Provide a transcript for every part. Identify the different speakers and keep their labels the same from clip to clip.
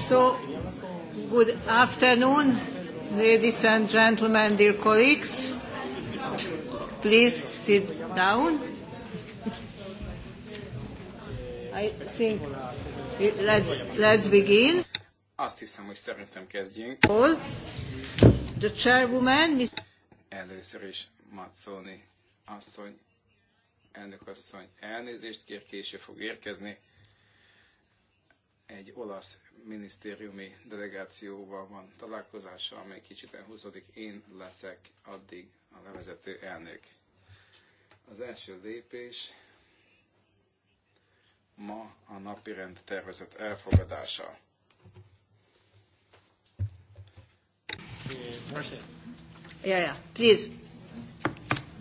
Speaker 1: So, good afternoon, ladies and gentlemen, dear colleagues. Please sit down.
Speaker 2: I think it, let's, let's begin. Azt hiszem, hogy szerintem kezdjünk. All.
Speaker 1: The chairwoman, Mr.
Speaker 2: Először is Matsoni asszony Elnök asszony elnézést kér, késő fog érkezni. Egy olasz minisztériumi delegációval van találkozása, amely kicsit elhúzódik. Én leszek addig a levezető elnök. Az első lépés ma a napirend tervezet elfogadása.
Speaker 1: Yeah, yeah. Please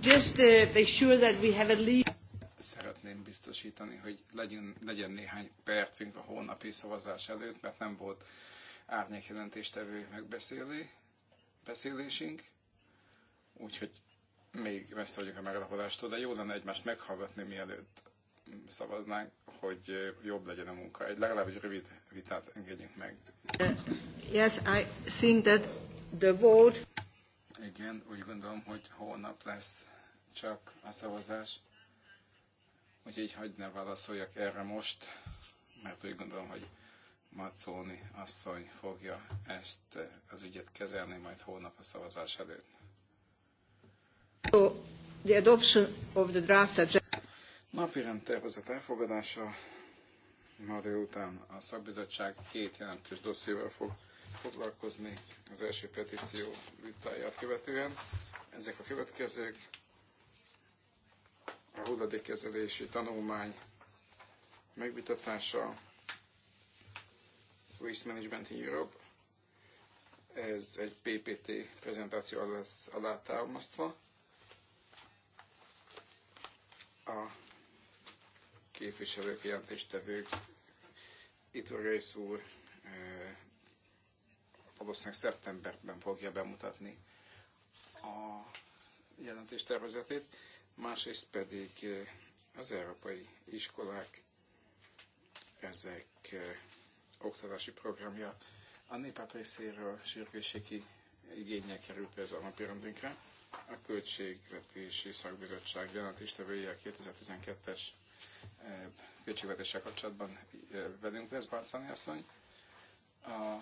Speaker 2: just
Speaker 3: make sure that we have at least
Speaker 2: szeretném biztosítani, hogy legyen, legyen néhány percünk a holnapi szavazás előtt, mert nem volt árnyékjelentéstevő megbeszélé, beszélésünk, úgyhogy még messze vagyok a megalapodástól, de jó lenne egymást meghallgatni, mielőtt szavaznánk, hogy jobb legyen a munka. Egy legalább egy rövid vitát engedjünk meg.
Speaker 1: Yes, I think that the
Speaker 2: vote... Igen, úgy gondolom, hogy holnap lesz csak a szavazás. Úgyhogy hagyd ne válaszoljak erre most, mert úgy gondolom, hogy Macóni asszony fogja ezt eh, az ügyet kezelni majd hónap a szavazás előtt. So, the adoption of the draft Napirend tervezet elfogadása ma délután a szakbizottság két jelentős dossziéval fog foglalkozni az első petíció vitáját követően. Ezek a következők a hulladékezelési tanulmány megvitatása, Waste Management in Europe, ez egy PPT prezentáció lesz alátámasztva. A képviselők, jelentéstevők, rész úr eh, valószínűleg szeptemberben fogja bemutatni a jelentés tervezetét másrészt pedig eh, az európai iskolák, ezek eh, oktatási programja a népát részéről sürgősségi igénye került ez a rendünkre. A Költségvetési Szakbizottság jelentéstevője a 2012-es eh, költségvetéssel kapcsolatban velünk lesz Bárcani asszony. A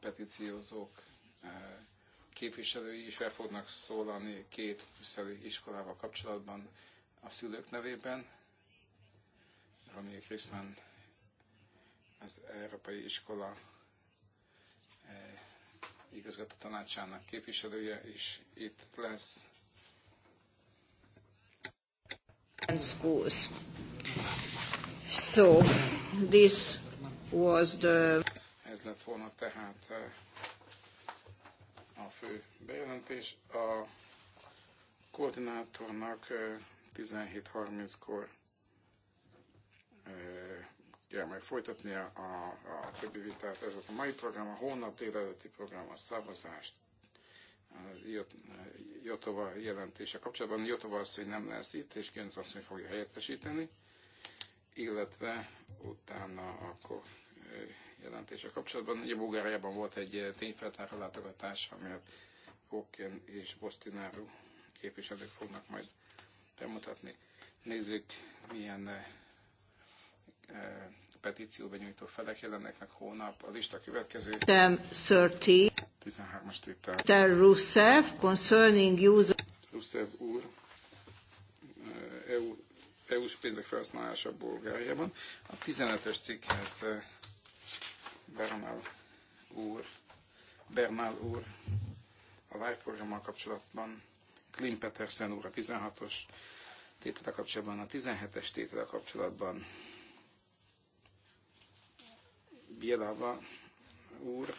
Speaker 2: petíciózók képviselői is fel fognak szólalni két brüsszeli iskolával kapcsolatban a szülők nevében. Ronnie Christman az Európai Iskola eh, igazgató tanácsának képviselője is itt lesz. schools. So, this was the... Ez lett volna tehát eh, a fő bejelentés. A koordinátornak 17.30-kor kell majd folytatnia a, a többi vitát. Ez volt a mai program, a hónap délelőtti program, a szavazást, Jotova jelentése kapcsolatban. Jotova asszony nem lesz itt, és Gönc asszony fogja helyettesíteni, illetve utána akkor jelentése kapcsolatban. Ugye Bulgáriában volt egy eh, tényfeltáró látogatás, amelyet Hokken és Bostináru képviselők fognak majd bemutatni. Nézzük, milyen eh, eh, petícióba nyújtó felek jelennek hónap. A lista következő. 13. as tétel. Rusev
Speaker 1: concerning user.
Speaker 2: Rusev úr, EU, EU-s pénzek felhasználása Bulgáriában. A 15-ös cikkhez Bernal úr, Bernal úr a live programmal kapcsolatban, Klim Petersen úr a 16-os tétele kapcsolatban, a 17-es tétele kapcsolatban, Bielava úr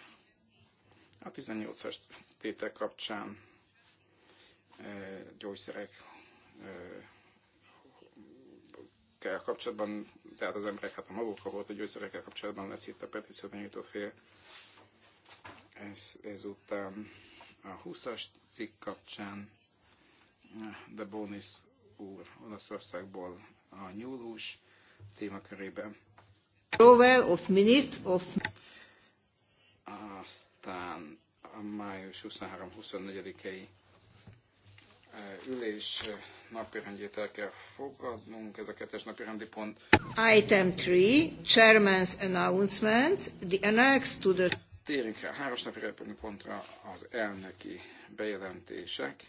Speaker 2: a 18-as tétel kapcsán eh, gyógyszerek eh, kapcsolatban, tehát az emberek hát a maguk, volt, a gyógyszerekkel kapcsolatban lesz itt a petíciót fél. Ez, ezután a 20-as cikk kapcsán de Bonis úr Olaszországból a nyúlhús témakörében.
Speaker 4: Of minutes of...
Speaker 2: Aztán a május 23-24-i Eh, ülés eh, napirendjét el kell fogadnunk, ez a kettes napirendi pont.
Speaker 4: Item 3, Chairman's Announcements, the annex to the...
Speaker 2: Térjünk rá háros napirendi pontra az elnöki bejelentések,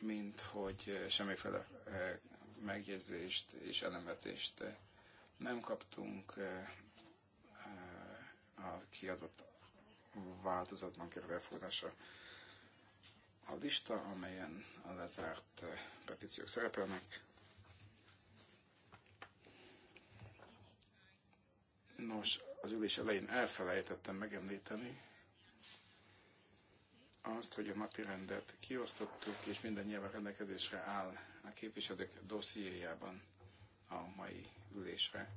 Speaker 2: mint hogy eh, semmiféle megjegyzést és elemetést nem kaptunk a kiadott változatban kerül elfogadásra a lista, amelyen a lezárt eh, petíciók szerepelnek. Nos, az ülés elején elfelejtettem megemlíteni azt, hogy a napi rendet kiosztottuk, és minden nyelven rendelkezésre áll a képviselők dossziéjában a mai ülésre.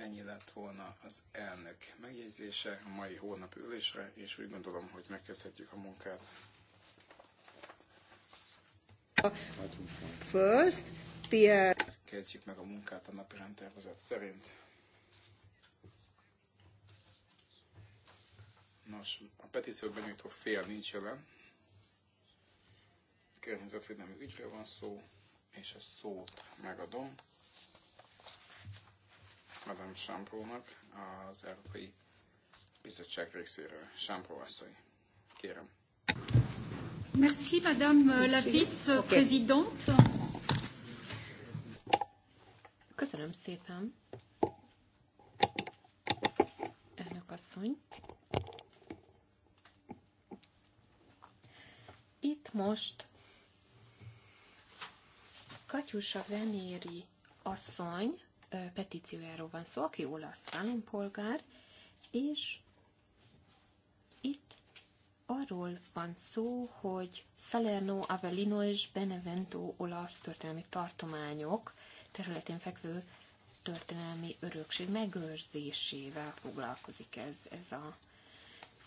Speaker 2: Ennyi lett volna az elnök megjegyzése a mai hónap ülésre, és úgy gondolom, hogy megkezdhetjük a munkát. First, Pierre. Kezdjük meg a munkát a napi rendtervezet szerint. Nos, a petíció benyújtó fél nincs jelen. Környezetvédelmi ügyről van szó, és a szót megadom. Madame Sampónak az Európai Bizottság részéről. Sampó asszony, kérem.
Speaker 4: Merci, Madame la Vice-Présidente. Köszönöm szépen. Elnök asszony. Itt most Katyusa Venéri asszony petíciójáról van szó, aki olasz állampolgár, és itt arról van szó, hogy Salerno, Avellino és Benevento olasz történelmi tartományok területén fekvő történelmi örökség megőrzésével foglalkozik ez, ez a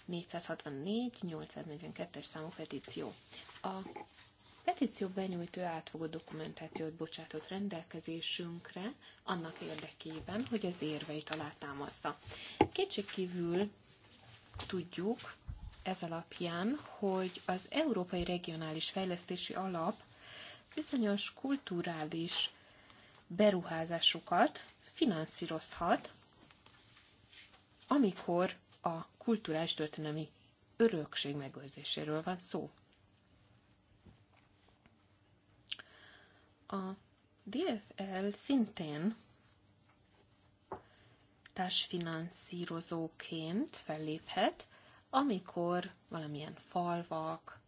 Speaker 4: 464-842-es számú petíció. A petíció benyújtó átfogó dokumentációt bocsátott rendelkezésünkre annak érdekében, hogy az érveit alátámaszta. kívül tudjuk ez alapján, hogy az Európai Regionális Fejlesztési Alap bizonyos kulturális beruházásokat finanszírozhat, amikor a kulturális történelmi örökség megőrzéséről van szó. A DFL szintén társfinanszírozóként felléphet, amikor valamilyen falvak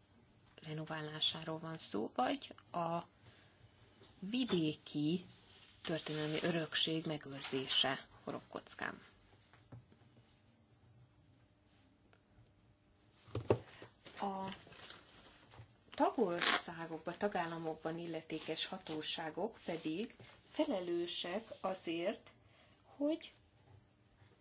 Speaker 4: renoválásáról van szó, vagy a vidéki történelmi örökség megőrzése forog kockán. A tagországokban, tagállamokban illetékes hatóságok pedig felelősek azért, hogy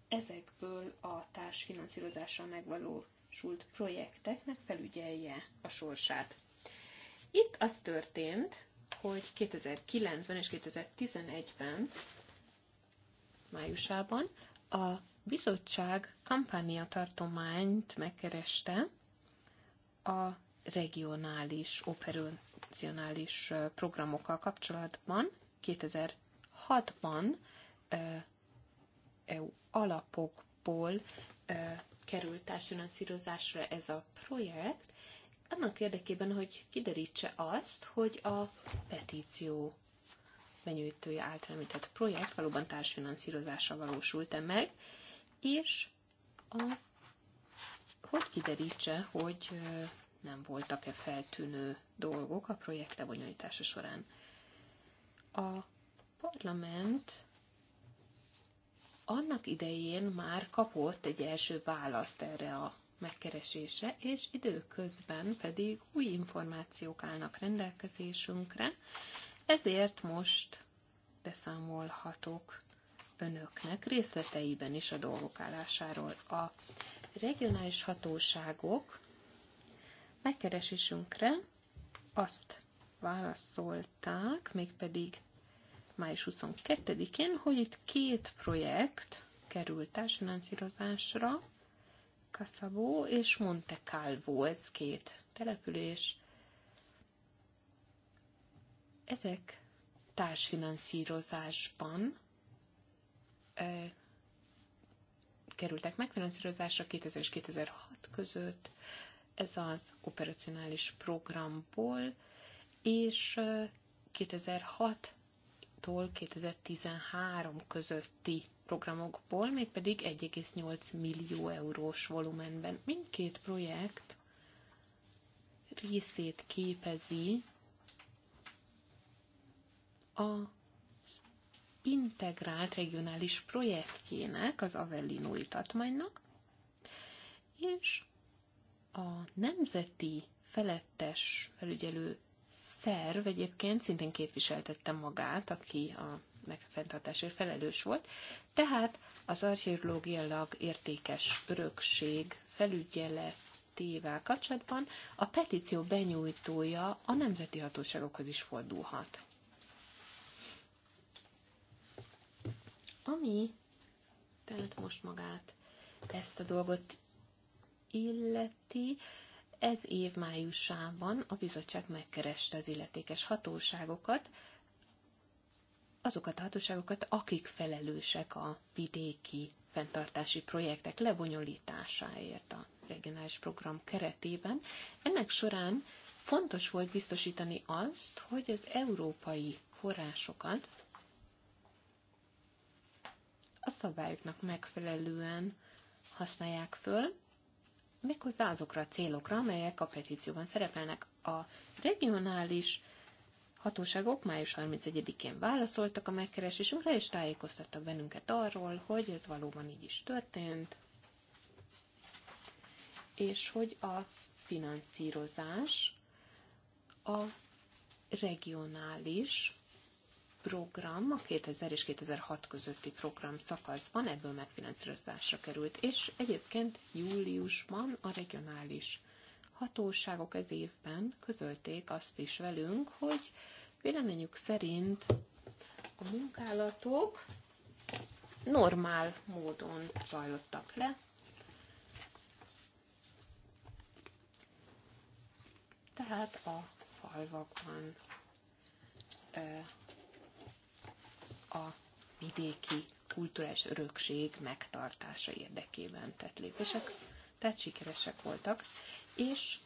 Speaker 4: ezekből a társfinanszírozással megvalósult projekteknek felügyelje a sorsát. Itt az történt, hogy 2009-ben és 2011-ben, májusában, a bizottság kampánia tartományt megkereste a regionális, operacionális programokkal kapcsolatban 2006-ban EU alapokból került társfinanszírozásra ez a projekt, annak érdekében, hogy kiderítse azt, hogy a petíció benyújtója által említett projekt valóban társfinanszírozása valósult-e meg, és a, hogy kiderítse, hogy nem voltak-e feltűnő dolgok a projekt lebonyolítása során. A parlament annak idején már kapott egy első választ erre a megkeresésre, és időközben pedig új információk állnak rendelkezésünkre, ezért most beszámolhatok önöknek részleteiben is a dolgok állásáról. A regionális hatóságok megkeresésünkre azt válaszolták, mégpedig május 22-én, hogy itt két projekt került el finanszírozásra, kaszabó és Monte Calvo, ez két település. Ezek társfinanszírozásban e, kerültek megfinanszírozásra 2000 és 2006 között ez az operacionális programból, és 2006-tól 2013 közötti programokból, mégpedig 1,8 millió eurós volumenben. Mindkét projekt részét képezi a integrált regionális projektjének, az Avellinói tartománynak, és a nemzeti felettes felügyelő szerv egyébként szintén képviseltette magát, aki a megfenntartásért felelős volt, tehát az archeológiailag értékes örökség felügyeletével kapcsolatban a petíció benyújtója a nemzeti hatóságokhoz is fordulhat. Ami tehát most magát ezt a dolgot illeti, ez év májusában a bizottság megkereste az illetékes hatóságokat, azokat a hatóságokat, akik felelősek a vidéki fenntartási projektek lebonyolításáért a regionális program keretében. Ennek során fontos volt biztosítani azt, hogy az európai forrásokat a szabályoknak megfelelően használják föl, méghozzá azokra a célokra, amelyek a petícióban szerepelnek. A regionális hatóságok május 31-én válaszoltak a megkeresésünkre, és tájékoztattak bennünket arról, hogy ez valóban így is történt, és hogy a finanszírozás a regionális program, a 2000 és 2006 közötti program szakaszban ebből megfinanszírozásra került, és egyébként júliusban a regionális hatóságok ez évben közölték azt is velünk, hogy véleményük szerint a munkálatok normál módon zajlottak le, tehát a falvakban a vidéki kulturális örökség megtartása érdekében tett lépések, tehát sikeresek voltak, és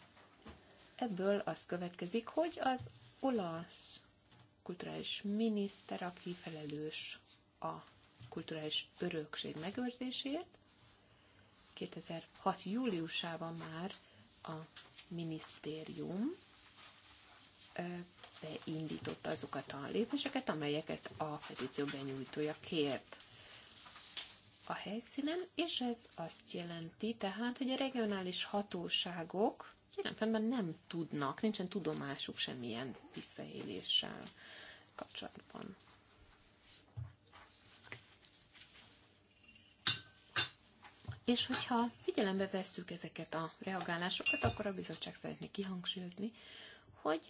Speaker 4: ebből az következik, hogy az olasz kulturális miniszter, aki felelős a kulturális örökség megőrzésért, 2006. júliusában már a minisztérium beindította azokat a lépéseket, amelyeket a petíció benyújtója kért a helyszínen, és ez azt jelenti tehát, hogy a regionális hatóságok jelen nem tudnak, nincsen tudomásuk semmilyen visszaéléssel kapcsolatban. És hogyha figyelembe vesszük ezeket a reagálásokat, akkor a bizottság szeretné kihangsúlyozni, hogy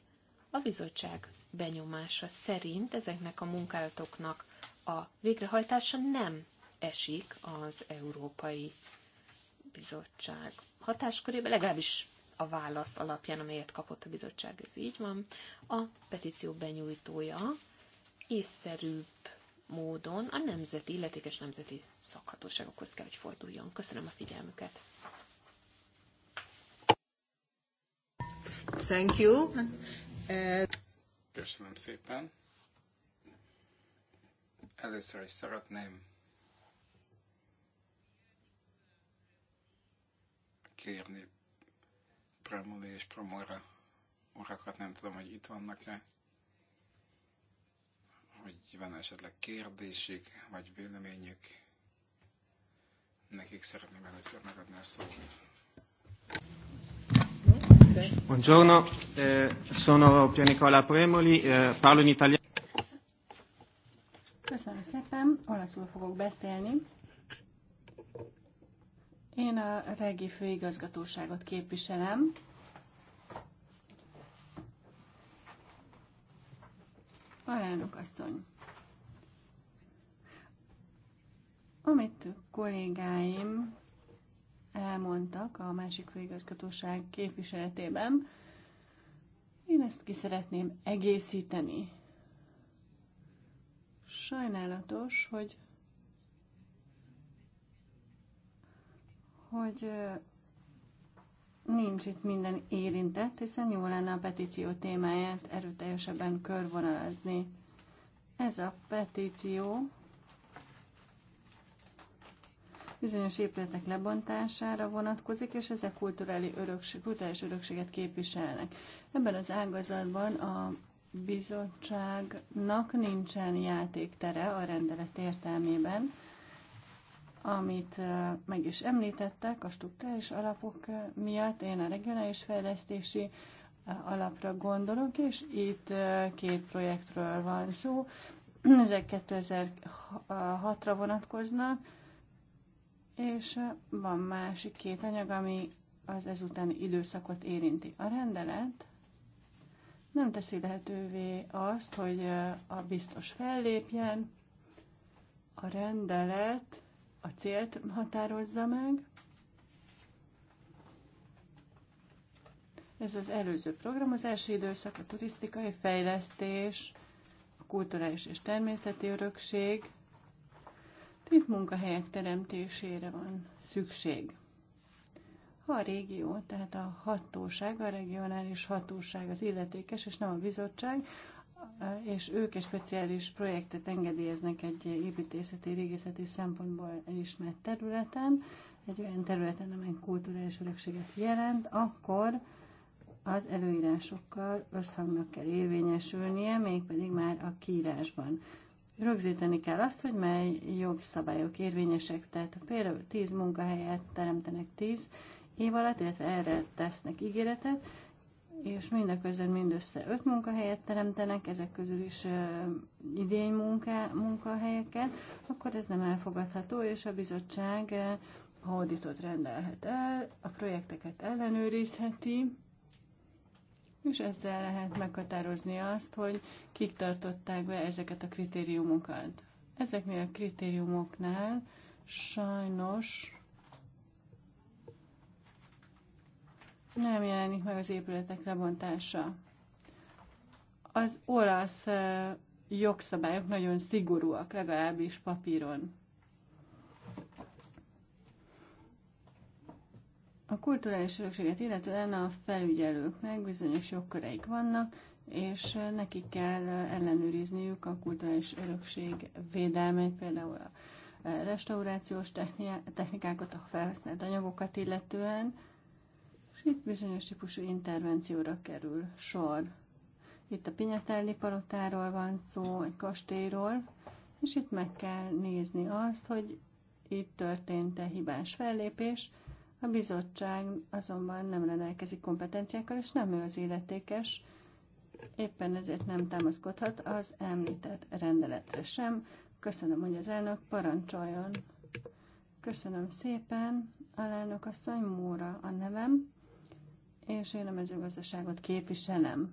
Speaker 4: a bizottság benyomása szerint ezeknek a munkálatoknak a végrehajtása nem esik az Európai Bizottság hatáskörébe, legalábbis a válasz alapján, amelyet kapott a bizottság, ez így van. A petíció benyújtója észszerűbb módon a nemzeti, illetékes nemzeti szakhatóságokhoz kell, hogy forduljon. Köszönöm a figyelmüket.
Speaker 1: Thank you.
Speaker 2: Köszönöm szépen. Először is szeretném kérni Premoli és Promora urakat, nem tudom, hogy itt vannak-e, hogy van esetleg kérdésük, vagy véleményük. Nekik szeretném először megadni a szót. Buongiorno, eh, sono Pianicola Premoli, eh, parlo in italiano.
Speaker 1: Köszönöm szépen, olaszul fogok beszélni. Én a regi főigazgatóságot képviselem. Alelnök asszony. Amit kollégáim elmondtak a másik főigazgatóság képviseletében. Én ezt ki szeretném egészíteni. Sajnálatos, hogy hogy nincs itt minden érintett, hiszen jó lenne a petíció témáját erőteljesebben körvonalazni. Ez a petíció bizonyos épületek lebontására vonatkozik, és ezek kulturális, örökség, kulturális örökséget képviselnek. Ebben az ágazatban a bizottságnak nincsen játéktere a rendelet értelmében, amit meg is említettek a struktúrális alapok miatt, én a regionális fejlesztési alapra gondolok, és itt két projektről van szó. Ezek 2006-ra vonatkoznak, és eh, van másik két anyag, ami az ezután időszakot érinti. A rendelet nem teszi lehetővé azt, hogy eh, a biztos fellépjen, a rendelet a célt határozza meg. Ez az előző programozási időszak, a turisztikai fejlesztés, a kulturális és természeti örökség, itt munkahelyek teremtésére van szükség. Ha a régió, tehát a hatóság, a regionális hatóság az illetékes, és nem a bizottság, és ők egy speciális projektet engedélyeznek egy építészeti, régészeti szempontból elismert területen, egy olyan területen, amely kulturális örökséget jelent, akkor az előírásokkal összhangnak kell érvényesülnie, mégpedig már a kiírásban. Rögzíteni kell azt, hogy mely jogszabályok érvényesek, tehát ha például 10 munkahelyet teremtenek 10 év alatt, illetve erre tesznek ígéretet, és mindeközben mindössze 5 munkahelyet teremtenek, ezek közül is uh, idény munka munkahelyeket, akkor ez nem elfogadható, és a bizottság uh, auditot rendelhet el, a projekteket ellenőrizheti, és ezzel lehet meghatározni azt, hogy kik tartották be ezeket a kritériumokat. Ezeknél a kritériumoknál sajnos nem jelenik meg az épületek lebontása. Az olasz eh, jogszabályok nagyon szigorúak, legalábbis papíron. A kulturális örökséget illetően a felügyelőknek bizonyos jogköreik vannak, és nekik kell ellenőrizniük a kulturális örökség védelmét, például a restaurációs technikákat, a felhasznált anyagokat illetően, és itt bizonyos típusú intervencióra kerül sor. Itt a Pinyatelli palotáról van szó, egy kastélyról, és itt meg kell nézni azt, hogy itt történt-e hibás fellépés, a bizottság azonban nem rendelkezik kompetenciákkal, és nem ő az illetékes, éppen ezért nem támaszkodhat az említett rendeletre sem. Köszönöm, hogy az elnök parancsoljon. Köszönöm szépen, alelnök asszony, Móra a nevem, és én a mezőgazdaságot képviselem.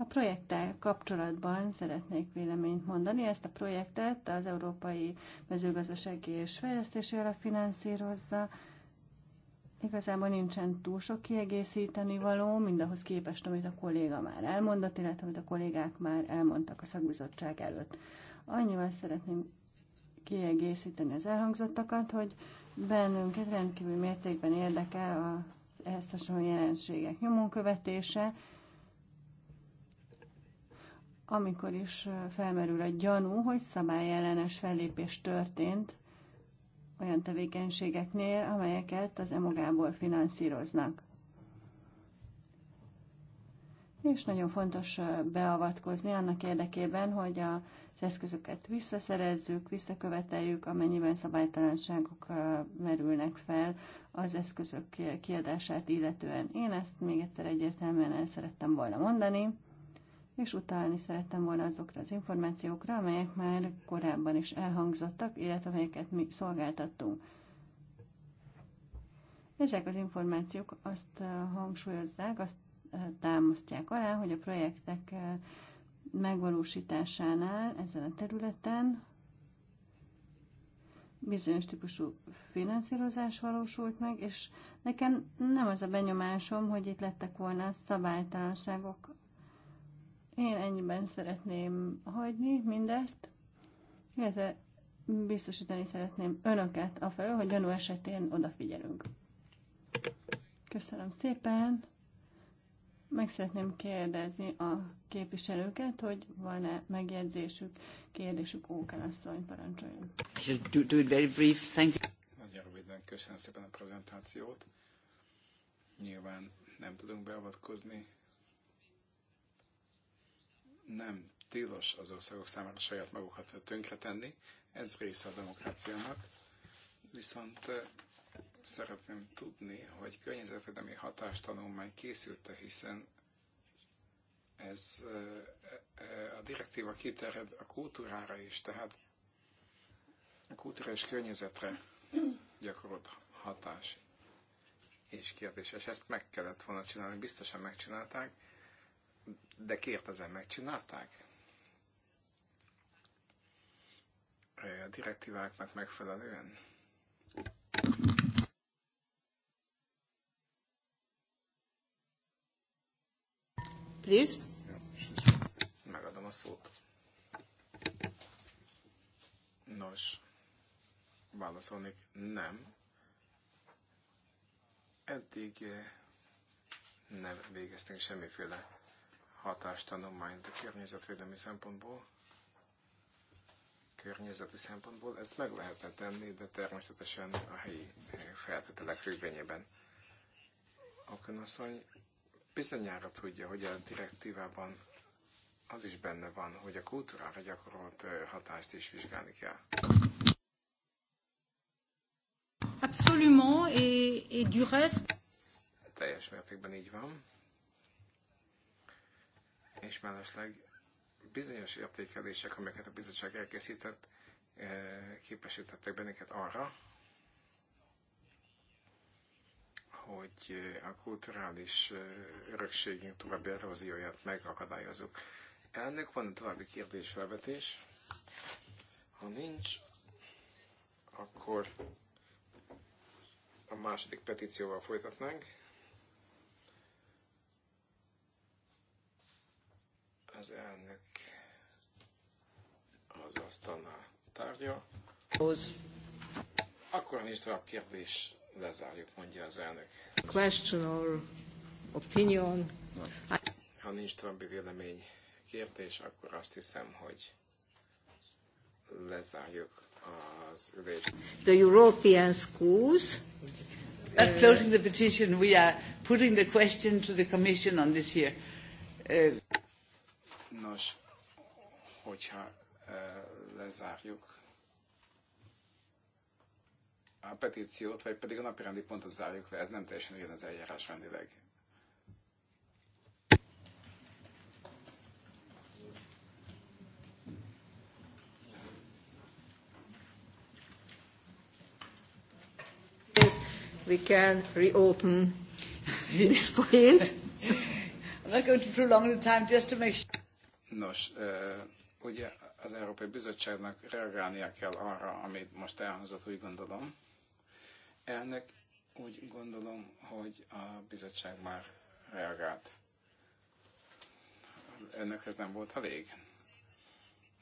Speaker 1: A projekttel kapcsolatban szeretnék véleményt mondani. Ezt a projektet az Európai Mezőgazdasági és Fejlesztési Alap finanszírozza. Igazából nincsen túl sok kiegészíteni való, mindahhoz képest, amit a kolléga már elmondott, illetve amit a kollégák már elmondtak a szakbizottság előtt. Annyival szeretném kiegészíteni az elhangzottakat, hogy bennünket rendkívül mértékben érdekel a ehhez hasonló jelenségek nyomon követése, amikor is felmerül a gyanú, hogy szabályellenes fellépés történt olyan tevékenységeknél, amelyeket az emogából finanszíroznak. És nagyon fontos beavatkozni annak érdekében, hogy az eszközöket visszaszerezzük, visszaköveteljük, amennyiben szabálytalanságok merülnek fel az eszközök kiadását illetően. Én ezt még egyszer egyértelműen el szerettem volna mondani és utalni szerettem volna azokra az információkra, amelyek már korábban is elhangzottak, illetve amelyeket mi szolgáltattunk. Ezek az információk azt eh, hangsúlyozzák, azt eh, támasztják alá, hogy a projektek eh, megvalósításánál ezen a területen bizonyos típusú finanszírozás valósult meg, és nekem nem az a benyomásom, hogy itt lettek volna szabálytalanságok én ennyiben szeretném hagyni mindezt, illetve biztosítani szeretném önöket a felől, hogy gyanú esetén odafigyelünk. Köszönöm szépen. Meg szeretném kérdezni a képviselőket, hogy van-e megjegyzésük, kérdésük, Ókán asszony, parancsoljon.
Speaker 2: Do, do it very brief, thank you. Nagyon röviden köszönöm szépen a prezentációt. Nyilván nem tudunk beavatkozni nem tilos az országok számára saját magukat tönkretenni, ez része a demokráciának, viszont szeretném tudni, hogy környezetvédelmi hatástanulmány készült-e, hiszen ez e, e, a direktíva kiterjed a kultúrára is, tehát a kultúra és környezetre gyakorolt hatás és kérdés, és ezt meg kellett volna csinálni, biztosan megcsinálták, de kérdezem, megcsinálták? A direktíváknak megfelelően? Please. Megadom a szót. Nos, válaszolni nem. Eddig eh, nem végeztünk semmiféle hatástanulmányt a környezetvédelmi szempontból, környezeti szempontból, ezt meg lehetne tenni, de természetesen a helyi feltételek függvényében. könyvasszony bizonyára tudja, hogy a direktívában az is benne van, hogy a kultúrára gyakorolt hatást is vizsgálni kell.
Speaker 4: Absolument, et, et du reste...
Speaker 2: Teljes mértékben így van és mellesleg bizonyos értékelések, amelyeket a bizottság elkészített, eh, képesítettek bennünket arra, hogy eh, a kulturális eh, örökségünk további erózióját megakadályozunk. Ennek van további kérdésfelvetés? Ha nincs, akkor a második petícióval folytatnánk. az elnök az asztalnál Hoz. Akkor nincs tovább kérdés, lezárjuk, mondja az elnök.
Speaker 1: Question or opinion.
Speaker 2: Ha nincs további vélemény kérdés, akkor azt hiszem, hogy lezárjuk az ülést. The
Speaker 3: European schools.
Speaker 2: At uh, closing
Speaker 1: the petition, we
Speaker 3: are putting the question to the Commission on this year. Uh,
Speaker 2: Nos, hogyha e, lezárjuk a petíciót, vagy pedig a rendi pontot zárjuk le, ez nem teljesen ugyan az eljárás rendileg.
Speaker 3: We can reopen this point. I'm not going to prolong the time just to make sure.
Speaker 2: Nos, ugye az Európai Bizottságnak reagálnia kell arra, amit most elhangzott, úgy gondolom. Ennek úgy gondolom, hogy a bizottság már reagált. Ennek ez nem volt elég.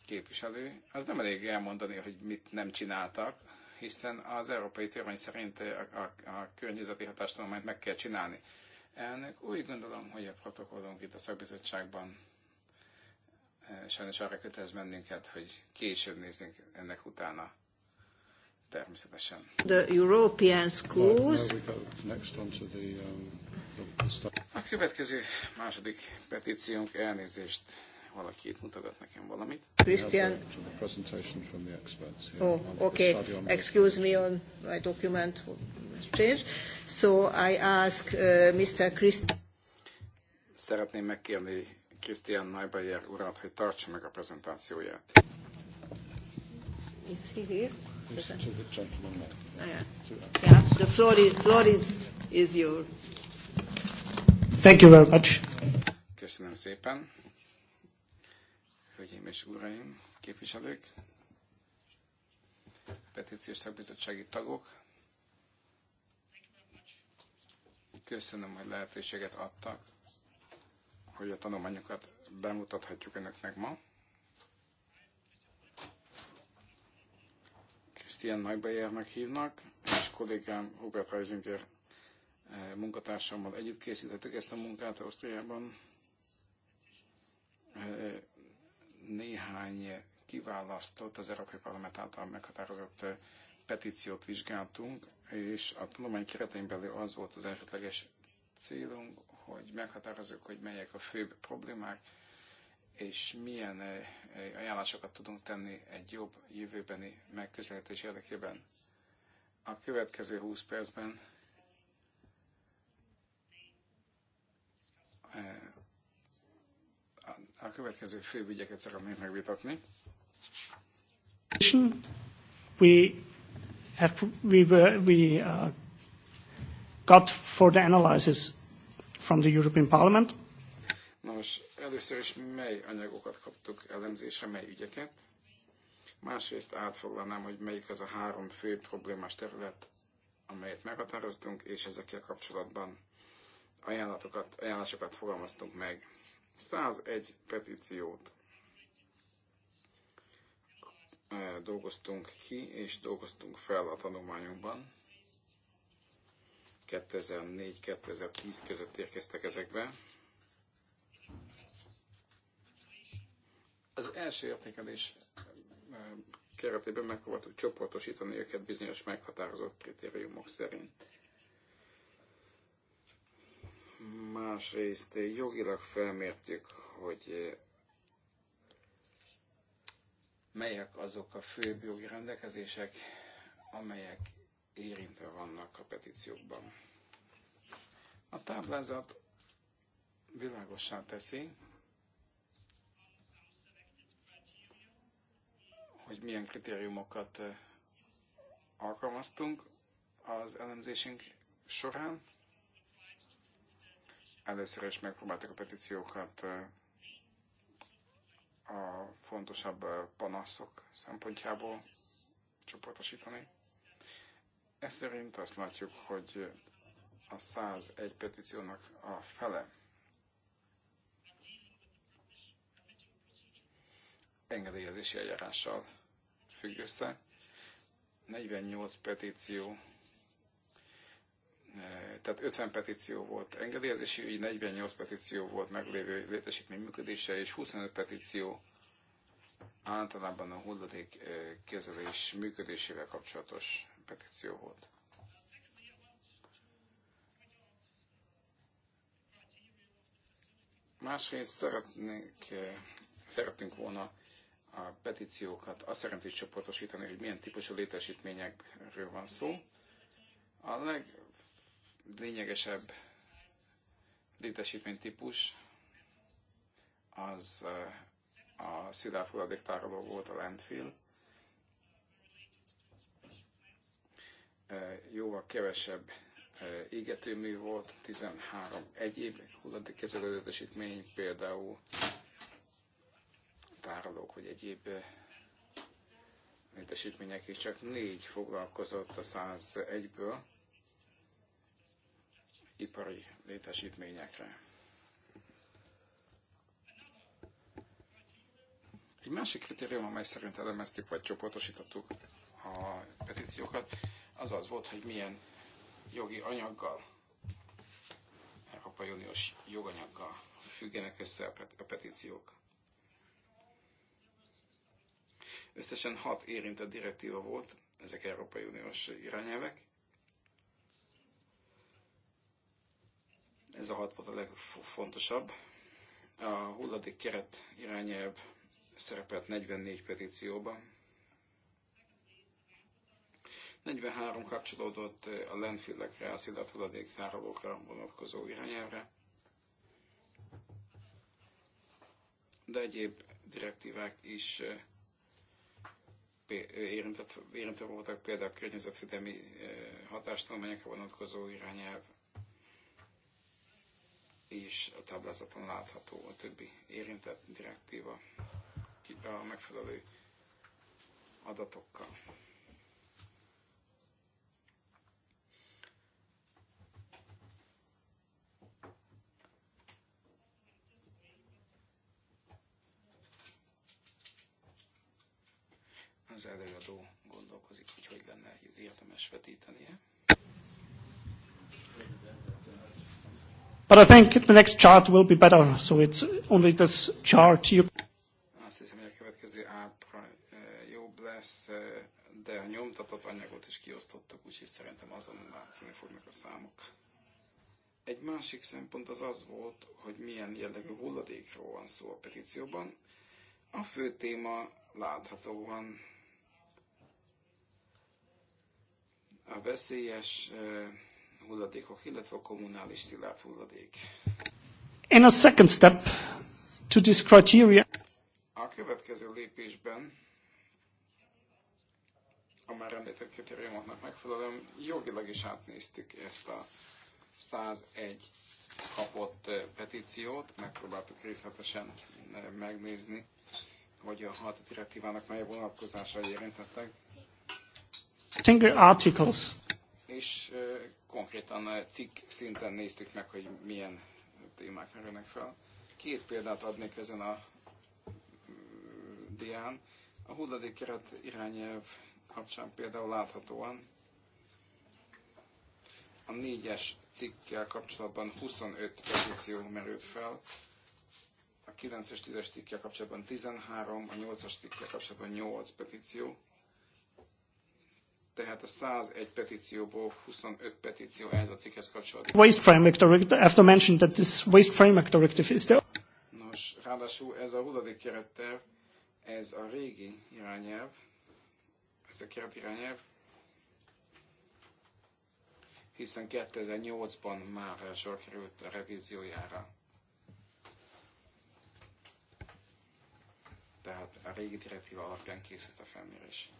Speaker 2: Képviselő, az nem elég elmondani, hogy mit nem csináltak, hiszen az európai törvény szerint a, a, a környezeti hatástanulmányt meg kell csinálni. Elnök, úgy gondolom, hogy a protokollunk itt a szakbizottságban Eh, sajnos arra kötelez bennünket, hogy később nézzünk ennek utána. Természetesen. The European schools. Um, A következő második petíciónk elnézést valaki itt mutogat nekem valamit. Christian. Oh, okay.
Speaker 1: Excuse me on my document change. So I ask uh, Mr. Christian.
Speaker 2: Szeretném megkérni Christian Neubayer urat, hogy tartsa meg a prezentációját.
Speaker 3: Is he here?
Speaker 2: Ah, the floor is, floor is, is your.
Speaker 3: Thank you very much.
Speaker 2: Köszönöm szépen. Hölgyeim és uraim, képviselők, petíciós szakbizottsági tagok, köszönöm, hogy lehetőséget adtak hogy a tanulmányokat bemutathatjuk önöknek ma. Krisztián nagybejernek hívnak, és kollégám Hubert Reisinger eh, munkatársammal együtt készítettük ezt a munkát Ausztriában. Eh, néhány kiválasztott, az Európai Parlament által meghatározott eh, petíciót vizsgáltunk, és a tanulmány keretein belül az volt az elsődleges célunk, hogy meghatározzuk, hogy melyek a főbb problémák, és milyen eh, ajánlásokat tudunk tenni egy jobb jövőbeni megközelítés érdekében. A következő 20 percben eh, a következő főbb ügyeket szeretnénk megvitatni.
Speaker 3: We have we were, we uh, got for the analysis from the European Parliament?
Speaker 2: Nos, először is mely anyagokat kaptuk elemzésre, mely ügyeket? Másrészt átfoglalnám, hogy melyik az a három fő problémás terület, amelyet meghatároztunk, és ezekkel kapcsolatban ajánlatokat, ajánlásokat fogalmaztunk meg. 101 petíciót eh, dolgoztunk ki, és dolgoztunk fel a tanulmányunkban. 2004-2010 között érkeztek ezekbe. Az első értékelés eh, keretében megpróbáltuk csoportosítani őket bizonyos meghatározott kritériumok szerint. Másrészt jogilag felmértük, hogy eh, melyek azok a fő jogi rendelkezések, amelyek érintve vannak a petíciókban. A táblázat világossá teszi, hogy milyen kritériumokat eh, alkalmaztunk az elemzésünk során. Először is megpróbáltuk a petíciókat eh, a fontosabb eh, panaszok szempontjából csoportosítani. Ez szerint azt látjuk, hogy a 101 petíciónak a fele engedélyezési eljárással függ össze. 48 petíció, eh, tehát 50 petíció volt engedélyezési ügy, 48 petíció volt meglévő létesítmény működése, és 25 petíció általában a hulladék eh, kezelés működésével kapcsolatos petíció volt. Másrészt szeretnénk, szeretünk volna a petíciókat azt szerint is csoportosítani, hogy milyen típusú létesítményekről van szó. A leglényegesebb létesítménytípus az eh, a szilárd hulladéktároló volt a landfill, jóval kevesebb égetőmű volt, 13 egyéb hulladékkezelő kezelőzetesítmény, például tárolók vagy egyéb létesítmények is csak négy foglalkozott a 101-ből ipari létesítményekre. Egy másik kritérium, amely szerint elemeztük vagy csoportosítottuk a petíciókat, az az volt, hogy milyen jogi anyaggal, Európai Uniós joganyaggal függenek össze a pet a petíciók. Összesen hat érintett direktíva volt, ezek Európai Uniós irányelvek. Ez a hat volt a legfontosabb. A hulladék keret irányelv szerepelt 44 petícióban, 43 kapcsolódott a landfillekre, a szilárd tárolókra vonatkozó irányelvre, de egyéb direktívák is érintett, érintve voltak, például a környezetvédelmi hatástalmányokra vonatkozó irányelv, és a táblázaton látható a többi érintett direktíva a megfelelő adatokkal. az előadó gondolkozik, hogy hogy lenne érdemes vetítenie.
Speaker 3: But I think the next chart will be better, so it's only this chart you...
Speaker 2: Azt hiszem, hogy a következő ábra eh, jobb lesz, eh, de a nyomtatott anyagot is kiosztottak, úgyhogy szerintem azon látszani fognak a számok. Egy másik szempont az az volt, hogy milyen jellegű hulladékról van szó a petícióban. A fő téma láthatóan a veszélyes hulladékok, illetve a kommunális szilárd hulladék.
Speaker 3: In a second step to this criteria.
Speaker 2: A következő lépésben a már említett kritériumoknak megfelelően jogilag is átnéztük ezt a 101 kapott petíciót, megpróbáltuk részletesen megnézni, hogy a hat direktívának mely vonatkozásai érintettek
Speaker 3: single articles.
Speaker 2: És konkrétan cikk szinten néztük meg, hogy milyen témák merülnek fel. Két példát adnék ezen a mm, dián. A hulladékkeret irányelv kapcsán például láthatóan a négyes cikkkel kapcsolatban 25 pozíció merült fel, a 9-es, 10-es cikkkel kapcsolatban 13, a 8-as cikkkel kapcsolatban 8 petíció, tehát a 101 petícióból 25 petíció ehhez a cikkhez kapcsolódik. Waste Framework
Speaker 3: Directive, I have to mention that this Waste Framework Directive is there.
Speaker 2: Nos, ráadásul ez a hulladék keretterv, ez a régi irányelv, ez a keret irányelv, hiszen 2008-ban már sor került a revíziójára. Tehát a régi direktíva alapján készült a felmérés.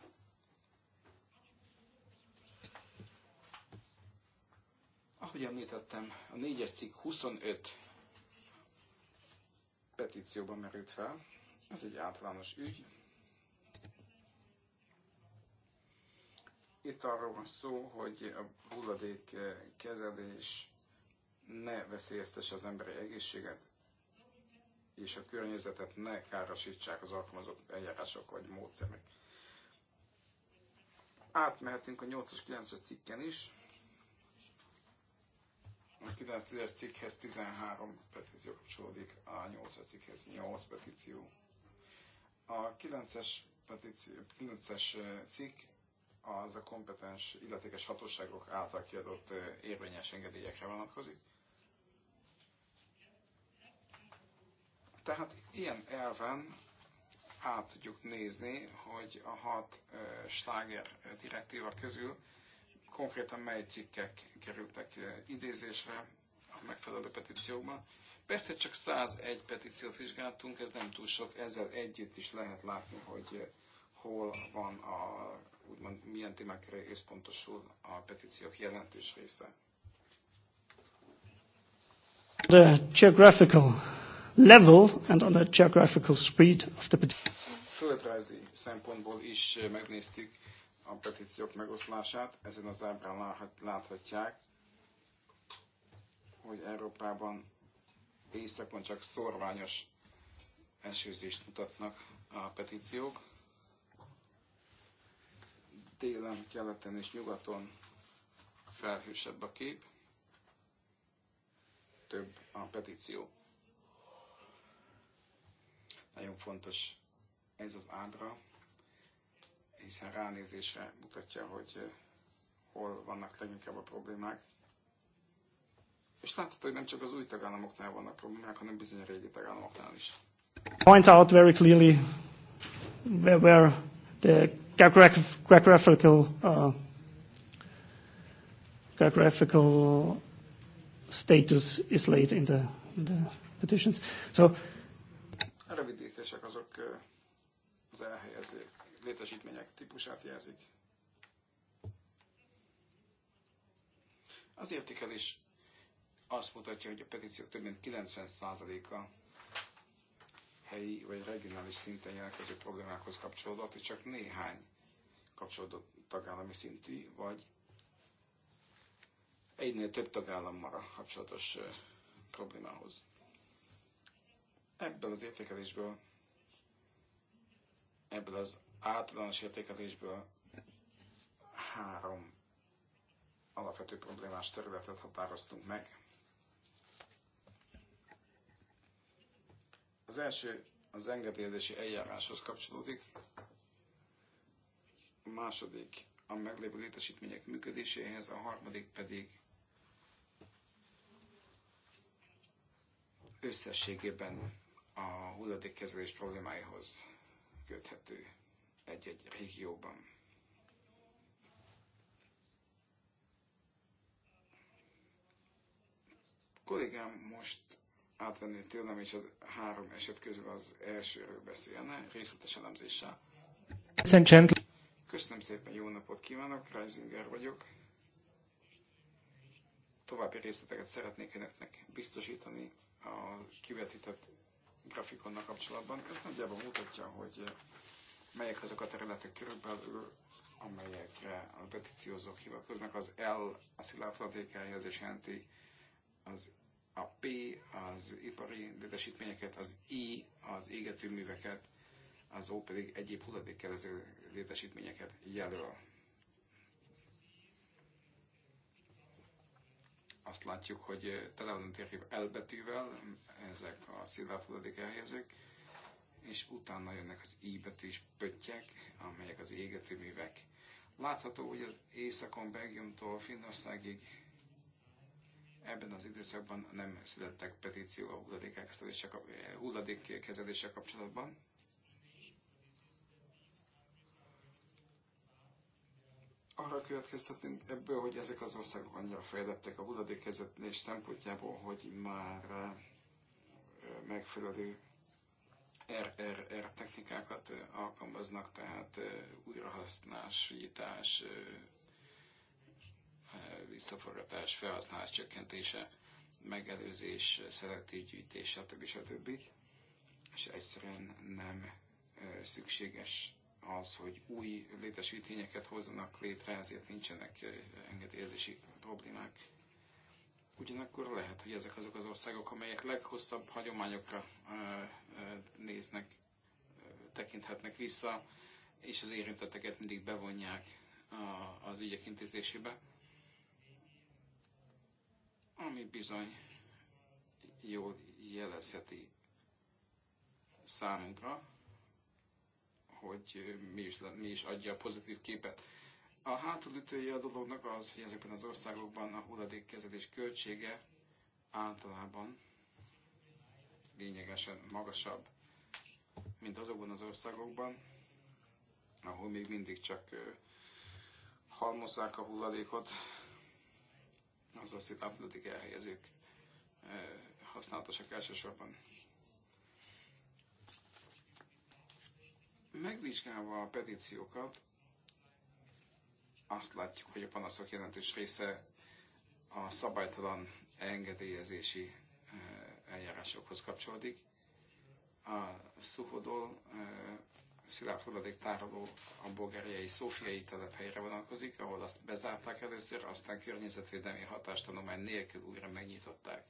Speaker 2: ahogy említettem, a négyes cikk 25 petícióban merült fel. Ez egy általános ügy. Itt arról van szó, hogy a hulladék eh, kezelés ne veszélyeztesse az emberi egészséget, és a környezetet ne károsítsák az alkalmazott eljárások vagy módszerek. Átmehetünk a 8-as 9-es cikken is. A 9-10-es cikkhez 13 petíció kapcsolódik, a 8-as cikkhez 8 petíció. A 9-es, petíció, 9-es eh, cikk az a kompetens illetékes hatóságok által kiadott eh, érvényes engedélyekre vonatkozik. Tehát ilyen elven át tudjuk nézni, hogy a hat uh, sláger direktíva közül konkrétan mely cikkek kerültek eh, idézésre a megfelelő petíciókban. Persze csak 101 petíciót vizsgáltunk, ez nem túl sok, ezzel együtt is lehet látni, hogy eh, hol van a, úgymond milyen témákra összpontosul a petíciók jelentős része.
Speaker 3: The geographical level and on the geographical speed of the petition.
Speaker 2: Földrajzi szempontból is eh, megnéztük a petíciók megoszlását. Ezen az ábrán láthatják, hogy Európában éjszakon csak szorványos esőzést mutatnak a petíciók. Télen, keleten és nyugaton felhősebb a kép, több a petíció. Nagyon fontos ez az ábra, hiszen ránézése mutatja, hogy eh, hol vannak leginkább a problémák. És látható, hogy nem csak az új tagállamoknál vannak problémák, hanem bizony a régi tagállamoknál is.
Speaker 3: Points out very clearly where, where the geographical uh, geographical status is laid in the, in the petitions. So,
Speaker 2: a rövidítések azok eh, az elhelyezők létesítmények típusát jelzik. Az értékelés azt mutatja, hogy a petíciók több mint 90%-a helyi vagy regionális szinten jelentkező problémákhoz kapcsolódott, és csak néhány kapcsolódott tagállami szintű, vagy egynél több tagállammal kapcsolatos problémához. Ebből az értékelésből, ebből az általános értékelésből három alapvető problémás területet határoztunk meg. Az első az engedélyezési eljáráshoz kapcsolódik, a második a meglévő létesítmények működéséhez, a harmadik pedig összességében a hulladékkezelés problémáihoz köthető egy-egy régióban. A kollégám most átvenné tőlem, és az három eset közül az elsőről beszélne, részletes elemzéssel. Köszönöm szépen, jó napot kívánok, Reisinger vagyok. További részleteket szeretnék önöknek biztosítani a kivetített grafikonnak kapcsolatban. Ez nagyjából mutatja, hogy melyek azok a területek körülbelül, amelyekre a petíciózók hivatkoznak. Az L a szilárd az is jelenti az a P az ipari létesítményeket, az I az égető műveket az O pedig egyéb hulladékkelező létesítményeket jelöl. Azt látjuk, hogy tele van elbetűvel ezek a szilárd hulladék elhelyezők, és utána jönnek az íbetűs pöttyek, amelyek az égetőművek. Látható, hogy az északon Belgiumtól Finnországig ebben az időszakban nem születtek petíció a hulladékkezeléssel eh, kapcsolatban. Arra következtetünk ebből, hogy ezek az országok annyira fejlettek a hulladékkezelés szempontjából, hogy már eh, megfelelő RRR technikákat alkalmaznak, tehát újrahasználás, visszaforgatás, felhasználás csökkentése, megelőzés, szelektív gyűjtés, stb. stb. És egyszerűen nem szükséges az, hogy új létesítményeket hozzanak létre, ezért nincsenek engedélyezési problémák. Ugyanakkor lehet, hogy ezek azok az országok, amelyek leghosszabb hagyományokra néznek, tekinthetnek vissza, és az érintetteket mindig bevonják az ügyek intézésébe, ami bizony jól jelezheti számunkra, hogy mi is, mi is adja a pozitív képet a hátulütője a dolognak az, hogy ezekben az országokban a hulladékkezelés költsége általában lényegesen magasabb, mint azokban az országokban, ahol még mindig csak halmozzák a hulladékot, azaz itt átudatik elhelyezők használatosak elsősorban. Megvizsgálva a petíciókat, azt látjuk, hogy a panaszok jelentős része a szabálytalan engedélyezési eljárásokhoz kapcsolódik. A Szuhodol szilárd tároló a bulgáriai szófiai telephelyre vonatkozik, ahol azt bezárták először, aztán környezetvédelmi hatástanulmány nélkül újra megnyitották.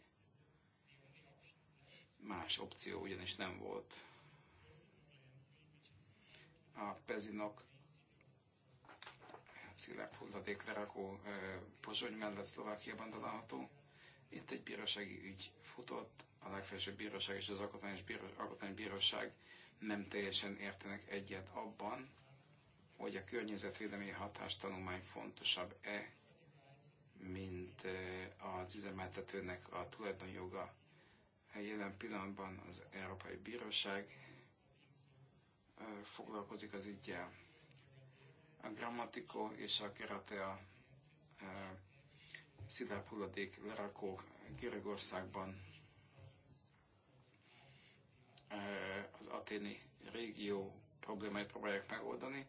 Speaker 2: Más opció ugyanis nem volt. A Pezinok szilárd hulladéklerakó Pozsony mellett Szlovákiában található. Itt egy bírósági ügy futott, a legfelsőbb bíróság és az alkotmányos bíró, alkotmánybíróság nem teljesen értenek egyet abban, hogy a környezetvédelmi hatástanulmány fontosabb-e, mint az üzemeltetőnek a tulajdonjoga. Jelen pillanatban az Európai Bíróság foglalkozik az ügyjel a grammatikó és a Keratea e, szilárd hulladék lerakók Görögországban e, az aténi régió problémáit próbálják megoldani,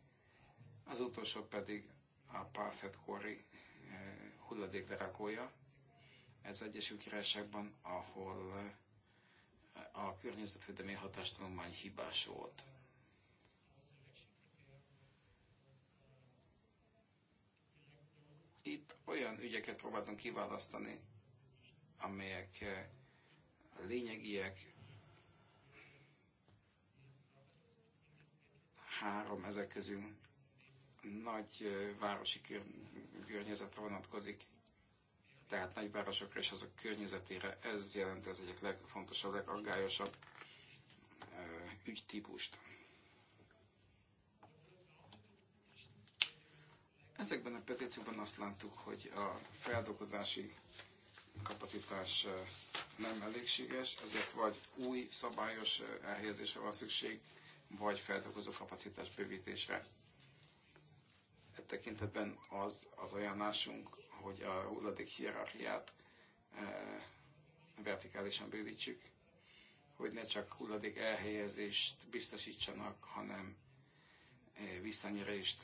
Speaker 2: az utolsó pedig a Parfet kori e, hulladék lerakója. Ez Egyesült Királyságban, ahol a környezetvédelmi hatástanulmány hibás volt. Itt olyan ügyeket próbáltunk kiválasztani, amelyek eh, lényegiek, három ezek közül nagy eh, városi környezetre vonatkozik, tehát nagyvárosokra és azok környezetére. Ez jelenti az egyik legfontosabb, legaggályosabb eh, ügytípust. Ezekben a petíciókban azt láttuk, hogy a feldolgozási kapacitás nem elégséges, ezért vagy új szabályos elhelyezésre van szükség, vagy feldolgozó kapacitás bővítésre. E tekintetben az az ajánlásunk, hogy a hulladék hierarchiát e, vertikálisan bővítsük, hogy ne csak hulladék elhelyezést biztosítsanak, hanem e, visszanyerést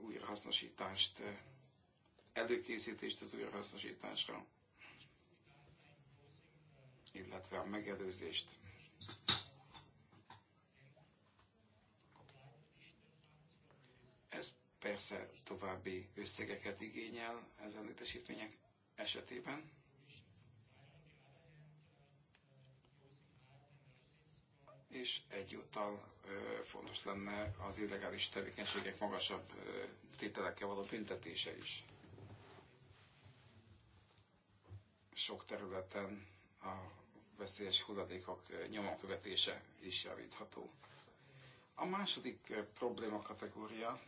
Speaker 2: újrahasznosítást, előkészítést az újrahasznosításra, illetve a megelőzést. Ez persze további összegeket igényel ezen létesítmények esetében. és egyúttal fontos lenne az illegális tevékenységek magasabb tételekkel való büntetése is. Sok területen a veszélyes hulladékok nyomonkövetése is javítható. A második probléma kategória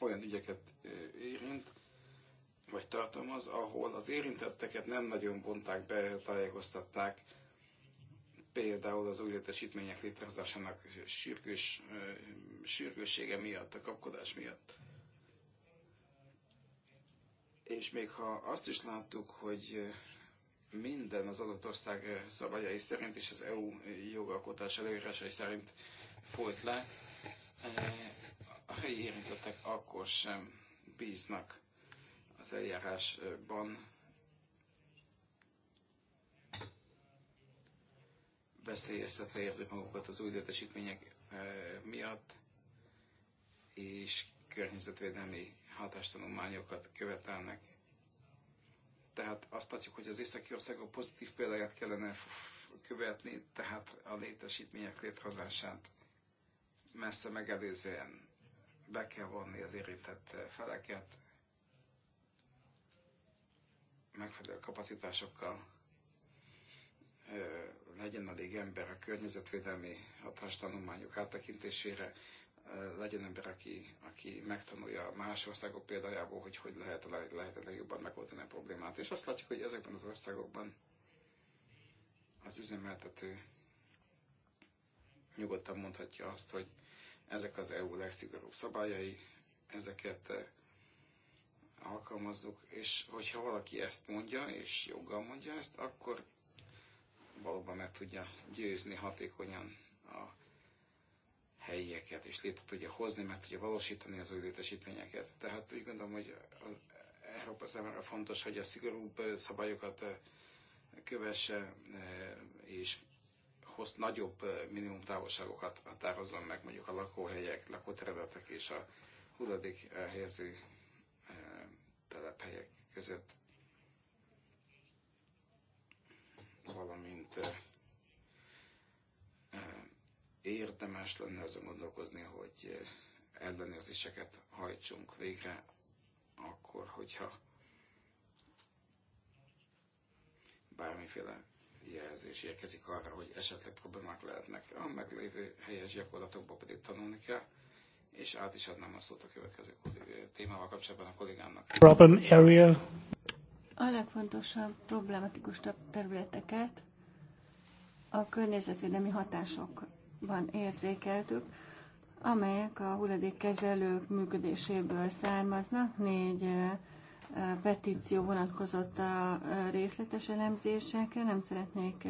Speaker 2: olyan ügyeket érint, vagy tartalmaz, ahol az érintetteket nem nagyon vonták be, tájékoztatták, például az új létesítmények létrehozásának sürgős, sürgőssége miatt, a kapkodás miatt. És még ha azt is láttuk, hogy minden az adott ország szabályai szerint és az EU jogalkotás előírásai szerint folyt le, a helyi érintettek akkor sem bíznak az eljárásban, veszélyeztetve érzik magukat az új létesítmények eh, miatt, és környezetvédelmi hatástanulmányokat követelnek. Tehát azt látjuk, hogy az északi országok pozitív példáját kellene követni, tehát a létesítmények létrehozását messze megelőzően be kell vonni az érintett eh, feleket, megfelelő kapacitásokkal legyen elég ember a környezetvédelmi hatástanulmányok áttekintésére, legyen ember, aki, aki megtanulja más országok példájából, hogy hogy lehet, lehet a legjobban megoldani a problémát. És azt látjuk, hogy ezekben az országokban az üzemeltető nyugodtan mondhatja azt, hogy ezek az EU legszigorúbb szabályai, ezeket alkalmazzuk, és hogyha valaki ezt mondja, és joggal mondja ezt, akkor valóban meg tudja győzni hatékonyan a helyieket, és létre tudja hozni, meg tudja valósítani az új létesítményeket. Tehát úgy gondolom, hogy az Európa számára fontos, hogy a szigorúbb szabályokat eh, kövesse, eh, és hoz nagyobb eh, minimum távolságokat határozzon meg mondjuk a lakóhelyek, lakóterületek és a hulladék helyező telephelyek között valamint eh, eh, érdemes lenne azon gondolkozni, hogy eh, ellenőrzéseket hajtsunk végre, akkor, hogyha bármiféle jelzés érkezik arra, hogy esetleg problémák lehetnek. A meglévő helyes gyakorlatokból pedig tanulni kell, és át is adnám a szót a következő témával kapcsolatban a kollégámnak.
Speaker 3: Problem area
Speaker 1: a legfontosabb, problematikus területeket a környezetvédelmi hatásokban érzékeltük, amelyek a hulladékkezelők működéséből származnak. Négy petíció vonatkozott a részletes elemzésekre, nem szeretnék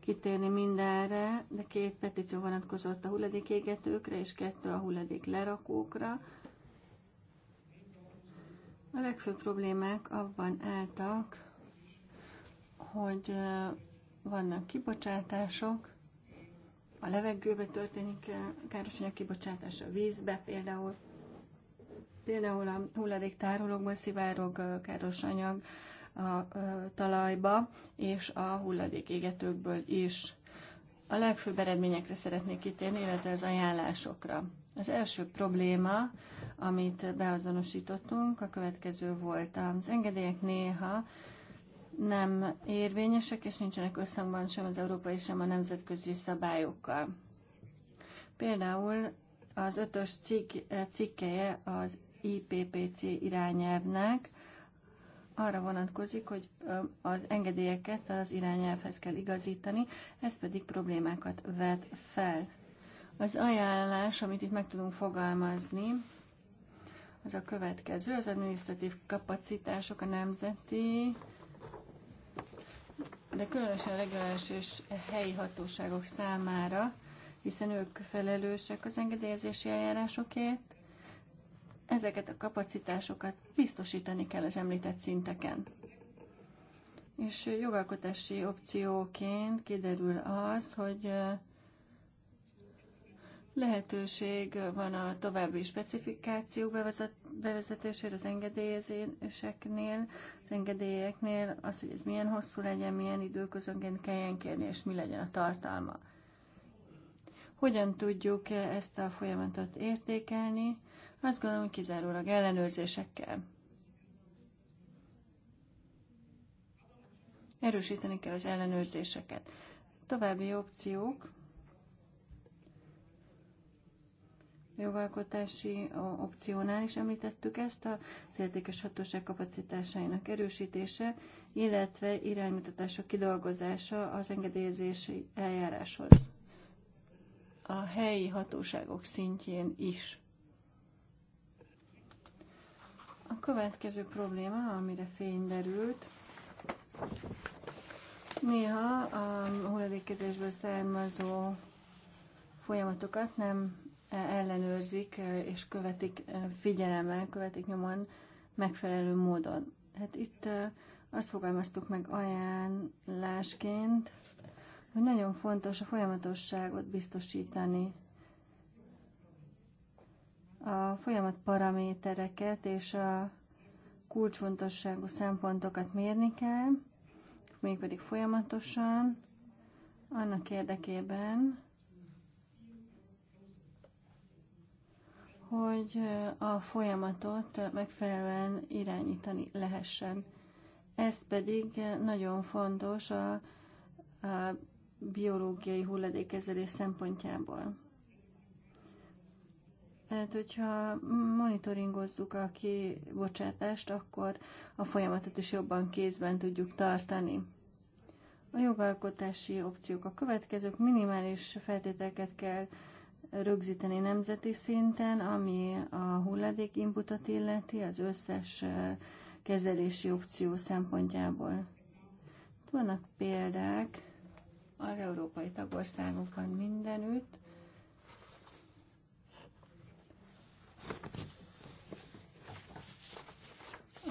Speaker 1: kitérni mindenre, de két petíció vonatkozott a hulladékégetőkre és kettő a hulladék lerakókra. A legfőbb problémák abban álltak, hogy vannak kibocsátások, a levegőbe történik károsanyag kibocsátás, a vízbe például, például a hulladéktárolókban szivárog károsanyag a talajba, és a hulladékégetőkből is. A legfőbb eredményekre szeretnék kitérni, illetve az ajánlásokra. Az első probléma, amit beazonosítottunk, a következő volt. Az engedélyek néha nem érvényesek, és nincsenek összhangban sem az európai, sem a nemzetközi szabályokkal. Például az ötös cikk, cikkeje az IPPC irányelvnek arra vonatkozik, hogy az engedélyeket az irányelvhez kell igazítani, ez pedig problémákat vet fel. Az ajánlás, amit itt meg tudunk fogalmazni, az a következő, az administratív kapacitások a nemzeti, de különösen a regionális és helyi hatóságok számára, hiszen ők felelősek az engedélyezési eljárásokért. Ezeket a kapacitásokat biztosítani kell az említett szinteken. És jogalkotási opcióként kiderül az, hogy Lehetőség van a további specifikáció bevezet, bevezetésére az engedélyezéseknél, az engedélyeknél, az, hogy ez milyen hosszú legyen, milyen időközönként kelljen kérni, és mi legyen a tartalma. Hogyan tudjuk ezt a folyamatot értékelni? Azt gondolom, hogy kizárólag ellenőrzésekkel. Erősíteni kell az ellenőrzéseket. További opciók jogalkotási opciónál is említettük ezt, a értékes hatóság kapacitásainak erősítése, illetve iránymutatások kidolgozása az engedélyezési eljáráshoz. A helyi hatóságok szintjén is. A következő probléma, amire fény derült, néha a hulladékkezésből származó folyamatokat nem ellenőrzik és követik figyelemmel, követik nyomon megfelelő módon. Hát itt azt fogalmaztuk meg ajánlásként, hogy nagyon fontos a folyamatosságot biztosítani. A folyamat paramétereket és a kulcsfontosságú szempontokat mérni kell, mégpedig folyamatosan, annak érdekében, hogy a folyamatot megfelelően irányítani lehessen. Ez pedig nagyon fontos a, a biológiai hulladékkezelés szempontjából. Tehát, hogyha monitoringozzuk a kibocsátást, akkor a folyamatot is jobban kézben tudjuk tartani. A jogalkotási opciók a következők, minimális feltételeket kell rögzíteni nemzeti szinten, ami a hulladék inputot illeti, az összes kezelési opció szempontjából. Vannak példák az európai tagországokban mindenütt,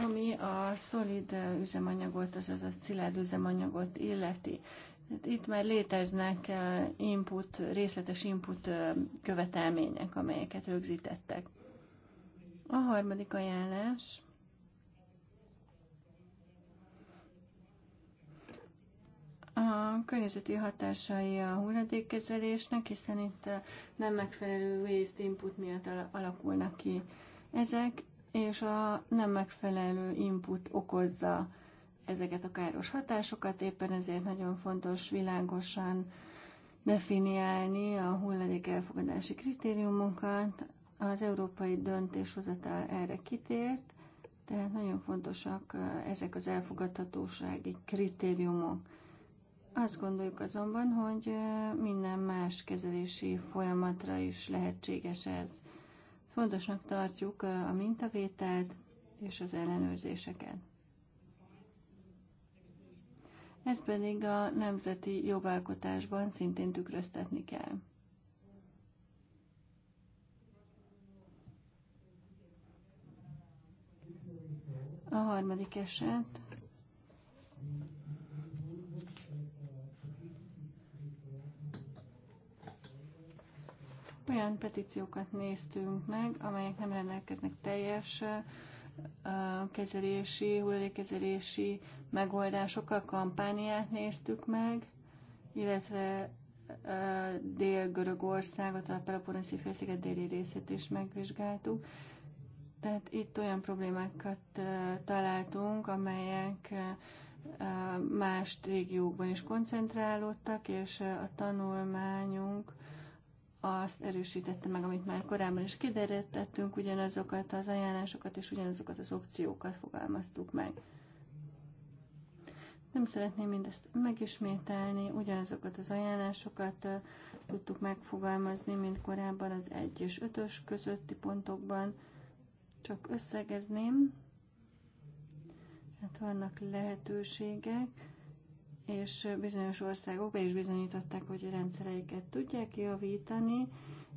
Speaker 1: ami a szolid üzemanyagot, azaz a szilárd üzemanyagot illeti. Hát itt már léteznek eh, input, részletes input eh, követelmények, amelyeket rögzítettek. A harmadik ajánlás a környezeti hatásai a hulladékkezelésnek, hiszen itt eh, nem megfelelő waste input miatt alakulnak ki ezek, és a nem megfelelő input okozza ezeket a káros hatásokat, éppen ezért nagyon fontos világosan definiálni a hulladék elfogadási kritériumokat. Az európai döntéshozatal erre kitért, tehát nagyon fontosak ezek az elfogadhatósági kritériumok. Azt gondoljuk azonban, hogy minden más kezelési folyamatra is lehetséges ez. Fontosnak tartjuk a mintavételt és az ellenőrzéseket ezt pedig a nemzeti jogalkotásban szintén tükröztetni kell.
Speaker 3: A harmadik eset
Speaker 1: olyan petíciókat néztünk meg, amelyek nem rendelkeznek teljes kezelési, hulladékkezelési megoldásokkal kampániát néztük meg, illetve Dél-Görögországot, a Peloponnesi félsziget déli részét is megvizsgáltuk. Tehát itt olyan problémákat találtunk, amelyek más régiókban is koncentrálódtak, és a tanulmányunk azt erősítette meg, amit már korábban is kiderítettünk, ugyanazokat az ajánlásokat és ugyanazokat az opciókat fogalmaztuk meg. Nem szeretném mindezt megismételni, ugyanazokat az ajánlásokat tudtuk megfogalmazni, mint korábban az 1 és 5-ös közötti pontokban. Csak összegezném, hát vannak lehetőségek, és bizonyos országok be is bizonyították, hogy a rendszereiket tudják javítani,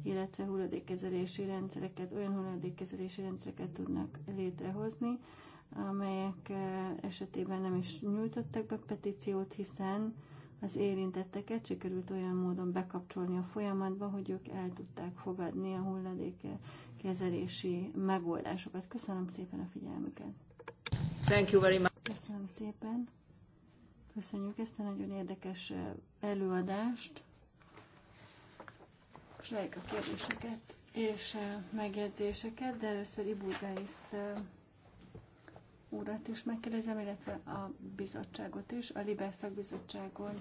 Speaker 1: illetve hulladékkezelési rendszereket, olyan hulladékkezelési rendszereket tudnak létrehozni, amelyek eh, esetében nem is nyújtottak be petíciót, hiszen az érintetteket sikerült olyan módon bekapcsolni a folyamatba, hogy ők el tudták fogadni a hulladékkezelési megoldásokat. Köszönöm szépen a figyelmüket! Thank you very much. Köszönöm szépen! Köszönjük ezt a nagyon érdekes előadást. És a kérdéseket és megjegyzéseket, de először Iburgáis úrat is megkérdezem, illetve a bizottságot is. A Libel szakbizottságon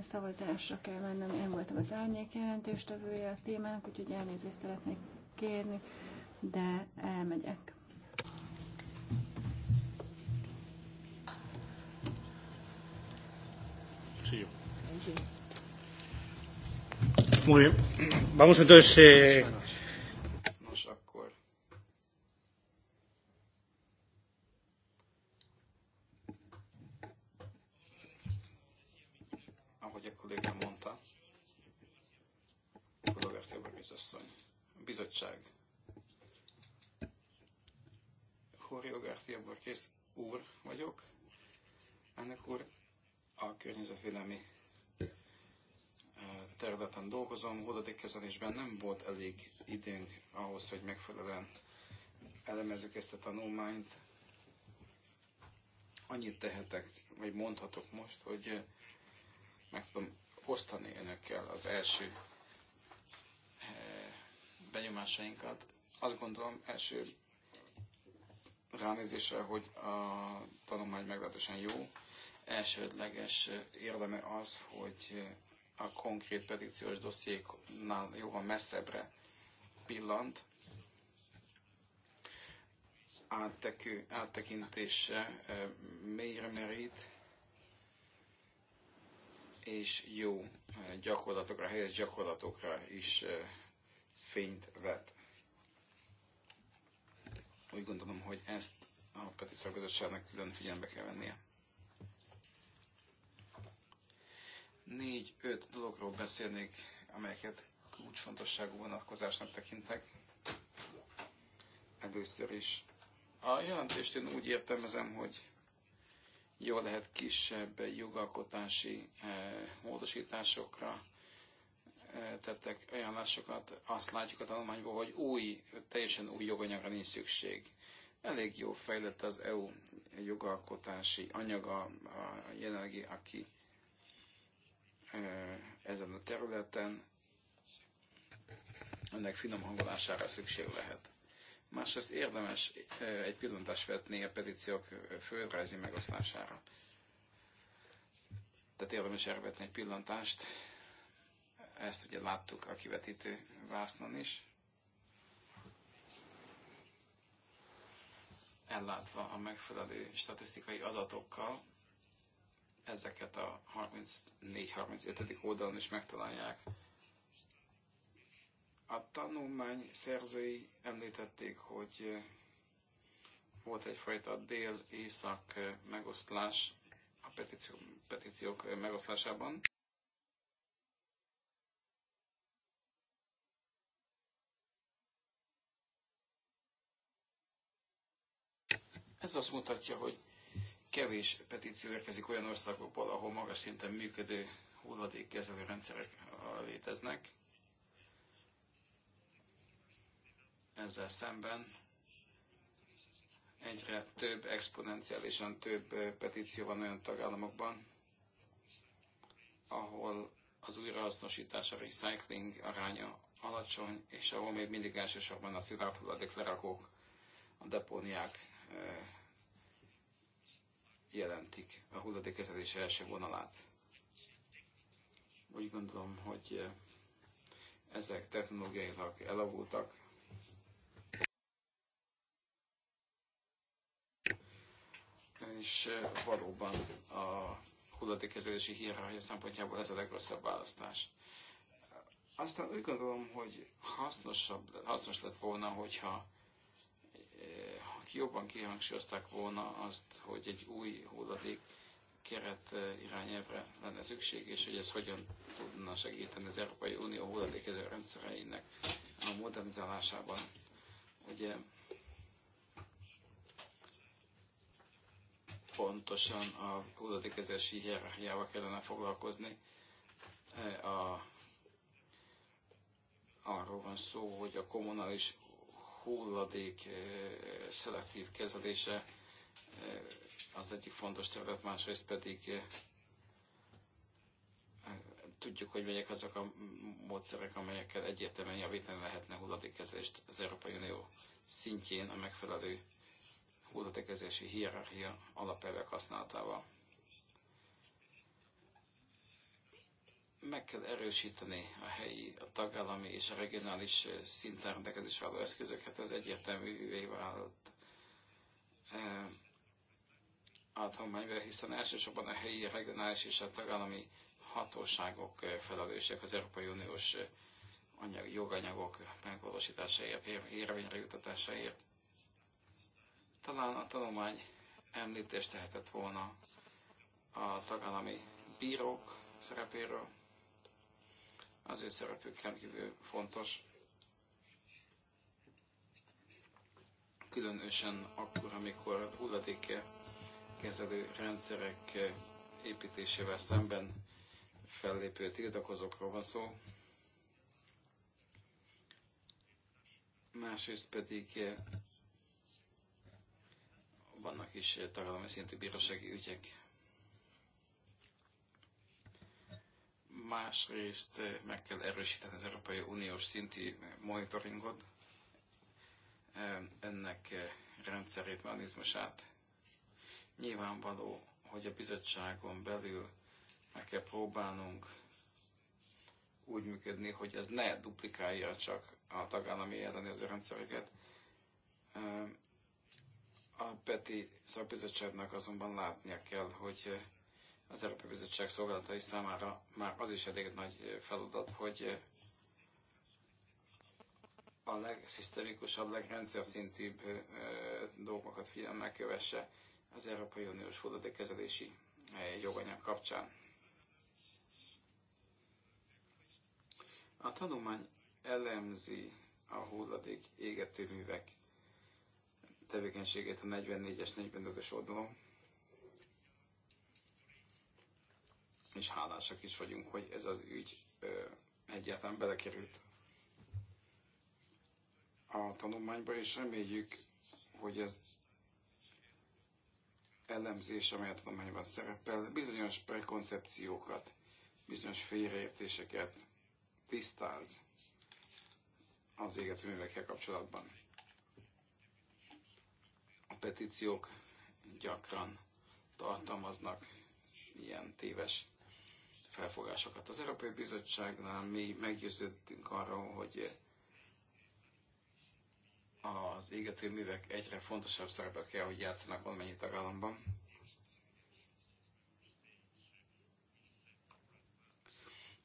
Speaker 1: szavazásra kell mennem. Én voltam az árnyék jelentéstevője a témának, úgyhogy elnézést szeretnék kérni, de elmegyek.
Speaker 3: Muy bien. Vamos entonces. Eh...
Speaker 2: azon hulladékkezelésben nem volt elég időnk ahhoz, hogy megfelelően elemezzük ezt a tanulmányt. Annyit tehetek, vagy mondhatok most, hogy eh, meg tudom osztani önökkel az első eh, benyomásainkat. Azt gondolom első ránézésre, hogy a tanulmány meglehetősen jó. Elsődleges eh, érdeme az, hogy a konkrét petíciós dossziéknál jóval messzebbre pillant. Áttekő, áttekintése mélyre merít, és jó gyakorlatokra, helyes gyakorlatokra is fényt vet. Úgy gondolom, hogy ezt a Peti Szakbizottságnak külön figyelembe kell vennie. négy-öt dologról beszélnék, amelyeket kulcsfontosságú vonatkozásnak tekintek. Először is. A jelentést én úgy értelmezem, hogy jó lehet kisebb jogalkotási eh, módosításokra eh, tettek ajánlásokat. Azt látjuk a tanulmányból, hogy új, teljesen új joganyagra nincs szükség. Elég jó fejlett az EU jogalkotási anyaga a jelenlegi, aki ezen a területen, ennek finom hangolására szükség lehet. Másrészt érdemes egy pillantást vetni a petíciók földrajzi megosztására. Tehát érdemes elvetni vetni egy pillantást. Ezt ugye láttuk a kivetítő vásznon is. Ellátva a megfelelő statisztikai adatokkal, ezeket a 34-35. oldalon is megtalálják. A tanulmány szerzői említették, hogy volt egyfajta dél-észak megoszlás a petíció, petíciók megoszlásában. Ez azt mutatja, hogy kevés petíció érkezik olyan országokból, ahol magas szinten működő hulladékkezelő rendszerek léteznek. Ezzel szemben egyre több, exponenciálisan több petíció van olyan tagállamokban, ahol az újrahasznosítás, a recycling aránya alacsony, és ahol még mindig elsősorban a szilárd lerakók, a depóniák jelentik a hulladékkezelés első vonalát. Úgy gondolom, hogy eh, ezek technológiailag elavultak, és eh, valóban a hulladékkezelési hierarchia szempontjából ez a legrosszabb választás. Aztán úgy gondolom, hogy hasznosabb, hasznos lett volna, hogyha jobban kihangsúlyozták volna azt, hogy egy új hulladék keret eh, irányelvre lenne szükség, és hogy ez hogyan tudna segíteni az Európai Unió hulladékező rendszereinek a modernizálásában. Ugye pontosan a hulladékezési hierarchiával kellene foglalkozni. Eh, a, arról van szó, hogy a kommunális hulladék eh, szelektív kezelése eh, az egyik fontos terület, másrészt pedig eh, tudjuk, hogy melyek azok a módszerek, amelyekkel egyértelműen javítani lehetne hulladékkezelést az Európai Unió szintjén a megfelelő hulladékezési hierarchia alapelvek használatával. meg kell erősíteni a helyi, a tagállami és a regionális szinten rendelkezés álló eszközöket, ez egyértelművé vált áthományban, hiszen elsősorban a helyi, a regionális és a tagállami hatóságok felelősek az Európai Uniós anyag, joganyagok megvalósításáért, érvényre jutatásáért. Talán a tanulmány említést tehetett volna a tagállami bírók szerepéről, az ő szerepük rendkívül fontos, különösen akkor, amikor hulladéke kezelő rendszerek építésével szemben fellépő tiltakozókról van szó, másrészt pedig vannak is tagállami szintű bírósági ügyek. másrészt eh, meg kell erősíteni az Európai Uniós szinti eh, monitoringot, eh, ennek rendszerét, mechanizmusát. Nyilvánvaló, hogy a bizottságon belül meg kell próbálnunk úgy működni, hogy ez ne duplikálja csak a tagállami az rendszereket. A Peti szakbizottságnak azonban látnia kell, hogy az Európai Bizottság szolgálatai számára már az is elég nagy feladat, hogy a legszisztemikusabb, legrendszer szintűbb dolgokat figyelme kövesse az Európai Uniós hulladékkezelési joganyag kapcsán. A tanulmány elemzi a hulladék égetőművek tevékenységét a 44-es, 45-ös oldalon. és hálásak is vagyunk, hogy ez az ügy egyáltalán belekerült a tanulmányba, és reméljük, hogy ez elemzés, amely a tanulmányban szerepel, bizonyos prekoncepciókat, bizonyos félreértéseket tisztáz az égető művekkel kapcsolatban. A petíciók gyakran tartalmaznak ilyen téves felfogásokat. Az Európai Bizottságnál mi meggyőződtünk arról, hogy az égető művek egyre fontosabb szerepet kell, hogy játszanak valamennyi tagállamban.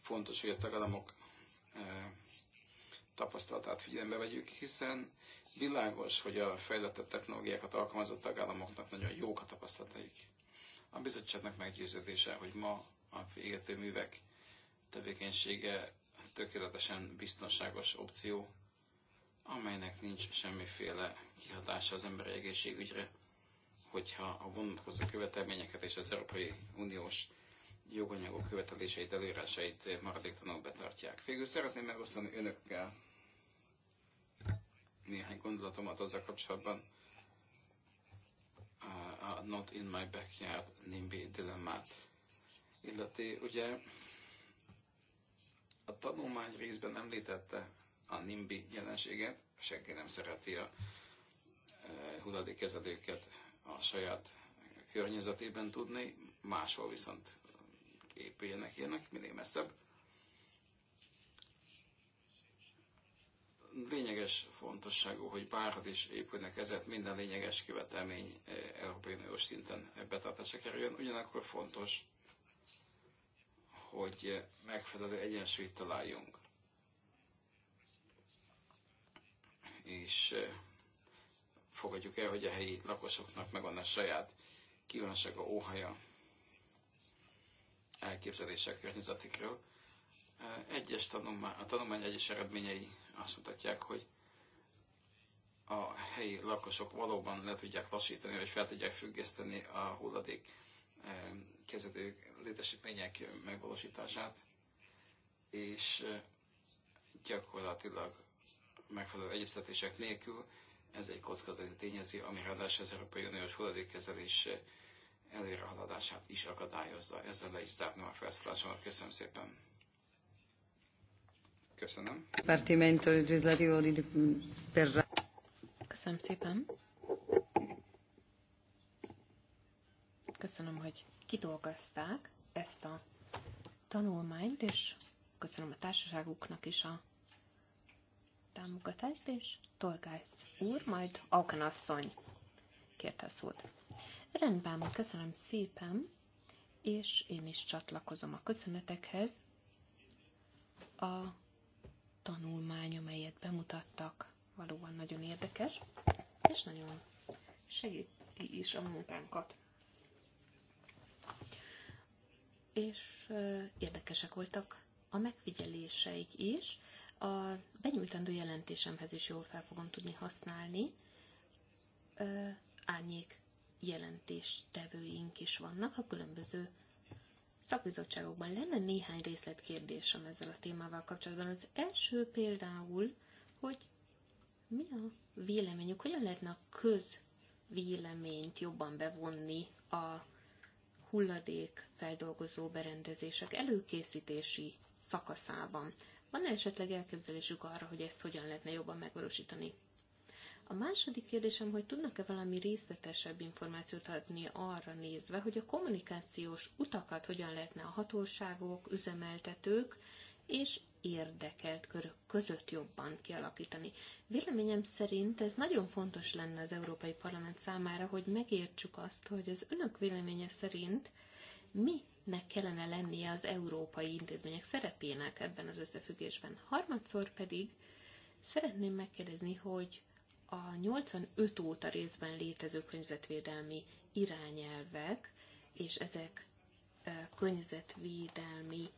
Speaker 2: Fontos, hogy a tagállamok eh, tapasztalatát figyelembe vegyük, hiszen világos, hogy a fejlettebb technológiákat alkalmazott tagállamoknak nagyon jók a tapasztalataik. A bizottságnak meggyőződése, hogy ma a művek tevékenysége tökéletesen biztonságos opció, amelynek nincs semmiféle kihatása az emberi egészségügyre, hogyha a vonatkozó követelményeket és az Európai Uniós joganyagok követeléseit, előírásait maradéktalanul betartják. Végül szeretném megosztani önökkel néhány gondolatomat azzal kapcsolatban, a Not in my backyard NIMBY dilemmát illeti, ugye a tanulmány részben említette a NIMBY jelenséget, senki nem szereti a e, hulladékkezelőket a saját környezetében tudni, máshol viszont épüljenek ilyenek, minél messzebb. Lényeges fontosságú, hogy bárhat is épülnek ezért minden lényeges követelmény e, Európai Uniós szinten betartásra kerüljön, ugyanakkor fontos, hogy megfelelő egyensúlyt találjunk. És eh, fogadjuk el, hogy a helyi lakosoknak megvan a saját kívánsága, óhaja, elképzelése a környezetikről. Eh, egyes tanulmány, a tanulmány egyes eredményei azt mutatják, hogy a helyi lakosok valóban le tudják lassítani, vagy fel tudják függeszteni a hulladék eh, kezelő létesítmények megvalósítását, és gyakorlatilag megfelelő egyeztetések nélkül ez egy kockázati tényező, ami ráadásul az Európai Uniós hulladékkezelés előrehaladását is akadályozza. Ezzel le is zárnám a felszólásomat. Köszönöm szépen. Köszönöm.
Speaker 3: di per... Köszönöm szépen. Köszönöm, hogy
Speaker 4: kidolgozták ezt a tanulmányt, és köszönöm a társaságuknak is a támogatást, és Tolgász úr, majd Auken asszony kérte a szót. Rendben, köszönöm szépen, és én is csatlakozom a köszönetekhez. A tanulmány, amelyet bemutattak, valóban nagyon érdekes, és nagyon segíti is a munkánkat. és érdekesek voltak a megfigyeléseik is. A benyújtandó jelentésemhez is jól fel fogom tudni használni. Árnyék jelentéstevőink is vannak a különböző szakbizottságokban. Lenne néhány részletkérdésem ezzel a témával kapcsolatban. Az első például, hogy mi a véleményük, hogyan lehetne a közvéleményt jobban bevonni a hulladék feldolgozó berendezések előkészítési szakaszában. Van -e esetleg elképzelésük arra, hogy ezt hogyan lehetne jobban megvalósítani? A második kérdésem, hogy tudnak-e valami részletesebb információt adni arra nézve, hogy a kommunikációs utakat hogyan lehetne a hatóságok, üzemeltetők és érdekelt körök között jobban kialakítani. Véleményem szerint ez nagyon fontos lenne az Európai Parlament számára, hogy megértsük azt, hogy az önök véleménye szerint minek kellene lennie az európai intézmények szerepének ebben az összefüggésben. Harmadszor pedig szeretném megkérdezni, hogy a 85 óta részben létező környezetvédelmi irányelvek és ezek eh, környezetvédelmi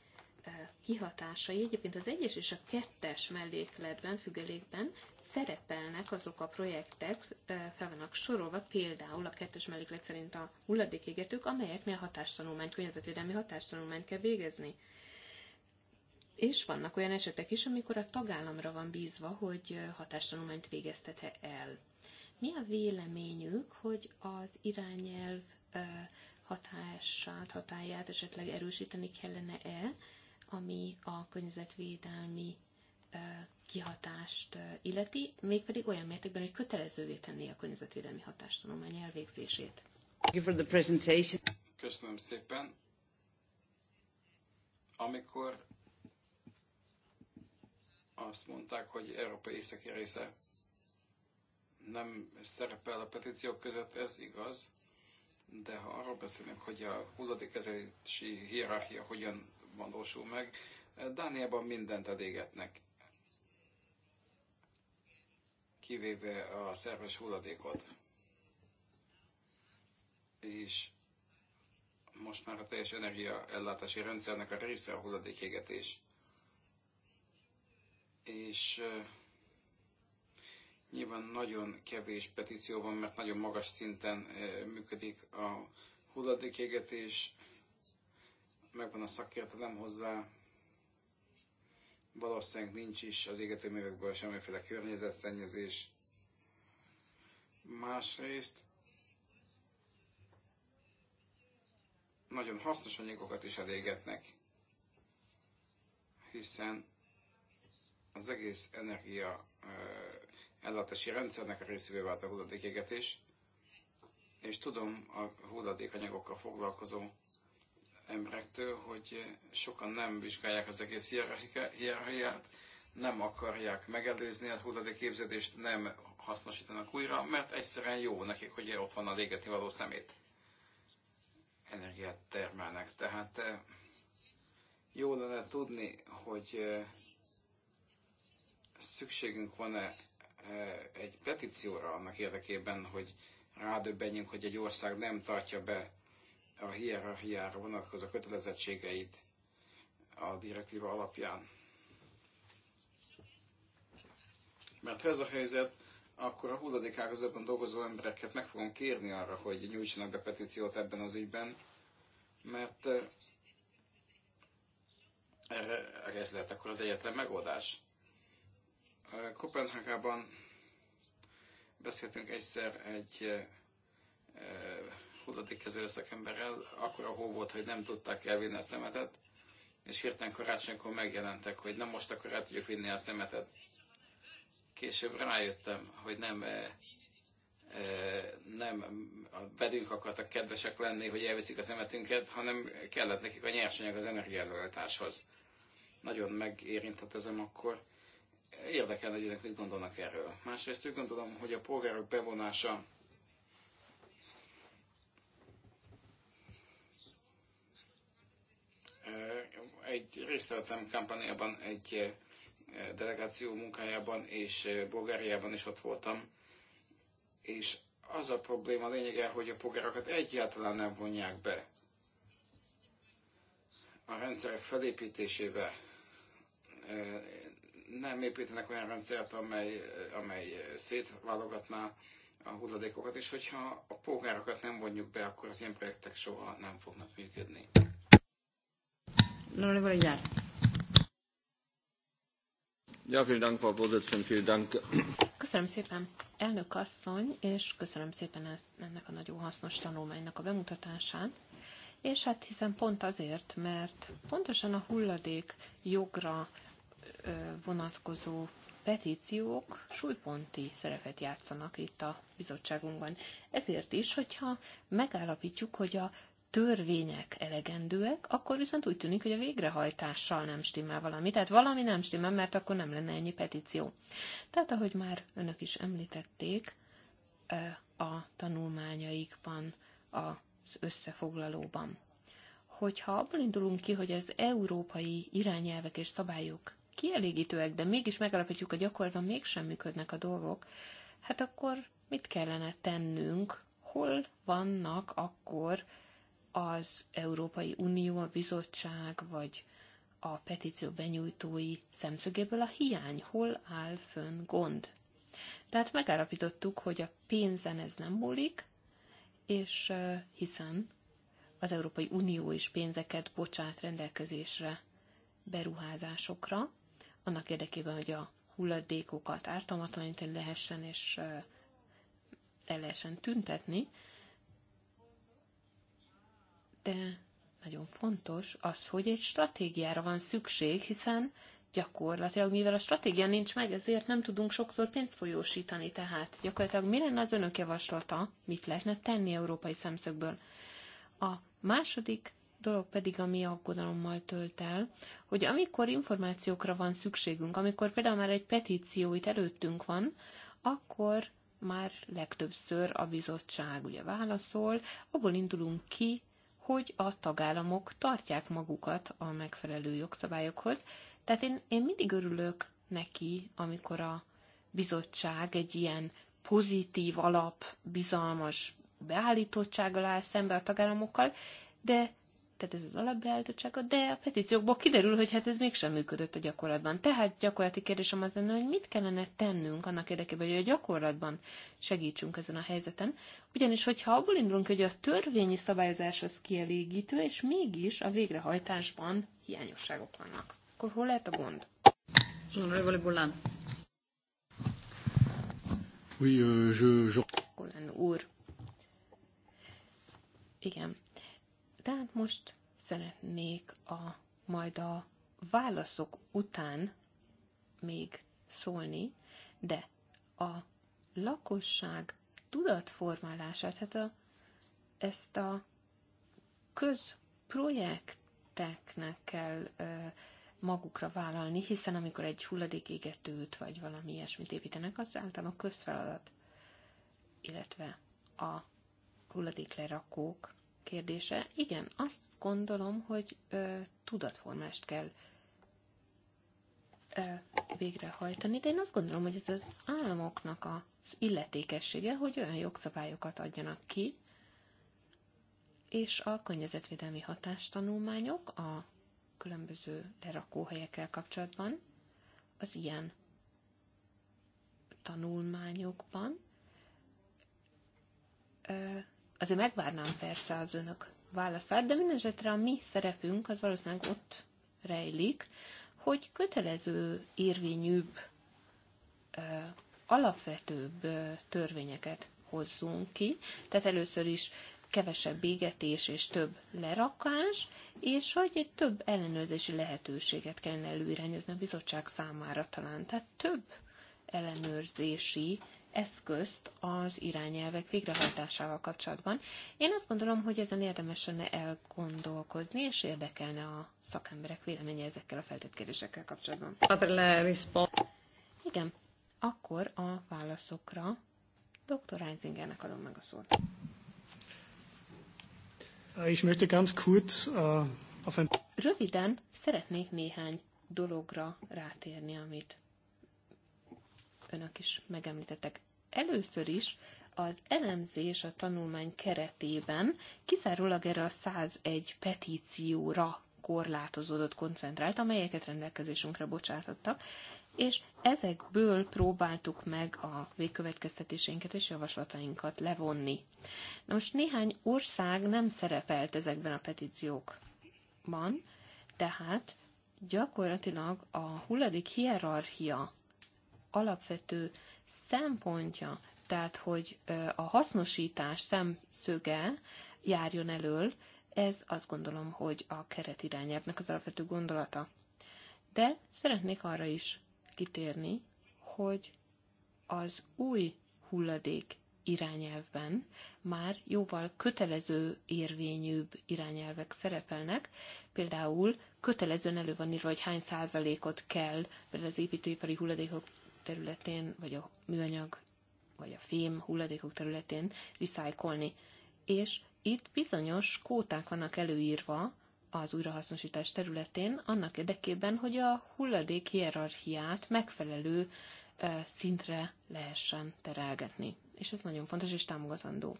Speaker 4: kihatásai. Egyébként az egyes és a kettes mellékletben, függelékben szerepelnek azok a projektek, fel vannak sorolva, például a kettes melléklet szerint a hulladékégetők, amelyeknél hatástanulmány, környezetvédelmi hatástanulmányt kell végezni. És vannak olyan esetek is, amikor a tagállamra van bízva, hogy hatástanulmányt végeztethe el. Mi a véleményük, hogy az irányelv hatását, hatáját esetleg erősíteni kellene-e, ami a környezetvédelmi kihatást illeti, mégpedig olyan mértékben, hogy kötelezővé tenni a környezetvédelmi hatástanulmány elvégzését.
Speaker 2: Köszönöm szépen. Amikor azt mondták, hogy Európa északi része nem szerepel a petíciók között, ez igaz, de ha arról beszélünk, hogy a hulladékkezelési hierarchia hogyan valósul meg. Dániában mindent elégetnek, kivéve a szerves hulladékot. És most már a teljes energiaellátási rendszernek a része a hulladékégetés. És nyilván nagyon kevés petíció van, mert nagyon magas szinten működik a hulladékégetés, megvan a szakértelem hozzá, valószínűleg nincs is az égetőművekből semmiféle környezetszennyezés. Másrészt nagyon hasznos anyagokat is elégetnek, hiszen az egész energia eh, ellátási rendszernek a részévé vált a hulladékégetés, és tudom a hulladékanyagokkal foglalkozó emberektől, hogy sokan nem vizsgálják az egész hierarchiát, nem akarják megelőzni a hulladékképződést, nem hasznosítanak újra, mert egyszerűen jó nekik, hogy ott van a légetni való szemét. Energiát termelnek. Tehát eh, jó lenne tudni, hogy eh, szükségünk van-e eh, egy petícióra annak érdekében, hogy rádöbbenjünk, hogy egy ország nem tartja be a hierarchiára vonatkozó kötelezettségeit a direktíva alapján. Mert ha ez a helyzet, akkor a ágazatban dolgozó embereket meg fogom kérni arra, hogy nyújtsanak be petíciót ebben az ügyben, mert eh, erre ez lehet akkor az egyetlen megoldás. Eh, Kopenhágában beszéltünk egyszer egy eh, hulladékkezelő szakemberrel, akkor a hó volt, hogy nem tudták elvinni a szemetet, és hirtelen karácsonykor megjelentek, hogy nem most akkor el tudjuk vinni a szemetet. Később rájöttem, hogy nem, e, e, nem velünk akartak kedvesek lenni, hogy elviszik a szemetünket, hanem kellett nekik a nyersanyag az energiaelőállításhoz. Nagyon megérintett ezem akkor. Érdekel, hogy önök mit gondolnak erről. Másrészt úgy gondolom, hogy a polgárok bevonása egy részt vettem kampányában, egy delegáció munkájában, és Bulgáriában is ott voltam. És az a probléma lényege, hogy a polgárokat egyáltalán nem vonják be a rendszerek felépítésébe. Nem építenek olyan rendszert, amely, amely szétválogatná a hulladékokat, és hogyha a polgárokat nem vonjuk be, akkor az ilyen projektek soha nem fognak működni.
Speaker 4: Köszönöm szépen, elnök asszony, és köszönöm szépen ennek a nagyon hasznos tanulmánynak a bemutatását. És hát hiszen pont azért, mert pontosan a hulladék jogra vonatkozó petíciók súlyponti szerepet játszanak itt a bizottságunkban. Ezért is, hogyha megállapítjuk, hogy a törvények elegendőek, akkor viszont úgy tűnik, hogy a végrehajtással nem stimmel valami. Tehát valami nem stimmel, mert akkor nem lenne ennyi petíció. Tehát, ahogy már önök is említették, a tanulmányaikban, az összefoglalóban. Hogyha abból indulunk ki, hogy az európai irányelvek és szabályok kielégítőek, de mégis megalapítjuk, hogy gyakorlatban mégsem működnek a dolgok, hát akkor mit kellene tennünk, hol vannak akkor az Európai Unió, a bizottság vagy a petíció benyújtói szemszögéből a hiány, hol áll fönn gond. Tehát megállapítottuk, hogy a pénzen ez nem múlik, és hiszen az Európai Unió is pénzeket bocsát rendelkezésre beruházásokra, annak érdekében, hogy a hulladékokat ártalmatlanítani lehessen, és el lehessen tüntetni, de nagyon fontos az, hogy egy stratégiára van szükség, hiszen gyakorlatilag, mivel a stratégia nincs meg, ezért nem tudunk sokszor pénzt folyósítani. Tehát gyakorlatilag mi lenne az önök javaslata, mit lehetne tenni európai szemszögből? A második dolog pedig, ami aggodalommal tölt el, hogy amikor információkra van szükségünk, amikor például már egy petíció itt előttünk van, akkor már legtöbbször a bizottság ugye válaszol, abból indulunk ki, hogy a tagállamok tartják magukat a megfelelő jogszabályokhoz. Tehát én, én mindig örülök neki, amikor a bizottság egy ilyen pozitív alap, bizalmas beállítottsággal áll szembe a tagállamokkal, de tehát ez az alapbeállítottsága, de a petíciókból kiderül, hogy hát ez mégsem működött a gyakorlatban. Tehát gyakorlati kérdésem az lenne, hogy mit kellene tennünk annak érdekében, hogy a gyakorlatban segítsünk ezen a helyzeten. Ugyanis, hogyha abból indulunk, hogy a törvényi szabályozás az kielégítő, és mégis a végrehajtásban hiányosságok vannak, akkor hol lehet a gond?
Speaker 1: Bullán.
Speaker 3: Oui, euh, je,
Speaker 4: je... úr. Igen tehát most szeretnék a, majd a válaszok után még szólni, de a lakosság tudatformálását, hát a, ezt a közprojekteknek kell ö, magukra vállalni, hiszen amikor egy hulladékégetőt vagy valami ilyesmit építenek, az általában a közfeladat, illetve a hulladéklerakók kérdése, igen, azt gondolom, hogy ö, tudatformást kell ö, végrehajtani, de én azt gondolom, hogy ez az államoknak az illetékessége, hogy olyan jogszabályokat adjanak ki, és a környezetvédelmi hatástanulmányok a különböző lerakóhelyekkel kapcsolatban az ilyen tanulmányokban ö, Azért megvárnám persze az önök válaszát, de mindenesetre a mi szerepünk az valószínűleg ott rejlik, hogy kötelező érvényűbb, alapvetőbb törvényeket hozzunk ki. Tehát először is kevesebb égetés és több lerakás, és hogy egy több ellenőrzési lehetőséget kellene előirányozni a bizottság számára talán. Tehát több ellenőrzési eszközt az irányelvek végrehajtásával kapcsolatban. Én azt gondolom, hogy ezen érdemes lenne elgondolkozni, és érdekelne a szakemberek véleménye ezekkel a feltett kérdésekkel kapcsolatban. Igen, akkor a válaszokra Dr. Reinzingernek adom meg a szót.
Speaker 3: Ich möchte ganz kurz uh, auf ein...
Speaker 4: Röviden szeretnék néhány dologra rátérni, amit önök is megemlítettek. Először is az elemzés a tanulmány keretében kizárólag erre a 101 petícióra korlátozódott, koncentrált, amelyeket rendelkezésünkre bocsátottak, és ezekből próbáltuk meg a végkövetkeztetéseinket és javaslatainkat levonni. Na most néhány ország nem szerepelt ezekben a petíciókban, tehát gyakorlatilag a hulladék hierarchia alapvető szempontja, tehát hogy a hasznosítás szemszöge járjon elől, ez azt gondolom, hogy a keretirányelvnek az alapvető gondolata. De szeretnék arra is kitérni, hogy az új hulladék irányelvben már jóval kötelező érvényűbb irányelvek szerepelnek, például kötelezően elő van írva, hogy hány százalékot kell például az építőipari hulladékok területén, vagy a műanyag, vagy a fém hulladékok területén recyclni. És itt bizonyos kóták vannak előírva az újrahasznosítás területén, annak érdekében, hogy a hulladék hierarchiát megfelelő szintre lehessen terelgetni. És ez nagyon fontos és támogatandó.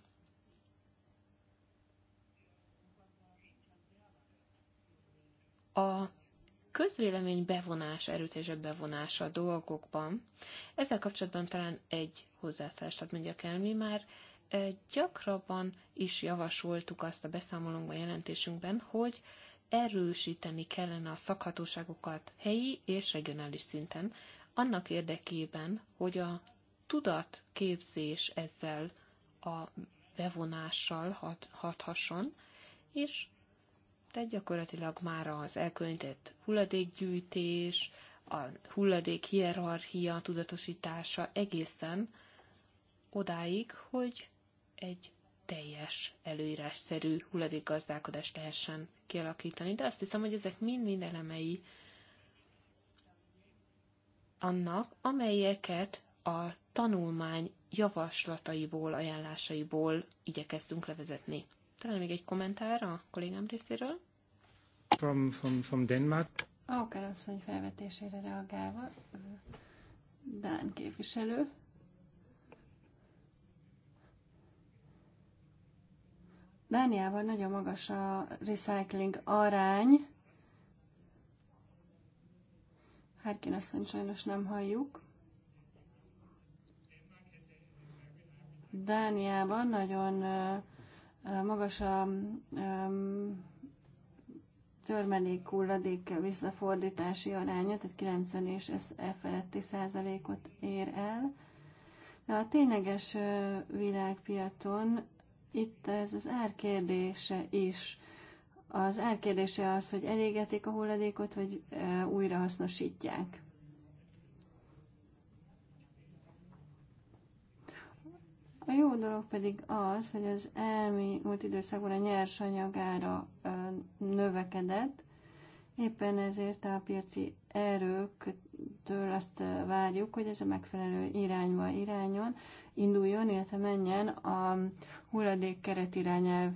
Speaker 4: A közvélemény bevonás, erőtésebb bevonása a dolgokban. Ezzel kapcsolatban talán egy hozzászállást hadd mondjak el, mi már gyakrabban is javasoltuk azt a beszámolónkban, jelentésünkben, hogy erősíteni kellene a szakhatóságokat helyi és regionális szinten, annak érdekében, hogy a tudatképzés ezzel a bevonással hat, hathasson, és tehát gyakorlatilag már az elkülönített hulladékgyűjtés, a hulladék hierarchia tudatosítása egészen odáig, hogy egy teljes előírásszerű hulladékgazdálkodást lehessen kialakítani. De azt hiszem, hogy ezek mind-mind elemei annak, amelyeket a tanulmány javaslataiból, ajánlásaiból igyekeztünk levezetni. Talán még egy kommentár a kollégám részéről.
Speaker 3: From, from, from Denmark.
Speaker 1: A asszony felvetésére reagálva, Dán képviselő. Dániában nagyon magas a recycling arány. Hárkin asszony sajnos nem halljuk. Dániában nagyon magas a törmelék hulladék visszafordítási aránya, tehát 90 és ez e feletti százalékot ér el. De a tényleges világpiacon itt ez az árkérdése is. Az árkérdése az, hogy elégetik a hulladékot, vagy újrahasznosítják. jó dolog pedig az, hogy az elmúlt időszakban a nyersanyagára növekedett, éppen ezért a piaci erőktől azt várjuk, hogy ez a megfelelő irányba irányon, induljon, illetve menjen a hulladék keret irányelv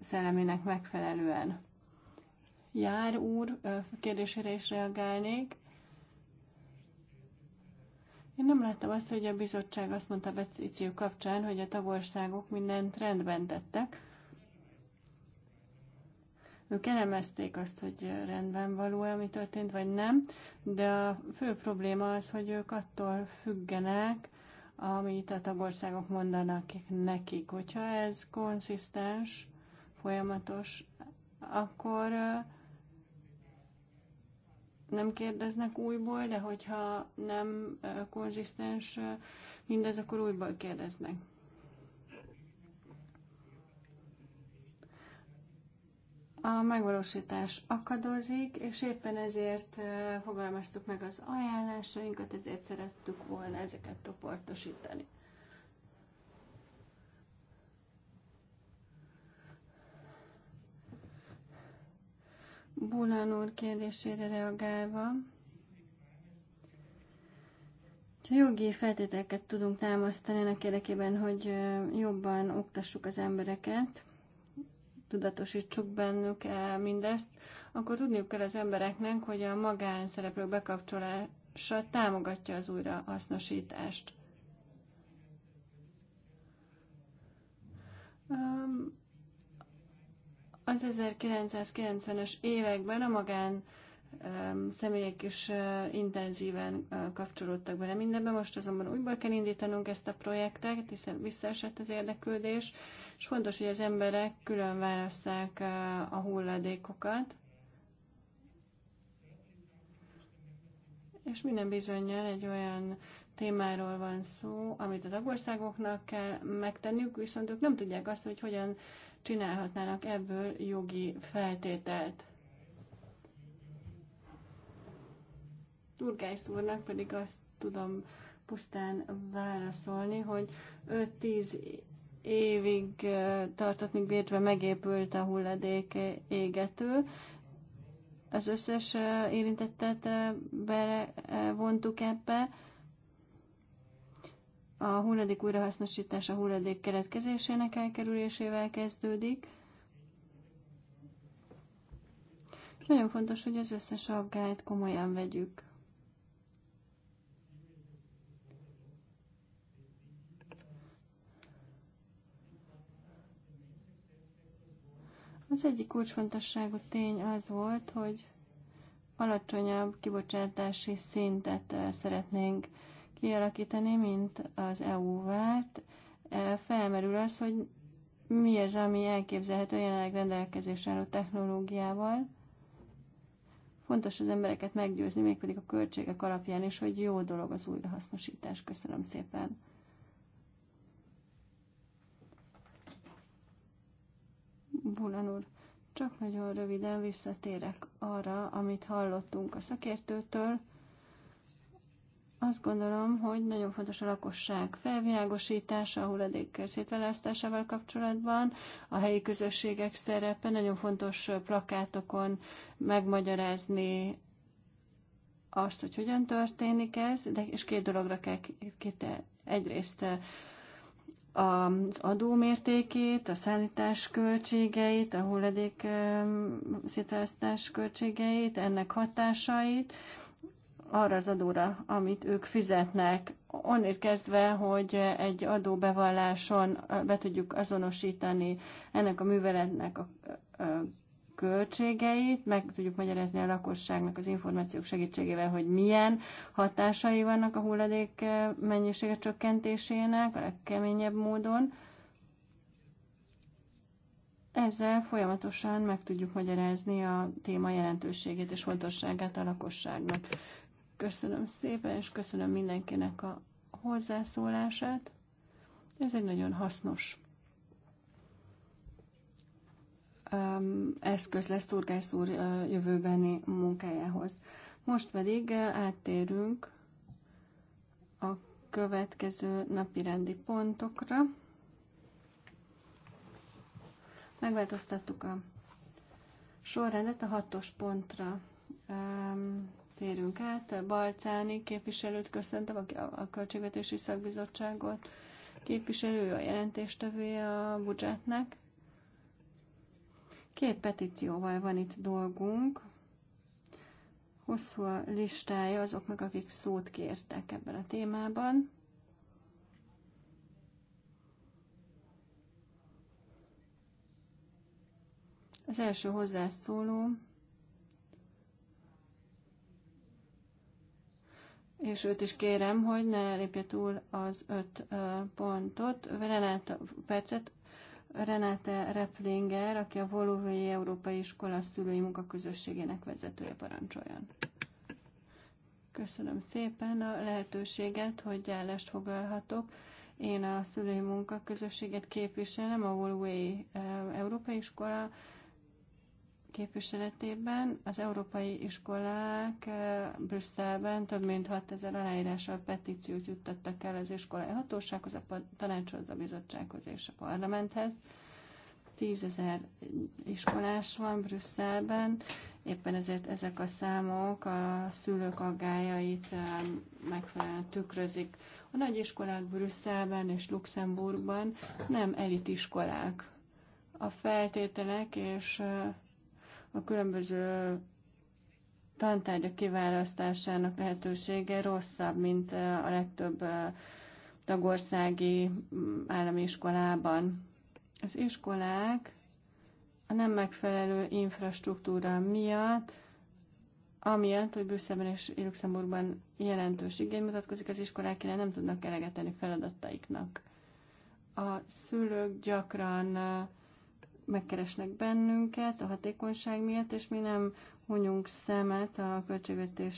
Speaker 1: szellemének megfelelően. Jár úr kérdésére is reagálnék. Én nem láttam azt, hogy a bizottság azt mondta a petíció kapcsán, hogy a tagországok mindent rendben tettek. Ők elemezték azt, hogy rendben való-e, ami történt, vagy nem, de a fő probléma az, hogy ők attól függenek, amit a tagországok mondanak nekik. Hogyha ez konszisztens, folyamatos, akkor uh, nem kérdeznek újból, de hogyha nem konzisztens mindez, akkor újból kérdeznek. A megvalósítás akadozik, és éppen ezért fogalmaztuk meg az ajánlásainkat, ezért szerettük volna ezeket toportosítani. Bulán úr kérdésére reagálva, ha jogi feltételeket tudunk támasztani ennek érdekében, hogy jobban oktassuk az embereket, tudatosítsuk bennük mindezt, akkor tudniuk kell az embereknek, hogy a magánszereplők bekapcsolása támogatja az újrahasznosítást. Um, az 1990-es években a magán személyek is intenzíven kapcsolódtak bele mindenbe. Most azonban újból kell indítanunk ezt a projektet, hiszen visszaesett az érdeklődés, és fontos, hogy az emberek külön választák a hulladékokat. És minden bizonyal egy olyan témáról van szó, amit az agországoknak kell megtenniük, viszont ők nem tudják azt, hogy hogyan csinálhatnának ebből jogi feltételt. Turgász úrnak pedig azt tudom pusztán válaszolni, hogy 5-10 évig tartott, míg Bécsbe megépült a hulladék égető. Az összes érintettet vontuk ebbe, a hulladék újrahasznosítása hulladék keletkezésének elkerülésével kezdődik. És nagyon fontos, hogy az összes aggályt komolyan vegyük. Az egyik kulcsfontosságú tény az volt, hogy alacsonyabb kibocsátási szintet eh, szeretnénk kialakítani, mint az EU várt, e, felmerül az, hogy mi az, ami elképzelhető jelenleg rendelkezésre álló technológiával. Fontos az embereket meggyőzni, mégpedig a költségek alapján is, hogy jó dolog az újrahasznosítás. Köszönöm szépen. Bulan úr, csak nagyon röviden visszatérek arra, amit hallottunk a szakértőtől. Azt gondolom, hogy nagyon fontos a lakosság felvilágosítása, a hulladék szétválasztásával kapcsolatban, a helyi közösségek szerepe, nagyon fontos plakátokon megmagyarázni azt, hogy hogyan történik ez, de és két dologra kell kite. Egyrészt eh, az adó mértékét, a szállítás költségeit, a hulladék eh, szétválasztás költségeit, ennek hatásait, arra az adóra, amit ők fizetnek. Onnét kezdve, hogy egy adóbevalláson be tudjuk azonosítani ennek a műveletnek a költségeit, meg tudjuk magyarázni a lakosságnak az információk segítségével, hogy milyen hatásai vannak a hulladék mennyisége csökkentésének a legkeményebb módon. Ezzel folyamatosan meg tudjuk magyarázni a téma jelentőségét és fontosságát a lakosságnak. Köszönöm szépen, és köszönöm mindenkinek a hozzászólását. Ez egy nagyon hasznos um, eszköz lesz Turgász úr uh, jövőbeni munkájához. Most pedig uh, áttérünk a következő napi rendi pontokra. Megváltoztattuk a sorrendet a hatos pontra um, térünk át. Balcáni képviselőt köszöntöm, aki a Költségvetési Szakbizottságot képviselő, a jelentéstevője a budgetnek. Két petícióval van itt dolgunk. Hosszú a listája azoknak, akik szót kértek ebben a témában. Az első hozzászóló és őt is kérem, hogy ne lépje túl az öt pontot. Renáta Percet, Renáta Replinger, aki a Volóvői Európai Iskola Szülői Munkaközösségének vezetője parancsoljon. Köszönöm szépen a lehetőséget, hogy állást foglalhatok. Én a szülői munkaközösséget képviselem, a Volóvői Európai Iskola képviseletében az európai iskolák eh, Brüsszelben több mint 6000 aláírással petíciót juttattak el az iskolai hatósághoz, a tanácshoz, a bizottsághoz és a parlamenthez. Tízezer iskolás van Brüsszelben, éppen ezért ezek a számok a szülők aggájait eh, megfelelően tükrözik. A nagy iskolák Brüsszelben és Luxemburgban nem elitiskolák. A feltételek és eh, a különböző tantárgyak kiválasztásának lehetősége rosszabb, mint a legtöbb tagországi mm, állami iskolában. Az iskolák a nem megfelelő infrastruktúra miatt, amiatt, hogy Brüsszelben és Luxemburgban jelentős igény mutatkozik, az iskolák nem tudnak eleget tenni feladataiknak. A szülők gyakran megkeresnek bennünket a hatékonyság miatt, és mi nem hunyunk szemet a költségvetés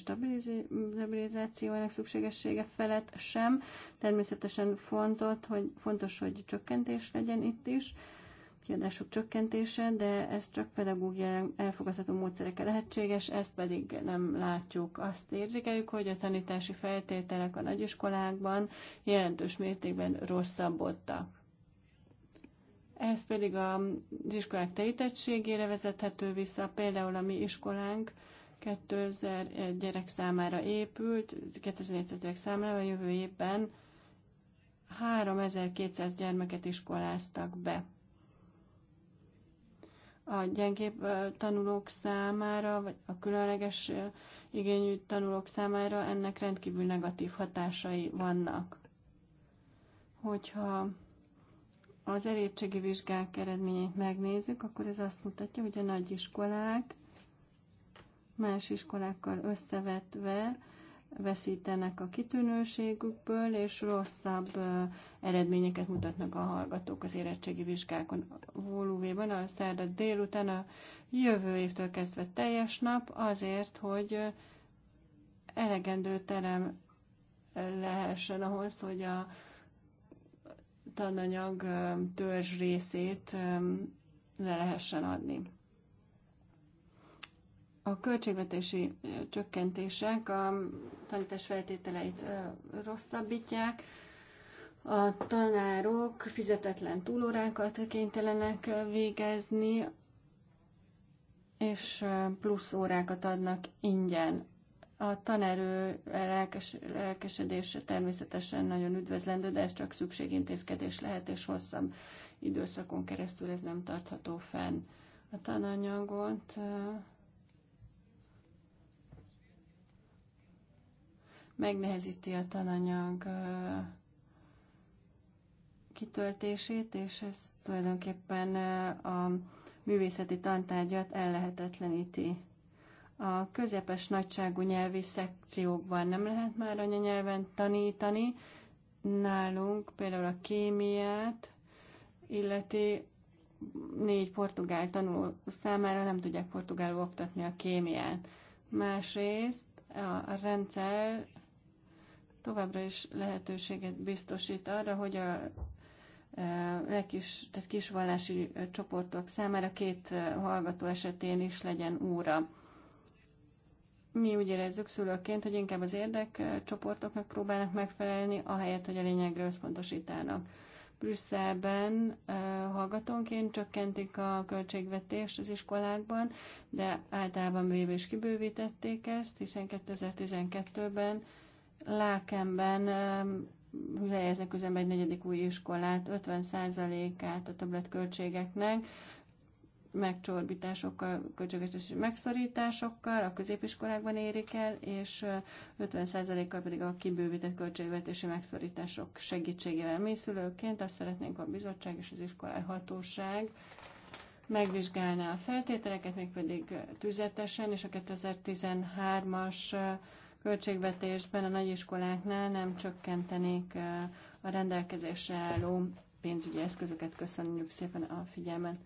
Speaker 1: stabilizációjának szükségessége felett sem. Természetesen fontos, hogy, fontos, hogy csökkentés legyen itt is, kiadások csökkentése, de ez csak pedagógiai elfogadható módszerekkel lehetséges, ezt pedig nem látjuk. Azt érzékeljük, hogy a tanítási feltételek a nagyiskolákban jelentős mértékben rosszabbodtak. Ez pedig az iskolák telítettségére vezethető vissza, például a mi iskolánk 2000 gyerek számára épült, 2400 gyerek számára a jövő évben 3200 gyermeket iskoláztak be. A gyengébb tanulók számára, vagy a különleges igényű tanulók számára ennek rendkívül negatív hatásai vannak. Hogyha az elértségi vizsgák eredményét megnézzük, akkor ez azt mutatja, hogy a nagyiskolák más iskolákkal összevetve veszítenek a kitűnőségükből, és rosszabb eredményeket mutatnak a hallgatók az érettségi vizsgákon. Volúvéban a szerda délután a jövő évtől kezdve teljes nap azért, hogy elegendő terem lehessen ahhoz, hogy a tananyag törzs részét le lehessen adni. A költségvetési csökkentések a tanítás feltételeit rosszabbítják, a tanárok fizetetlen túlórákat kénytelenek végezni, és plusz órákat adnak ingyen. A tanerő lelkes, lelkesedése természetesen nagyon üdvözlendő, de ez csak szükségintézkedés lehet, és hosszabb időszakon keresztül ez nem tartható fenn. A tananyagot megnehezíti a tananyag kitöltését, és ez tulajdonképpen a művészeti tantárgyat ellehetetleníti. A közepes nagyságú nyelvi szekciókban nem lehet már anyanyelven tanítani. Nálunk például a kémiát illeti négy portugál tanuló számára nem tudják portugálul oktatni a kémiát. Másrészt a rendszer továbbra is lehetőséget biztosít arra, hogy a legkis, e, tehát kisvallási csoportok számára két e, hallgató esetén is legyen óra mi úgy érezzük szülőként, hogy inkább az érdekcsoportoknak próbálnak megfelelni, ahelyett, hogy a lényegre összpontosítanak. Brüsszelben hallgatónként csökkentik a költségvetést az iskolákban, de általában véve is kibővítették ezt, hiszen 2012-ben Lákenben helyeznek üzembe egy negyedik új iskolát, 50%-át a többletköltségeknek megcsorbításokkal, költségvetési megszorításokkal a középiskolákban érik el, és 50%-kal pedig a kibővített költségvetési megszorítások segítségével. Mi szülőként azt szeretnénk, a bizottság és az iskolai hatóság megvizsgálná a feltételeket, mégpedig tüzetesen, és a 2013-as költségvetésben a nagyiskoláknál nem csökkentenék a rendelkezésre álló pénzügyi eszközöket. Köszönjük szépen a figyelmet!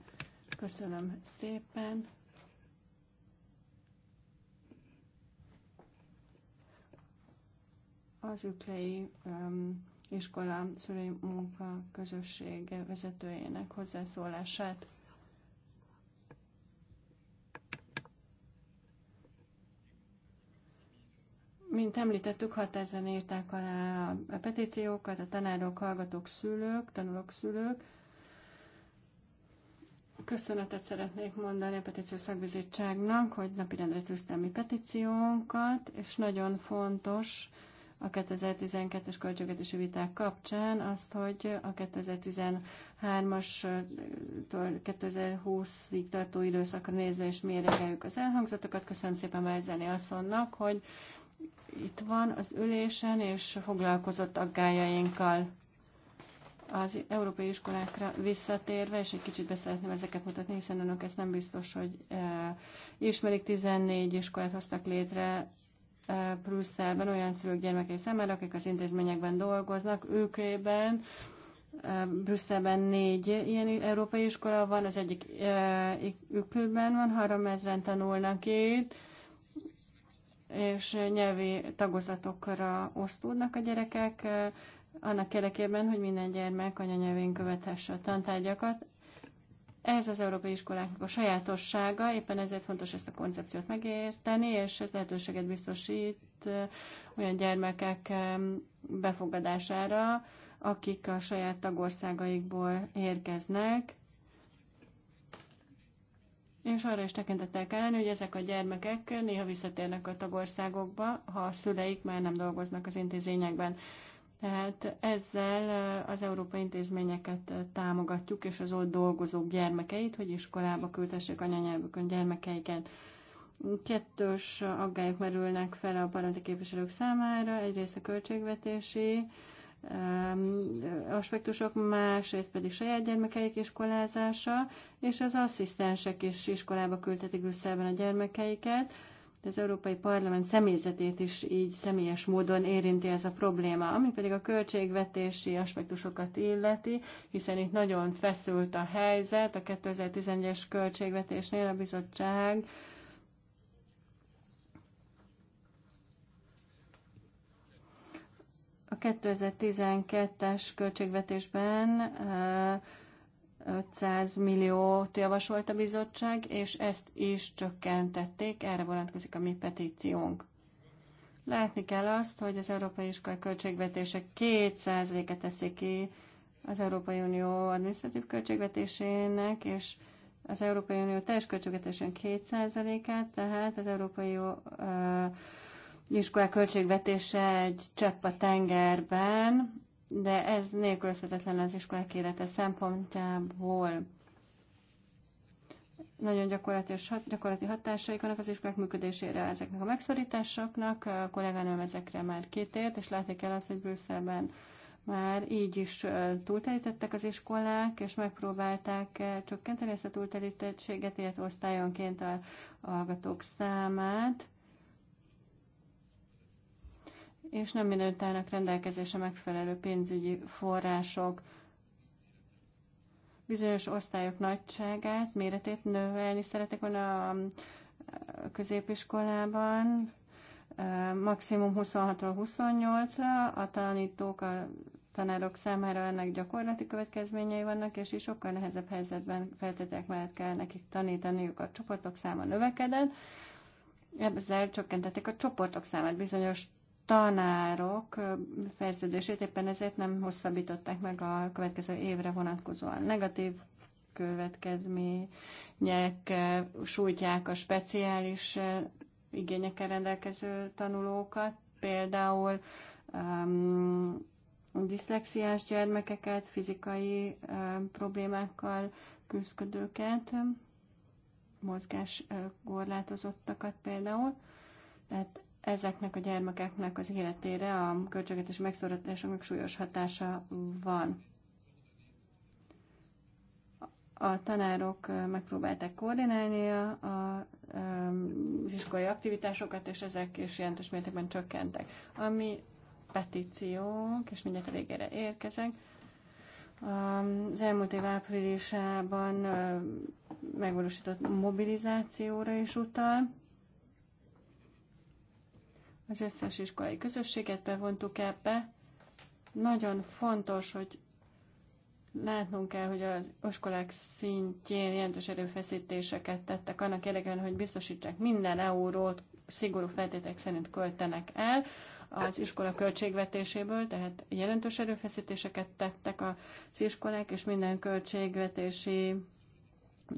Speaker 1: Köszönöm szépen. Az üklei um, iskola szülői munka közössége vezetőjének hozzászólását. Mint említettük, 6000 írták alá a petíciókat, a tanárok, hallgatók, szülők, tanulók, szülők, Köszönetet szeretnék mondani a Petíció Szakbizottságnak, hogy napirendre tűzte mi petíciónkat, és nagyon fontos a 2012-es költségvetési viták kapcsán azt, hogy a 2013-as 2020-ig tartó időszakra nézve és méregeljük az elhangzatokat. Köszönöm szépen Vájzeni asszonnak, hogy itt van az ülésen, és foglalkozott aggájainkkal az európai iskolákra visszatérve, és egy kicsit beszeretném ezeket mutatni, hiszen önök ezt nem biztos, hogy uh, ismerik, 14 iskolát hoztak létre uh, Brüsszelben olyan szülők gyermekei számára, akik az intézményekben dolgoznak, őkében, e, Brüsszelben négy ilyen európai iskola van, az egyik e, van van, ezeren tanulnak itt, és nyelvi tagozatokra osztódnak a gyerekek, e, annak érdekében, hogy minden gyermek anyanyelvén követhesse a tantárgyakat. Ez az európai iskoláknak a sajátossága, éppen ezért fontos ezt a koncepciót megérteni, és ez lehetőséget biztosít olyan gyermekek befogadására, akik a saját tagországaikból érkeznek, és arra is tekintettel kell lenni, hogy ezek a gyermekek néha visszatérnek a tagországokba, ha a szüleik már nem dolgoznak az intézményekben. Tehát ezzel az európai intézményeket támogatjuk, és az ott dolgozók gyermekeit, hogy iskolába küldhessék anyanyelvükön gyermekeiket. Kettős aggályok merülnek fel a parlamenti képviselők számára, egyrészt a költségvetési aspektusok, másrészt pedig saját gyermekeik iskolázása, és az asszisztensek is iskolába küldhetik Brüsszelben a gyermekeiket, de az Európai Parlament személyzetét is így személyes módon érinti ez a probléma, ami pedig a költségvetési aspektusokat illeti, hiszen itt nagyon feszült a helyzet, a 2011-es költségvetésnél a bizottság a 2012-es költségvetésben eh, 500 milliót javasolt a bizottság, és ezt is csökkentették, erre vonatkozik a mi petíciónk. Látni kell azt, hogy az európai iskola költségvetése 2%-et teszi ki az Európai Unió adminisztratív költségvetésének, és az Európai Unió teljes költségvetésének 2%-át, tehát az Európai uh, iskolák költségvetése egy csepp a tengerben, de ez nélkülözhetetlen az iskolák élete szempontjából. Nagyon gyakorlati hatásaik vannak az iskolák működésére ezeknek a megszorításoknak. A kolléganőm ezekre már kitért, és látni kell azt, hogy Brüsszelben már így is túltelítettek az iskolák, és megpróbálták csökkenteni ezt a túltelítettséget, illetve osztályonként a hallgatók számát és nem mindenütt állnak rendelkezésre megfelelő pénzügyi források. Bizonyos osztályok nagyságát, méretét növelni szeretek volna a középiskolában, maximum 26-ról 28-ra, a tanítók, a tanárok számára ennek gyakorlati következményei vannak, és is sokkal nehezebb helyzetben feltételek mellett kell nekik tanítaniuk. A csoportok száma növekedett, ezzel csökkentették a csoportok számát. Bizonyos tanárok fejlesztődését, éppen ezért nem hosszabbították meg a következő évre vonatkozóan. Negatív következmények sújtják a speciális igényekkel rendelkező tanulókat, például um, diszlexiás gyermekeket, fizikai um, problémákkal küzdködőket, korlátozottakat például. Tehát ezeknek a gyermekeknek az életére a költségvetés megszorításoknak súlyos hatása van. A tanárok megpróbálták koordinálni a, a, az iskolai aktivitásokat, és ezek is jelentős mértékben csökkentek. Ami petíciónk, és mindjárt a végére érkezek, az elmúlt év áprilisában megvalósított mobilizációra is utal az összes iskolai közösséget bevontuk ebbe. Nagyon fontos, hogy látnunk kell, hogy az iskolák szintjén jelentős erőfeszítéseket tettek annak érdekében, hogy biztosítsák minden eurót szigorú feltétek szerint költenek el az iskola költségvetéséből, tehát jelentős erőfeszítéseket tettek az iskolák, és minden költségvetési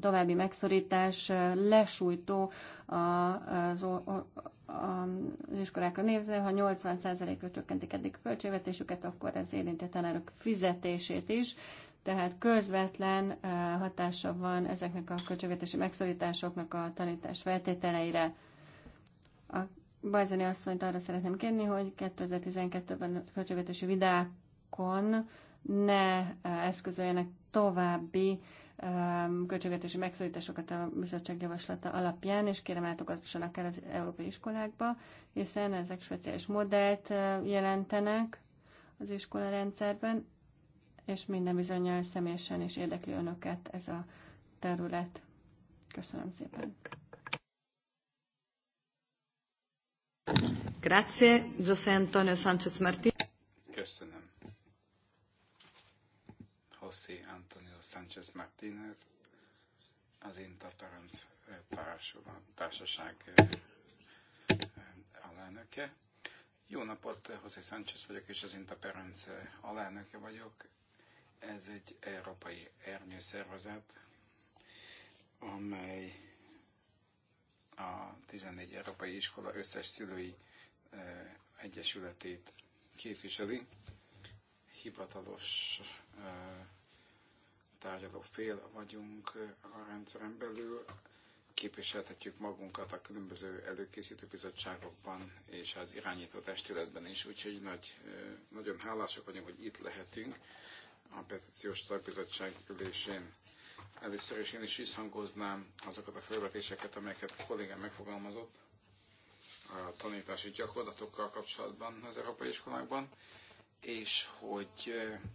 Speaker 1: további megszorítás lesújtó az, az iskolákra nézve, ha 80%-ra csökkentik eddig a költségvetésüket, akkor ez érinti a tanárok fizetését is, tehát közvetlen hatása van ezeknek a költségvetési megszorításoknak a tanítás feltételeire. A Bajzani asszonyt arra szeretném kérni, hogy 2012-ben a költségvetési vidákon ne eszközöljenek további Um, költségvetési megszorításokat a bizottság javaslata alapján, és kérem látogassanak el az európai iskolákba, hiszen ezek speciális modellt uh, jelentenek az iskola rendszerben, és minden bizonyal személyesen is érdekli önöket ez a terület. Köszönöm szépen.
Speaker 3: Grazie, José Antonio Sánchez Martí.
Speaker 2: Köszönöm José Antonio Sánchez Martínez, az Inta Parents eh, Társaság eh, eh, alelnöke. Jó napot, José Sánchez vagyok, és az Inta Parents alelnöke vagyok. Ez egy európai ernyőszervezet, amely a 14 európai iskola összes szülői egyesületét képviseli. Hivatalos tárgyaló fél vagyunk a rendszeren belül, képviselhetjük magunkat a különböző előkészítő bizottságokban és az irányító testületben is, úgyhogy nagy, nagyon hálásak vagyunk, hogy itt lehetünk a petíciós szakbizottság ülésén. Először is én is visszhangoznám azokat a felvetéseket, amelyeket a kollégám megfogalmazott a tanítási gyakorlatokkal kapcsolatban az európai iskolákban, és hogy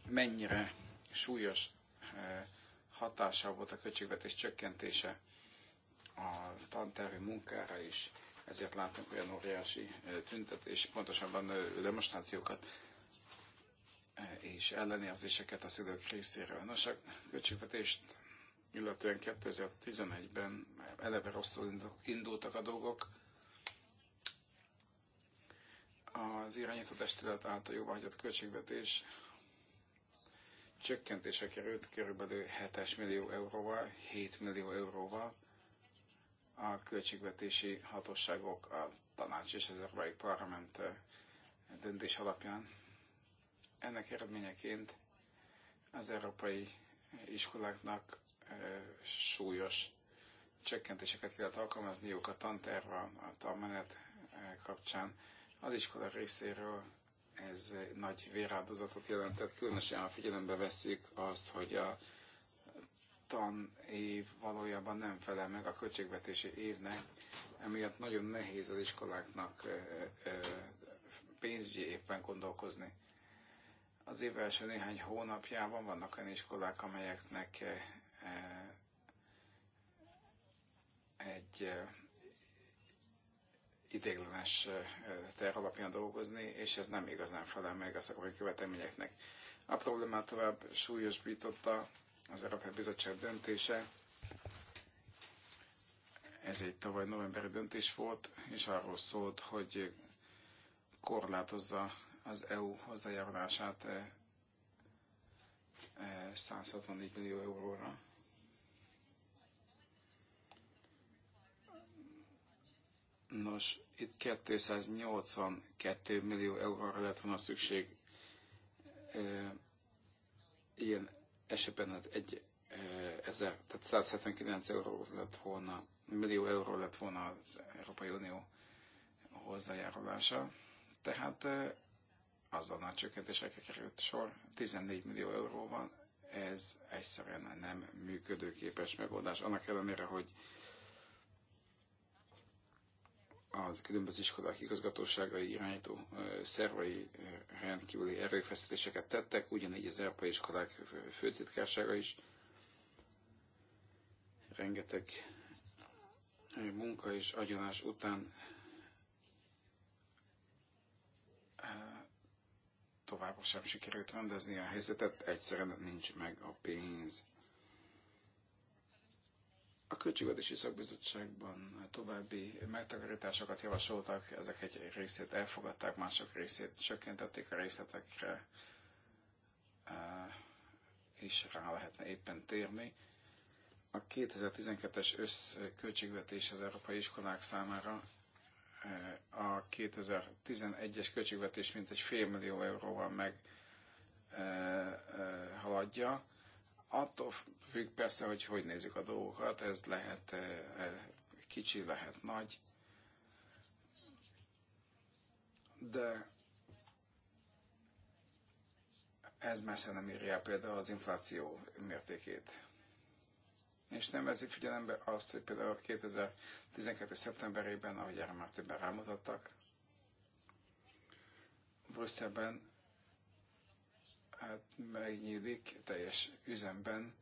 Speaker 2: mennyire súlyos Eh, hatása volt a költségvetés csökkentése a tantervi munkára is, ezért látunk olyan óriási eh, tüntetés, pontosabban eh, demonstrációkat és ellenérzéseket a szülők részéről. Nos, a költségvetést illetően 2011-ben eleve rosszul indultak a dolgok. Az irányított testület által jóváhagyott költségvetés csökkentése került körülbelül 7 millió euróval, 7 millió euróval a költségvetési hatóságok, a tanács és az Európai Parlament eh, döntés alapján. Ennek eredményeként az európai iskoláknak eh, súlyos csökkentéseket kellett alkalmazniuk a tanterv, a tanmenet eh, kapcsán az iskola részéről ez nagy véráldozatot jelentett, különösen a figyelembe vesszük azt, hogy a tanév valójában nem felel meg a költségvetési évnek, emiatt nagyon nehéz az iskoláknak pénzügyi évben gondolkozni. Az év első néhány hónapjában vannak olyan iskolák, amelyeknek egy idéglenes terv alapján dolgozni, és ez nem igazán felel meg a szakmai követelményeknek. A problémát tovább súlyosbította az Európai Bizottság döntése. Ez egy tavaly novemberi döntés volt, és arról szólt, hogy korlátozza az EU hozzájárulását 164 millió euróra Nos, itt 282 millió euróra lett volna szükség ilyen esetben az hát egy ezer, tehát 179 euró lett volna, millió euró lett volna az Európai Unió hozzájárulása. Tehát azonnal csökkentésre került sor, 14 millió euróval, ez egyszerűen nem működőképes megoldás. Annak ellenére, hogy az különböző iskolák igazgatóságai irányító szervai rendkívüli erőfeszítéseket tettek, ugyanígy az európai iskolák főtitkársága is rengeteg munka és agyonás után továbbra sem sikerült rendezni a helyzetet, egyszerűen nincs meg a pénz. A Költségvetési Szakbizottságban további megtakarításokat javasoltak, ezek egy részét elfogadták, mások részét csökkentették a részletekre, és rá lehetne éppen térni. A 2012-es összköltségvetés az európai iskolák számára a 2011-es költségvetés mintegy fél millió euróval meg haladja Attól függ persze, hogy hogy nézzük a dolgokat, ez lehet eh, eh, kicsi, lehet nagy, de ez messze nem írja például az infláció mértékét. És nem veszik figyelembe azt, hogy például 2012. szeptemberében, ahogy erre már többen rámutattak, Brüsszelben hát megnyílik teljes üzemben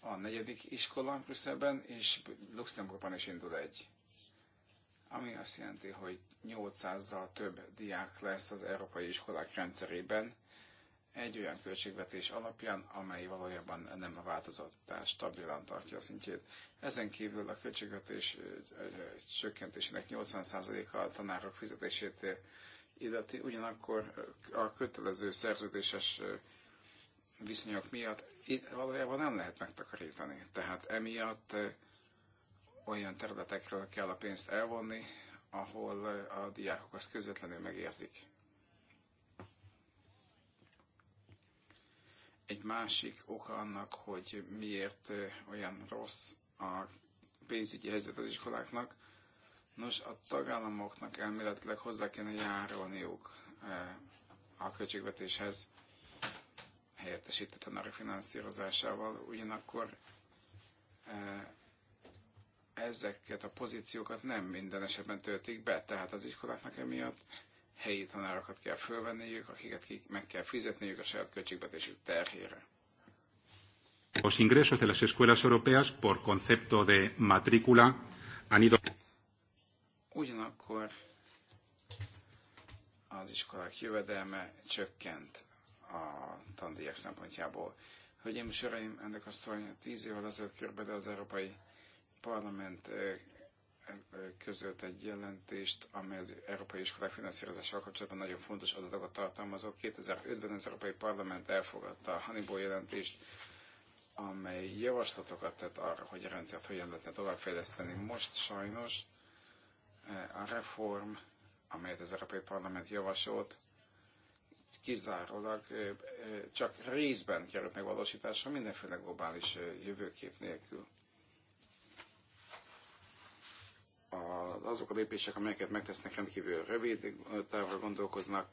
Speaker 2: a negyedik iskola Brüsszelben, és Luxemburgban is indul egy. Ami azt jelenti, hogy 800-zal több diák lesz az európai iskolák rendszerében, egy olyan költségvetés alapján, amely valójában nem változott, tehát stabilan tartja a szintjét. Ezen kívül a költségvetés csökkentésének 80%-a a tanárok fizetését illeti, ugyanakkor a kötelező szerződéses viszonyok miatt itt valójában nem lehet megtakarítani. Tehát emiatt olyan területekről kell a pénzt elvonni, ahol a diákok azt közvetlenül megérzik. Egy másik oka annak, hogy miért olyan rossz a pénzügyi helyzet az iskoláknak, nos, a tagállamoknak elméletileg hozzá kéne járulniuk a költségvetéshez, helyettesített a NARI finanszírozásával, ugyanakkor e, ezeket a pozíciókat nem minden esetben töltik be, tehát az iskoláknak emiatt helyi tanárokat kell fölvenniük, akiket meg kell fizetniük a saját költségvetésük terhére. Los ingresos de las escuelas europeas por concepto de matrícula han ido... Ugyanakkor az iskolák jövedelme csökkent a tandíjak szempontjából. Hölgyeim és Uraim, ennek szony tíz évvel ezelőtt körülbelül az Európai Parlament között egy jelentést, amely az európai iskolák finanszírozásával kapcsolatban nagyon fontos adatokat tartalmazott. 2005-ben az Európai Parlament elfogadta a Hannibal jelentést, amely javaslatokat tett arra, hogy a rendszert hogyan lehetne továbbfejleszteni. Most sajnos a reform, amelyet az Európai Parlament javasolt, kizárólag csak részben került megvalósításra, mindenféle globális jövőkép nélkül. Azok a lépések, amelyeket megtesznek, rendkívül rövid távra gondolkoznak,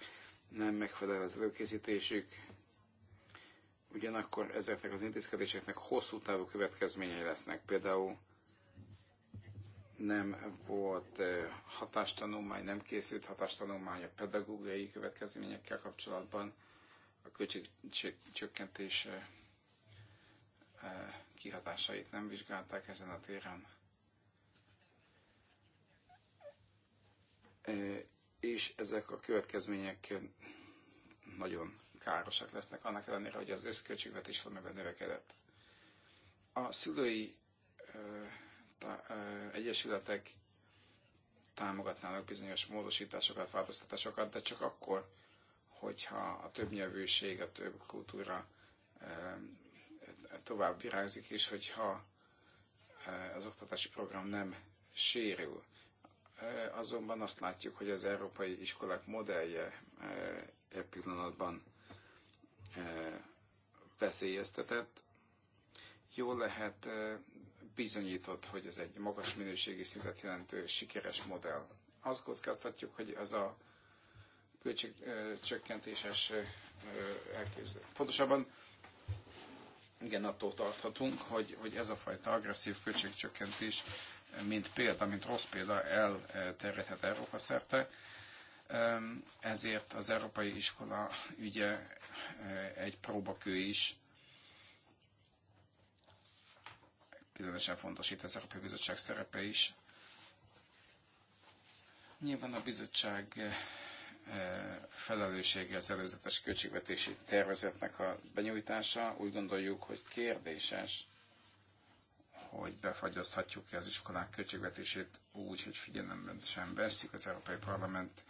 Speaker 2: nem megfelel az előkészítésük, ugyanakkor ezeknek az intézkedéseknek hosszú távú következményei lesznek. Például nem volt eh, hatástanulmány, nem készült hatástanulmány a pedagógiai következményekkel kapcsolatban, a költségcsökkentés eh, kihatásait nem vizsgálták ezen a téren. Eh, és ezek a következmények nagyon károsak lesznek, annak ellenére, hogy az összköltségvetés valamiben növekedett. A szülői egyesületek támogatnának bizonyos módosításokat, változtatásokat, de csak akkor, hogyha a több nyelvűség, a több kultúra e, e, tovább virágzik, és hogyha e, az oktatási program nem sérül. Azonban azt látjuk, hogy az európai iskolák modellje e pillanatban veszélyeztetett. Jó lehet bizonyított, hogy ez egy magas minőségi szintet jelentő sikeres modell. Azt kockáztatjuk, hogy az a költségcsökkentéses elképzelés. Pontosabban igen, attól tarthatunk, hogy, hogy ez a fajta agresszív költségcsökkentés, mint példa, mint rossz példa elterjedhet Európa szerte, ezért az európai iskola ügye egy próbakő is különösen fontos itt az Európai Bizottság szerepe is. Nyilván a bizottság eh, eh, felelőssége az előzetes költségvetési tervezetnek a benyújtása. Úgy gondoljuk, hogy kérdéses, hogy befagyaszthatjuk-e az iskolák költségvetését úgy, hogy figyelemben sem veszik az Európai Parlament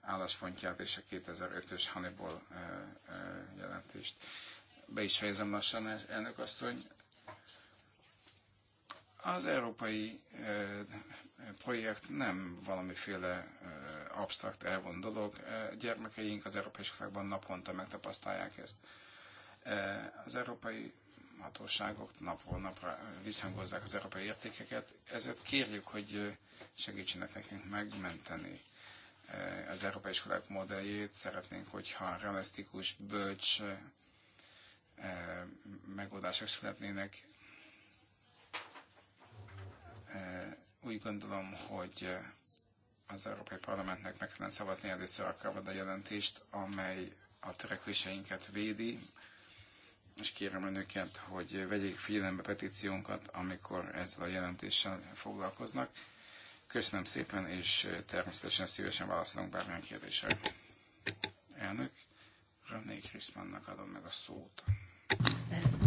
Speaker 2: álláspontját és a 2005-ös Hannibal eh, jelentést. Be is fejezem lassan, elnök asszony. Az európai projekt nem valamiféle absztrakt elvon dolog. Gyermekeink az európai iskolákban naponta megtapasztalják ezt. Az európai hatóságok napról napra visszhangozzák az európai értékeket, ezért kérjük, hogy segítsenek nekünk megmenteni az európai iskolák modelljét. Szeretnénk, hogyha realisztikus, bölcs megoldások születnének, úgy gondolom, hogy az Európai Parlamentnek meg kellene szavazni először a Kavada jelentést, amely a törekvéseinket védi, és kérem önöket, hogy vegyék figyelembe petíciónkat, amikor ezzel a jelentéssel foglalkoznak. Köszönöm szépen, és természetesen szívesen válaszolunk bármilyen kérdésre. Elnök, René Kriszmannak adom meg a szót.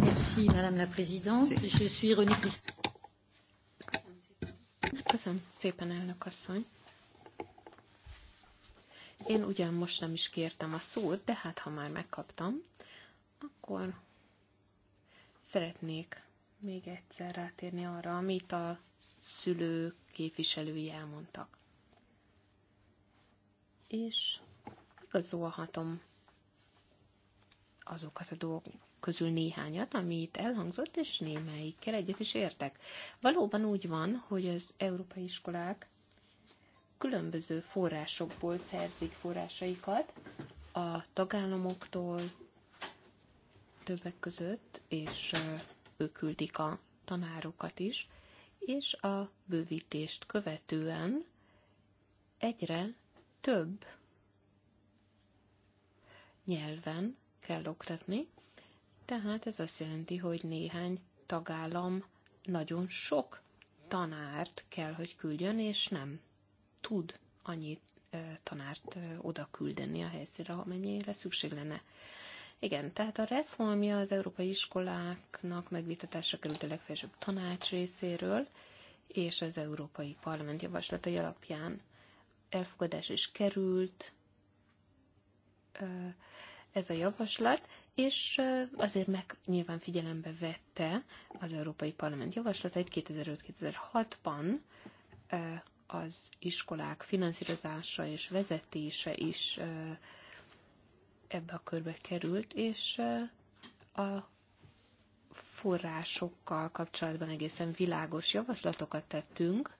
Speaker 3: Merci, Madame la
Speaker 1: Présidente. Je suis René Kriszmann. Köszönöm szépen, elnök
Speaker 4: asszony. Én ugyan most nem is kértem a szót, de hát ha már megkaptam, akkor szeretnék még egyszer rátérni arra, amit a szülő képviselői elmondtak. És igazolhatom azokat a közül néhányat, ami itt elhangzott, és némelyikkel egyet is értek. Valóban úgy van, hogy az európai iskolák különböző forrásokból szerzik forrásaikat, a tagállamoktól többek között, és ők küldik a tanárokat is, és a bővítést követően egyre több nyelven kell oktatni, tehát ez azt jelenti, hogy néhány tagállam nagyon sok tanárt kell, hogy küldjön, és nem tud annyi tanárt oda küldeni a helyszínre, amennyire szükség lenne. Igen, tehát a reformja az európai iskoláknak megvitatásra került a legfelsőbb tanács részéről, és az Európai Parlament javaslatai alapján elfogadás is került ez a javaslat, és azért meg nyilván figyelembe vette az Európai Parlament javaslatait 2005-2006-ban az iskolák finanszírozása és vezetése is ebbe a körbe került, és a forrásokkal kapcsolatban egészen világos javaslatokat tettünk.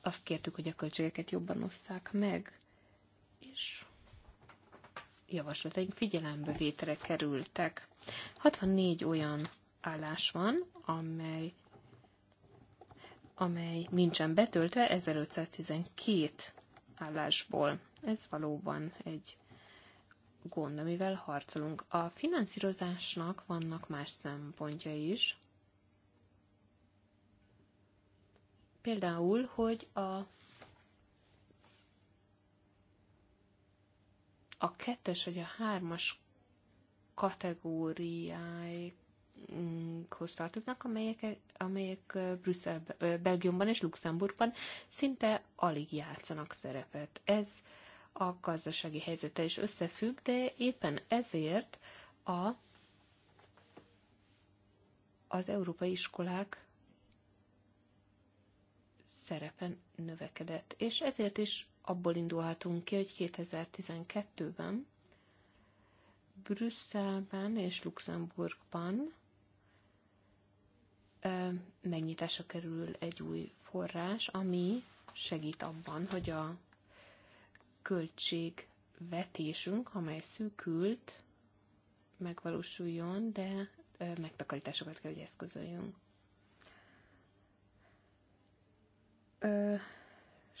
Speaker 4: Azt kértük, hogy a költségeket jobban osszák meg, és javaslataink figyelembe vétre kerültek. 64 olyan állás van, amely amely nincsen betöltve 1512 állásból. Ez valóban egy gond, amivel harcolunk. A finanszírozásnak vannak más szempontja is. Például, hogy a a kettes vagy a hármas kategóriákhoz tartoznak, amelyek, amelyek Brüsszel, Belgiumban és Luxemburgban szinte alig játszanak szerepet. Ez a gazdasági helyzete is összefügg, de éppen ezért a, az európai iskolák szerepen növekedett, és ezért is abból indulhatunk ki, hogy 2012-ben Brüsszelben és Luxemburgban megnyitásra kerül egy új forrás, ami segít abban, hogy a költségvetésünk, amely szűkült, megvalósuljon, de megtakarításokat kell, hogy eszközöljünk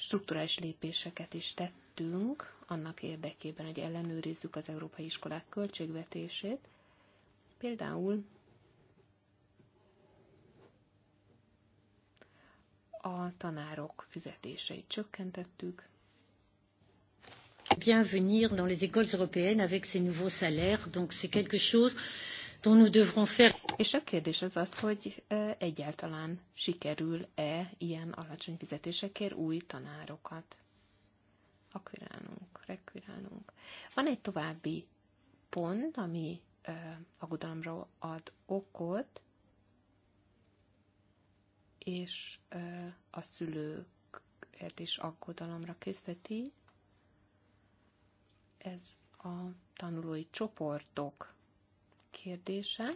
Speaker 4: strukturális lépéseket is tettünk annak érdekében, hogy ellenőrizzük az európai iskolák költségvetését. Például a tanárok fizetéseit csökkentettük. Bien venir dans les écoles européennes avec ces nouveaux salaires, donc c'est quelque chose euh, dont nous devrons faire. És a kérdés az az, hogy egyáltalán sikerül-e ilyen alacsony fizetésekért új tanárokat akvirálnunk, rekvirálnunk. Van egy további pont, ami aggodalomra ad okot, és ö, a szülőket is aggodalomra készíti. Ez a tanulói csoportok kérdése,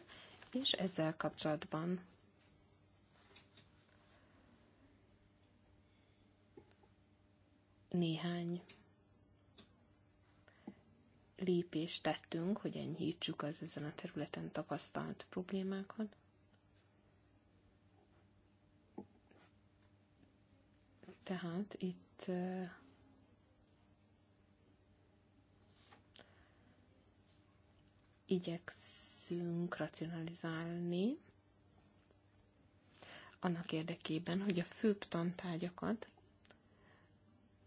Speaker 4: és ezzel kapcsolatban néhány lépést tettünk, hogy enyhítsük az ezen a területen tapasztalt problémákat. Tehát itt igyeksz igyekszünk racionalizálni, annak érdekében, hogy a főbb tantárgyakat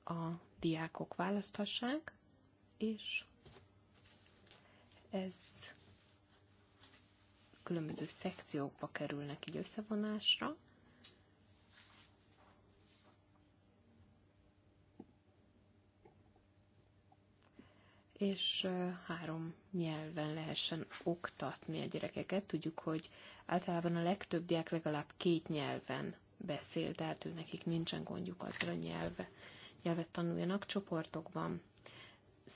Speaker 4: a diákok választhassák, és ez különböző szekciókba kerülnek így összevonásra, és három nyelven lehessen oktatni a gyerekeket. Tudjuk, hogy általában a legtöbb diák legalább két nyelven beszél, tehát ő nekik nincsen gondjuk azzal a nyelve. Nyelvet tanuljanak csoportokban.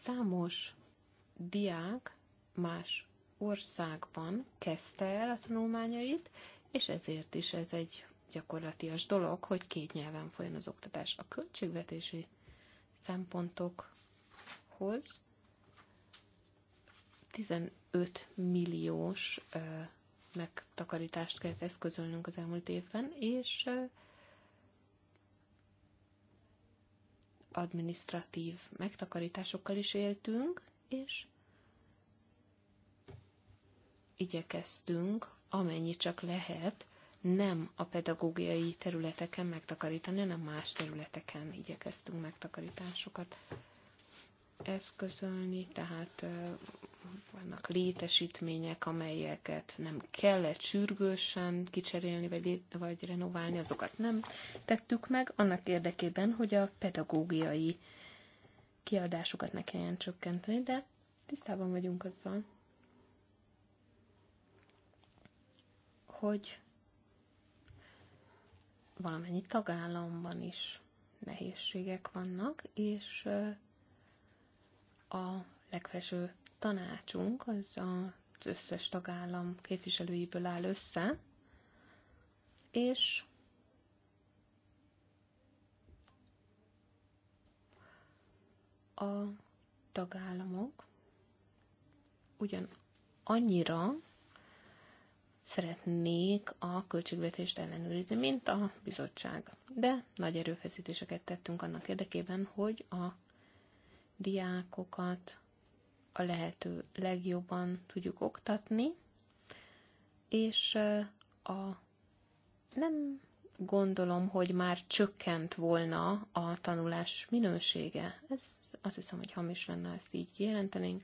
Speaker 4: Számos diák más országban kezdte el a tanulmányait, és ezért is ez egy gyakorlatias dolog, hogy két nyelven folyan az oktatás. A költségvetési szempontokhoz 15 milliós megtakarítást kellett eszközölnünk az elmúlt évben, és administratív megtakarításokkal is éltünk, és igyekeztünk, amennyi csak lehet, nem a pedagógiai területeken megtakarítani, hanem más területeken igyekeztünk megtakarításokat eszközölni, tehát vannak létesítmények, amelyeket nem kellett sürgősen kicserélni vagy, vagy renoválni, azokat nem tettük meg, annak érdekében, hogy a pedagógiai kiadásokat ne kelljen csökkenteni, de tisztában vagyunk azzal, hogy valamennyi tagállamban is nehézségek vannak, és a legfelső tanácsunk az az összes tagállam képviselőiből áll össze, és a tagállamok ugyan annyira szeretnék a költségvetést ellenőrizni, mint a bizottság. De nagy erőfeszítéseket tettünk annak érdekében, hogy a diákokat a lehető legjobban tudjuk oktatni, és a nem gondolom, hogy már csökkent volna a tanulás minősége. Ez azt hiszem, hogy hamis lenne, ezt így jelentenénk.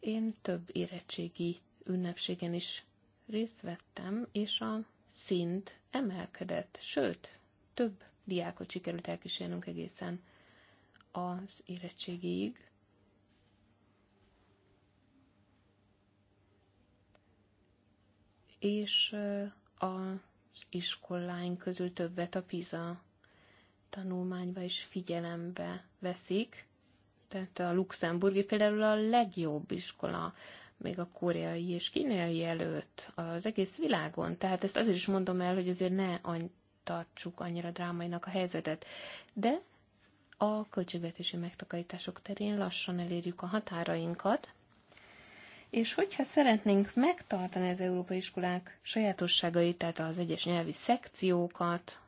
Speaker 4: Én több érettségi ünnepségen is részt vettem, és a szint emelkedett, sőt, több diákot sikerült elkísérnünk egészen az érettségéig. És az iskoláink közül többet a PISA tanulmányba is figyelembe veszik. Tehát a luxemburgi például a legjobb iskola, még a koreai és kínai előtt az egész világon. Tehát ezt azért is mondom el, hogy azért ne tartsuk annyira drámainak a helyzetet. De a költségvetési megtakarítások terén lassan elérjük a határainkat, és hogyha szeretnénk megtartani az európai iskolák sajátosságait, tehát az egyes nyelvi szekciókat,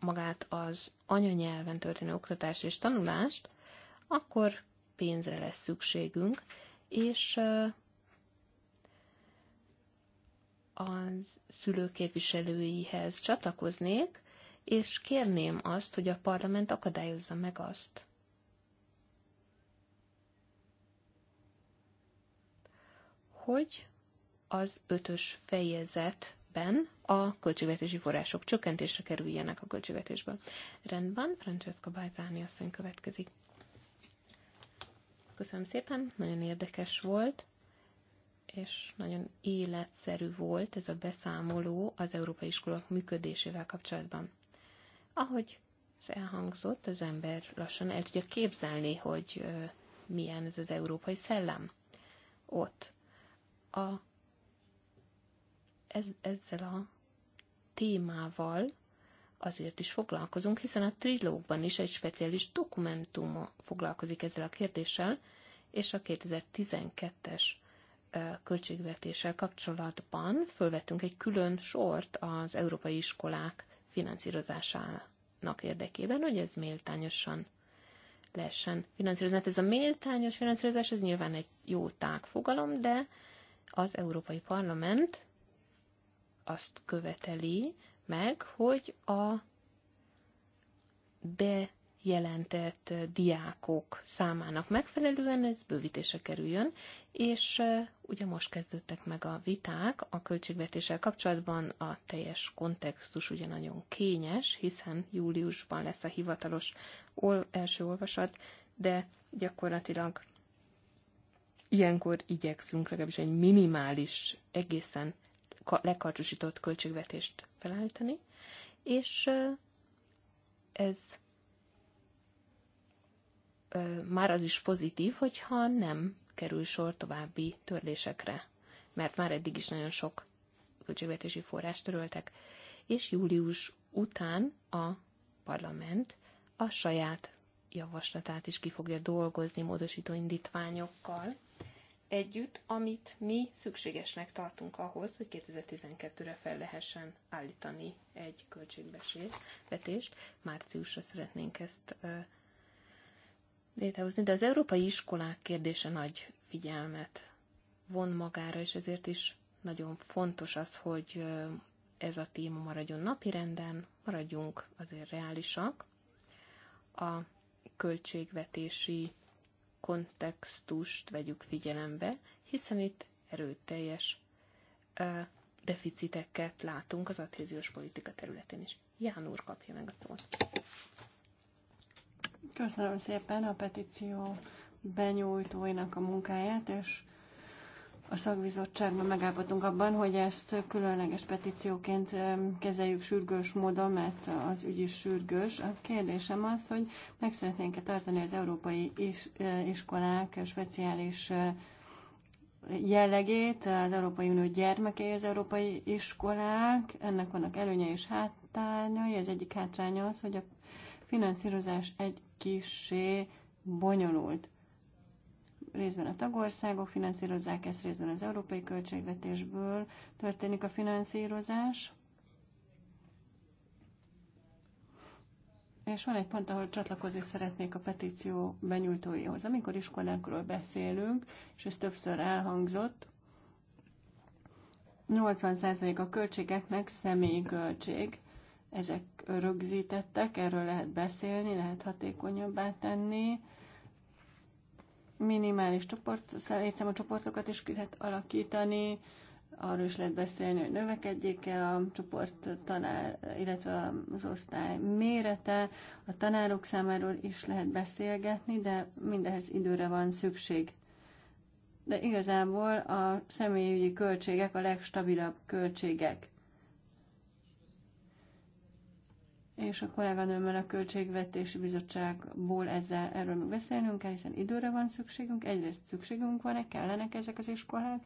Speaker 4: magát az anyanyelven történő oktatást és tanulást, akkor pénzre lesz szükségünk, és az szülőképviselőihez csatlakoznék, és kérném azt, hogy a parlament akadályozza meg azt, hogy az ötös fejezetben a költségvetési források csökkentésre kerüljenek a költségvetésből. Rendben, Francesca Bajzáni asszony következik. Köszönöm szépen, nagyon érdekes volt és nagyon életszerű volt ez a beszámoló az európai iskolák működésével kapcsolatban. Ahogy elhangzott, az ember lassan el tudja képzelni, hogy milyen ez az európai szellem ott. A, ez, ezzel a témával azért is foglalkozunk, hiszen a trilógban is egy speciális dokumentum foglalkozik ezzel a kérdéssel, és a 2012-es költségvetéssel kapcsolatban fölvettünk egy külön sort az európai iskolák finanszírozásának érdekében, hogy ez méltányosan lehessen finanszírozni. Hát ez a méltányos finanszírozás, ez nyilván egy jó fogalom, de az Európai Parlament azt követeli meg, hogy a be jelentett diákok számának megfelelően ez bővítése kerüljön, és ugye most kezdődtek meg a viták a költségvetéssel kapcsolatban, a teljes kontextus ugye nagyon kényes, hiszen júliusban lesz a hivatalos első olvasat, de gyakorlatilag ilyenkor igyekszünk legalábbis egy minimális, egészen lekarcsúsított költségvetést felállítani, és ez már az is pozitív, hogyha nem kerül sor további törlésekre, mert már eddig is nagyon sok költségvetési forrást töröltek, és július után a parlament a saját javaslatát is ki fogja dolgozni módosító indítványokkal együtt, amit mi szükségesnek tartunk ahhoz, hogy 2012-re fel lehessen állítani egy költségvetést. Márciusra szeretnénk ezt létrehozni, de az európai iskolák kérdése nagy figyelmet von magára, és ezért is nagyon fontos az, hogy ez a téma maradjon napirenden, maradjunk azért reálisak. A költségvetési kontextust vegyük figyelembe, hiszen itt erőteljes deficiteket látunk az adhéziós politika területén is. János kapja meg a szót.
Speaker 1: Köszönöm szépen a petíció benyújtóinak a munkáját, és a szakbizottságban megállapodtunk abban, hogy ezt különleges petícióként kezeljük sürgős módon, mert az ügy is sürgős. A kérdésem az, hogy meg szeretnénk-e tartani az európai iskolák speciális jellegét, az Európai Unió gyermeke az európai iskolák, ennek vannak előnyei és hátrányai. Az egyik hátránya az, hogy a finanszírozás egy kisé bonyolult. Részben a tagországok finanszírozzák ezt, részben az európai költségvetésből történik a finanszírozás. És van egy pont, ahol csatlakozni szeretnék a petíció benyújtóihoz. Amikor iskolákról beszélünk, és ez többször elhangzott, 80% a költségeknek személyi költség ezek rögzítettek, erről lehet beszélni, lehet hatékonyabbá tenni. Minimális csoport, a csoportokat is ki lehet alakítani, arról is lehet beszélni, hogy növekedjék-e a csoport tanár, illetve az osztály mérete, a tanárok számáról is lehet beszélgetni, de mindehez időre van szükség. De igazából a személyügyi költségek a legstabilabb költségek. és a kolléganőmmel a Költségvetési Bizottságból ezzel, erről még beszélnünk kell, hiszen időre van szükségünk, egyrészt szükségünk van-e, kellenek ezek az iskolák,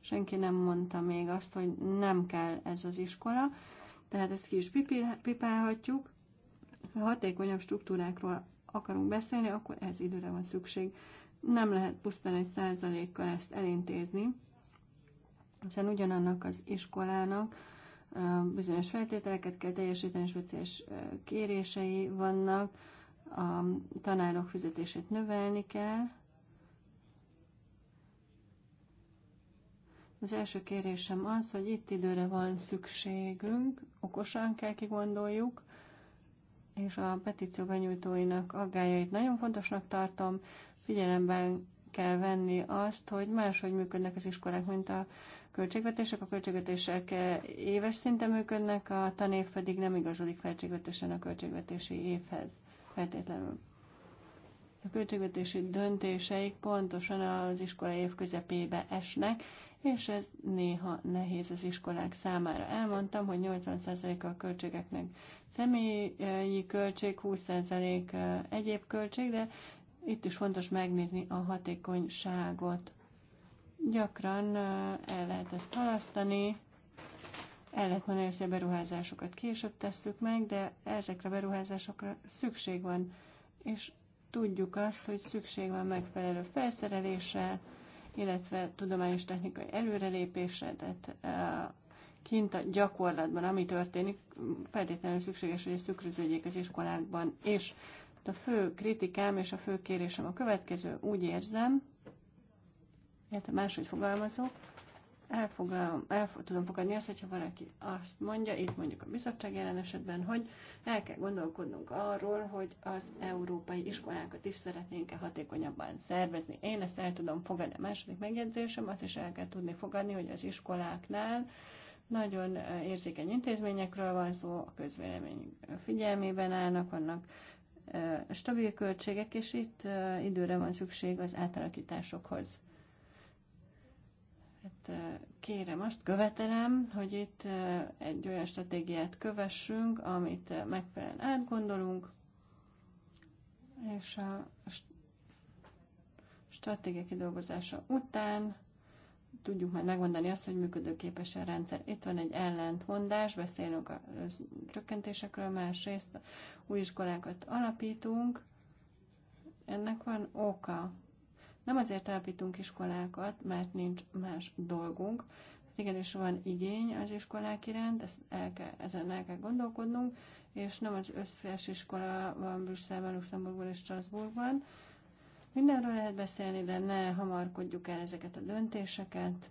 Speaker 1: senki nem mondta még azt, hogy nem kell ez az iskola, tehát ezt ki is pipálhatjuk. Ha hatékonyabb struktúrákról akarunk beszélni, akkor ez időre van szükség. Nem lehet pusztán egy százalékkal ezt elintézni, hiszen ugyanannak az iskolának, bizonyos feltételeket kell teljesíteni, speciális kérései vannak, a tanárok fizetését növelni kell. Az első kérésem az, hogy itt időre van szükségünk, okosan kell kigondoljuk, és a petíció benyújtóinak aggájait nagyon fontosnak tartom, figyelemben kell venni azt, hogy máshogy működnek az iskolák, mint a költségvetések, a költségvetések éves szinten működnek, a tanév pedig nem igazodik költségvetésen a költségvetési évhez feltétlenül. A költségvetési döntéseik pontosan az iskola év közepébe esnek, és ez néha nehéz az iskolák számára. Elmondtam, hogy 80%-a a költségeknek személyi költség, 20% egyéb költség, de itt is fontos megnézni a hatékonyságot. Gyakran el lehet ezt halasztani, el lehet mondani, hogy a beruházásokat később tesszük meg, de ezekre a beruházásokra szükség van, és tudjuk azt, hogy szükség van megfelelő felszerelésre, illetve tudományos technikai előrelépésre, tehát kint a gyakorlatban, ami történik, feltétlenül szükséges, hogy ezt tükröződjék az iskolákban. És a fő kritikám és a fő kérésem a következő, úgy érzem, illetve máshogy fogalmazok, elfoglalom, el tudom fogadni azt, hogyha valaki azt mondja, itt mondjuk a bizottság jelen esetben, hogy el kell gondolkodnunk arról, hogy az európai iskolákat is szeretnénk-e hatékonyabban szervezni. Én ezt el tudom fogadni. A második megjegyzésem, azt is el kell tudni fogadni, hogy az iskoláknál nagyon érzékeny intézményekről van szó, a közvélemény figyelmében állnak, vannak stabil költségek, és itt időre van szükség az átalakításokhoz. Hát kérem azt, követelem, hogy itt egy olyan stratégiát kövessünk, amit megfelelően átgondolunk, és a stratégia kidolgozása után tudjuk majd megmondani azt, hogy működőképes a rendszer. Itt van egy ellentmondás, beszélünk a csökkentésekről, másrészt új iskolákat alapítunk. Ennek van oka. Nem azért telepítünk iskolákat, mert nincs más dolgunk. Hát igenis van igény az iskolák iránt, ezt el kell, ezen el kell gondolkodnunk, és nem az összes iskola van Brüsszelben, Luxemburgban és Strasbourgban. Mindenről lehet beszélni, de ne hamarkodjuk el ezeket a döntéseket.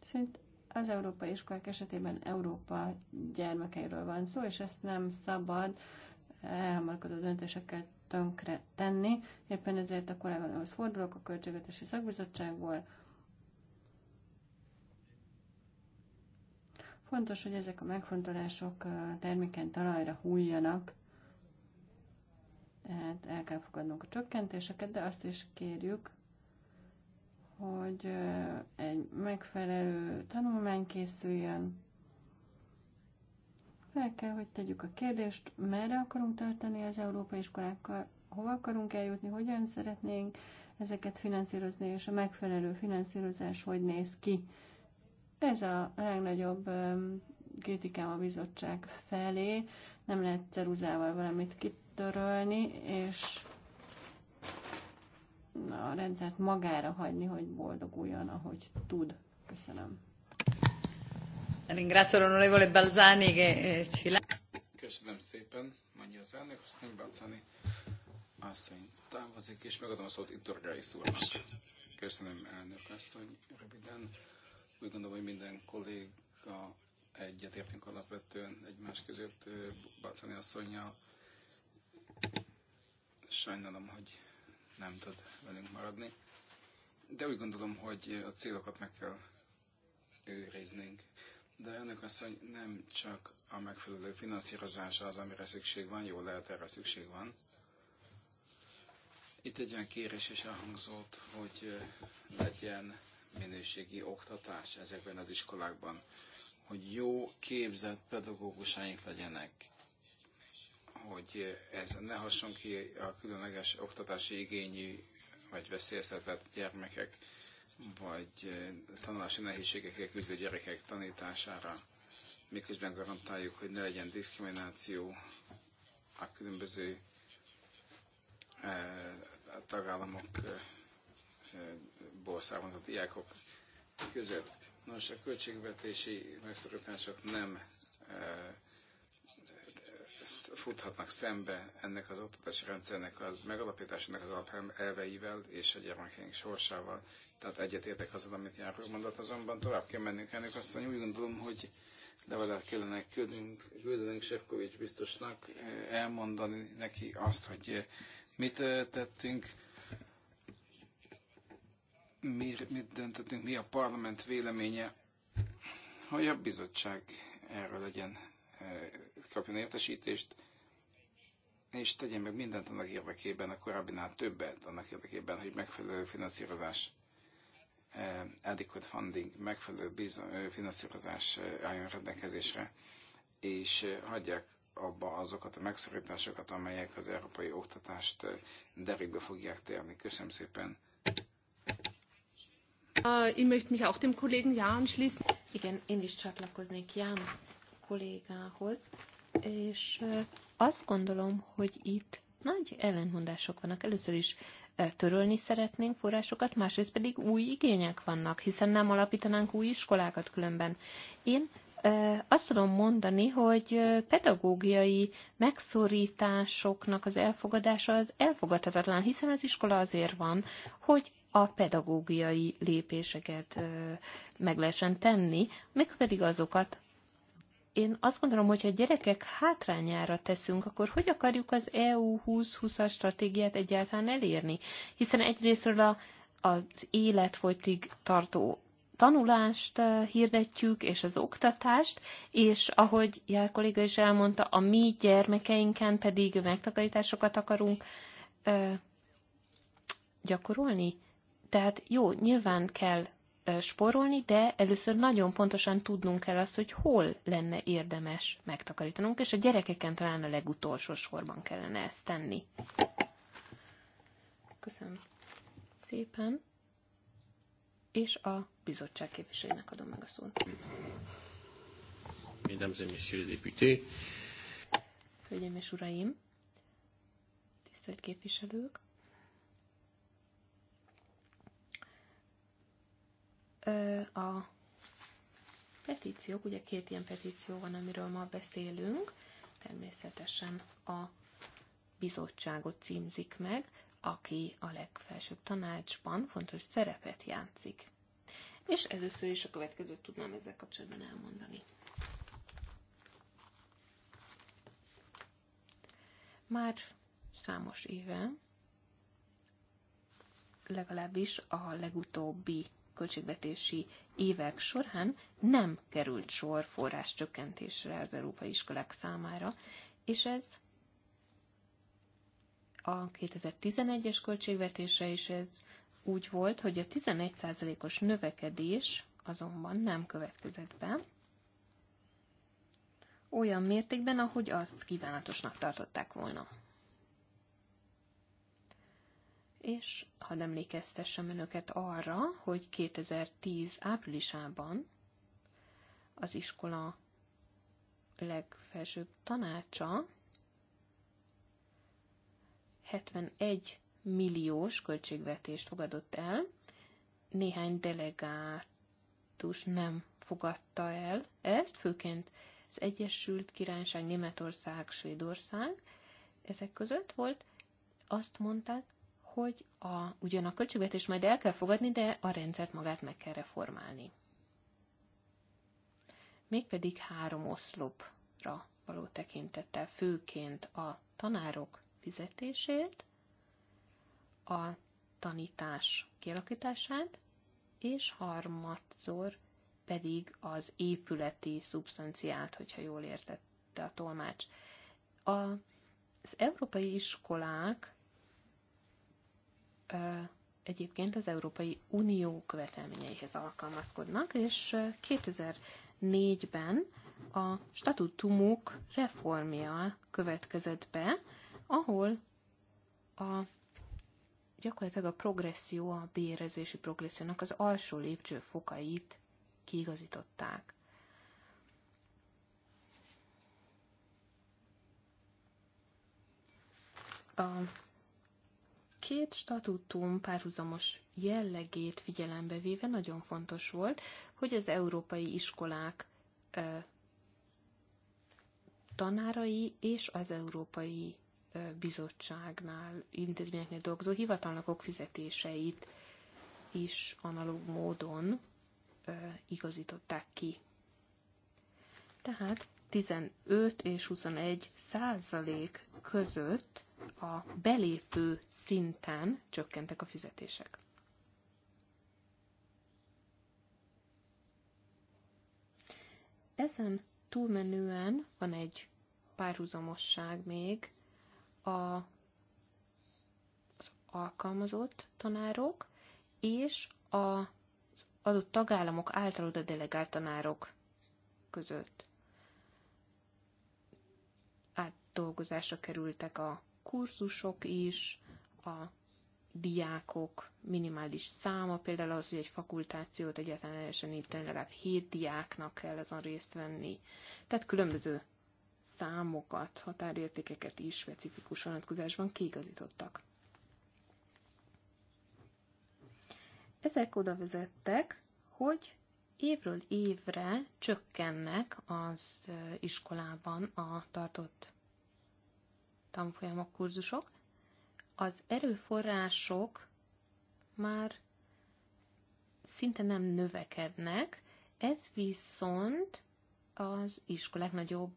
Speaker 1: Szint az európai iskolák esetében Európa gyermekeiről van szó, és ezt nem szabad elhamarkodó döntéseket tönkre tenni. Éppen ezért a kollégához fordulok a Költségvetési Szakbizottságból. Fontos, hogy ezek a megfontolások terméken talajra hújjanak, tehát el kell fogadnunk a csökkentéseket, de azt is kérjük, hogy egy megfelelő tanulmány készüljön, fel kell, hogy tegyük a kérdést, merre akarunk tartani az európai iskolákkal, hova akarunk eljutni, hogyan szeretnénk ezeket finanszírozni, és a megfelelő finanszírozás hogy néz ki. Ez a legnagyobb kritikám a bizottság felé. Nem lehet ceruzával valamit kitörölni, és a rendszert magára hagyni, hogy boldoguljon, ahogy tud. Köszönöm. Ringrazio l'onorevole Balzani che eh, ci Köszönöm szépen, mondja az elnök,
Speaker 2: aztán Balzani asszony távozik, és megadom a szót Iturgáis úrnak. Köszönöm, elnök asszony, röviden. Úgy gondolom, hogy minden kolléga egyetértünk alapvetően egymás között Balcani asszonynal. Sajnálom, hogy nem tud velünk maradni, de úgy gondolom, hogy a célokat meg kell őriznünk. De önök hogy nem csak a megfelelő finanszírozása az, amire szükség van, jó lehet erre szükség van. Itt egy olyan kérés is elhangzott, hogy legyen minőségi oktatás ezekben az iskolákban, hogy jó képzett pedagógusaink legyenek, hogy ez ne hasson ki a különleges oktatási igényű vagy veszélyeztetett gyermekek vagy eh, tanulási nehézségekkel küzdő gyerekek tanítására, miközben garantáljuk, hogy ne legyen diszkrimináció a különböző eh, tagállamokból eh, származó diákok között. Nos, a költségvetési megszorítások nem futhatnak szembe ennek az oktatási rendszernek az megalapításának az elveivel és a gyermekeink sorsával. Tehát egyet értek azzal, amit Járó mondott, azonban tovább kell mennünk ennek. Aztán úgy gondolom, hogy levelet kellene küldünk, küldenünk Sefkovics biztosnak, eh, elmondani neki azt, hogy eh, mit eh, tettünk, mi, mit döntöttünk, mi a parlament véleménye, hogy a bizottság erről legyen kapjon értesítést, és tegyen meg mindent annak érdekében, a korábbinál többet, annak érdekében, hogy megfelelő finanszírozás, eh, adequate funding, megfelelő bizon, eh, finanszírozás eh, álljon rendelkezésre, és hagyják abba azokat a megszorításokat, amelyek az európai oktatást derékbe fogják térni. Köszönöm szépen.
Speaker 4: Uh, ich möchte mich auch dem Kollegen Jahn schließen. Igen, én is csatlakoznék Jan kollégához, és azt gondolom, hogy itt nagy ellentmondások vannak. Először is törölni szeretnénk forrásokat, másrészt pedig új igények vannak, hiszen nem alapítanánk új iskolákat különben. Én azt tudom mondani, hogy pedagógiai megszorításoknak az elfogadása az elfogadhatatlan, hiszen az iskola azért van, hogy a pedagógiai lépéseket meg lehessen tenni, még pedig azokat, én azt gondolom, hogy ha gyerekek hátrányára teszünk, akkor hogy akarjuk az EU 2020-as stratégiát egyáltalán elérni? Hiszen egyrésztről a, az életfolytig tartó tanulást eh, hirdetjük, és az oktatást, és ahogy Jár kolléga is elmondta, a mi gyermekeinken pedig megtakarításokat akarunk ö, eh, gyakorolni. Tehát jó, nyilván kell spórolni, de először nagyon pontosan tudnunk kell azt, hogy hol lenne érdemes megtakarítanunk, és a gyerekeken talán a legutolsó sorban kellene ezt tenni. Köszönöm szépen, és a bizottság képviselőnek adom meg a szót.
Speaker 2: Mesdames et messieurs députés.
Speaker 4: Hölgyeim és uraim, tisztelt képviselők, a petíciók, ugye két ilyen petíció van, amiről ma beszélünk, természetesen a bizottságot címzik meg, aki a legfelsőbb tanácsban fontos szerepet játszik. És először is a következőt tudnám ezzel kapcsolatban elmondani. Már számos éve, legalábbis a legutóbbi költségvetési évek során nem került sor forrás csökkentésre az európai iskolák számára, és ez a 2011-es költségvetésre is ez úgy volt, hogy a 11%-os növekedés azonban nem következett be, olyan mértékben, ahogy azt kívánatosnak tartották volna és hadd emlékeztessem önöket arra, hogy 2010 áprilisában az iskola legfelsőbb tanácsa 71 milliós költségvetést fogadott el, néhány delegátus nem fogadta el ezt, főként az Egyesült Királyság, Németország, Svédország, ezek között volt, azt mondták, hogy a, ugyan a költségvetés majd el kell fogadni, de a rendszert magát meg kell reformálni. Mégpedig három oszlopra való tekintettel, főként a tanárok fizetését, a tanítás kialakítását, és harmadszor pedig az épületi szubstanciát, hogyha jól értette a tolmács. A, az európai iskolák egyébként az Európai Unió követelményeihez alkalmazkodnak, és 2004-ben a statutumuk reformja következett be, ahol a gyakorlatilag a progresszió, a bérezési progressziónak az alsó lépcső fokait kiigazították. A két statutum párhuzamos jellegét figyelembe véve nagyon fontos volt, hogy az európai iskolák tanárai és az európai bizottságnál, intézményeknél dolgozó hivatalnokok fizetéseit is analóg módon igazították ki. Tehát 15 és 21 százalék között a belépő szinten csökkentek a fizetések. Ezen túlmenően van egy párhuzamosság még a, az alkalmazott tanárok és a, az adott tagállamok által oda delegált tanárok között dolgozásra kerültek a kurzusok is, a diákok minimális száma, például az, hogy egy fakultációt egyetlen itt építeni, legalább 7 diáknak kell ezen részt venni. Tehát különböző számokat, határértékeket is specifikus vonatkozásban kiigazítottak. Ezek oda vezettek, hogy évről évre csökkennek az iskolában a tartott tanfolyamok, kurzusok, az erőforrások már szinte nem növekednek, ez viszont az iskolák nagyobb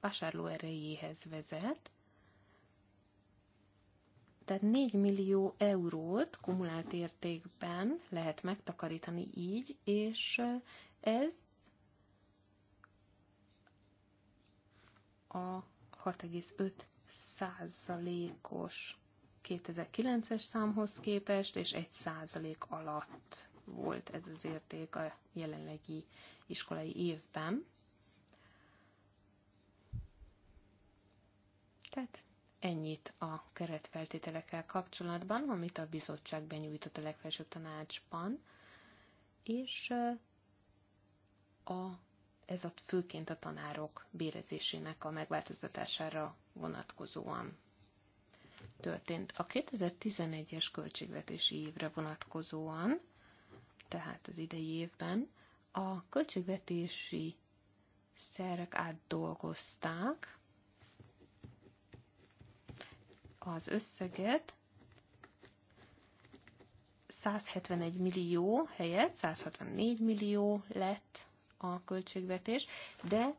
Speaker 4: vásárlóerejéhez
Speaker 1: vezet,
Speaker 4: tehát 4 millió eurót kumulált értékben lehet megtakarítani így, és ez a 6,5 százalékos 2009-es számhoz képest, és 1 százalék alatt volt ez az érték a jelenlegi iskolai évben. Tehát ennyit a keretfeltételekkel kapcsolatban, amit a bizottság benyújtott a legfelsőbb tanácsban, és a ez a főként a tanárok bérezésének a megváltoztatására vonatkozóan történt. A 2011-es költségvetési évre vonatkozóan, tehát az idei évben, a költségvetési szerek átdolgozták az összeget 171 millió helyett 164 millió lett a költségvetés, de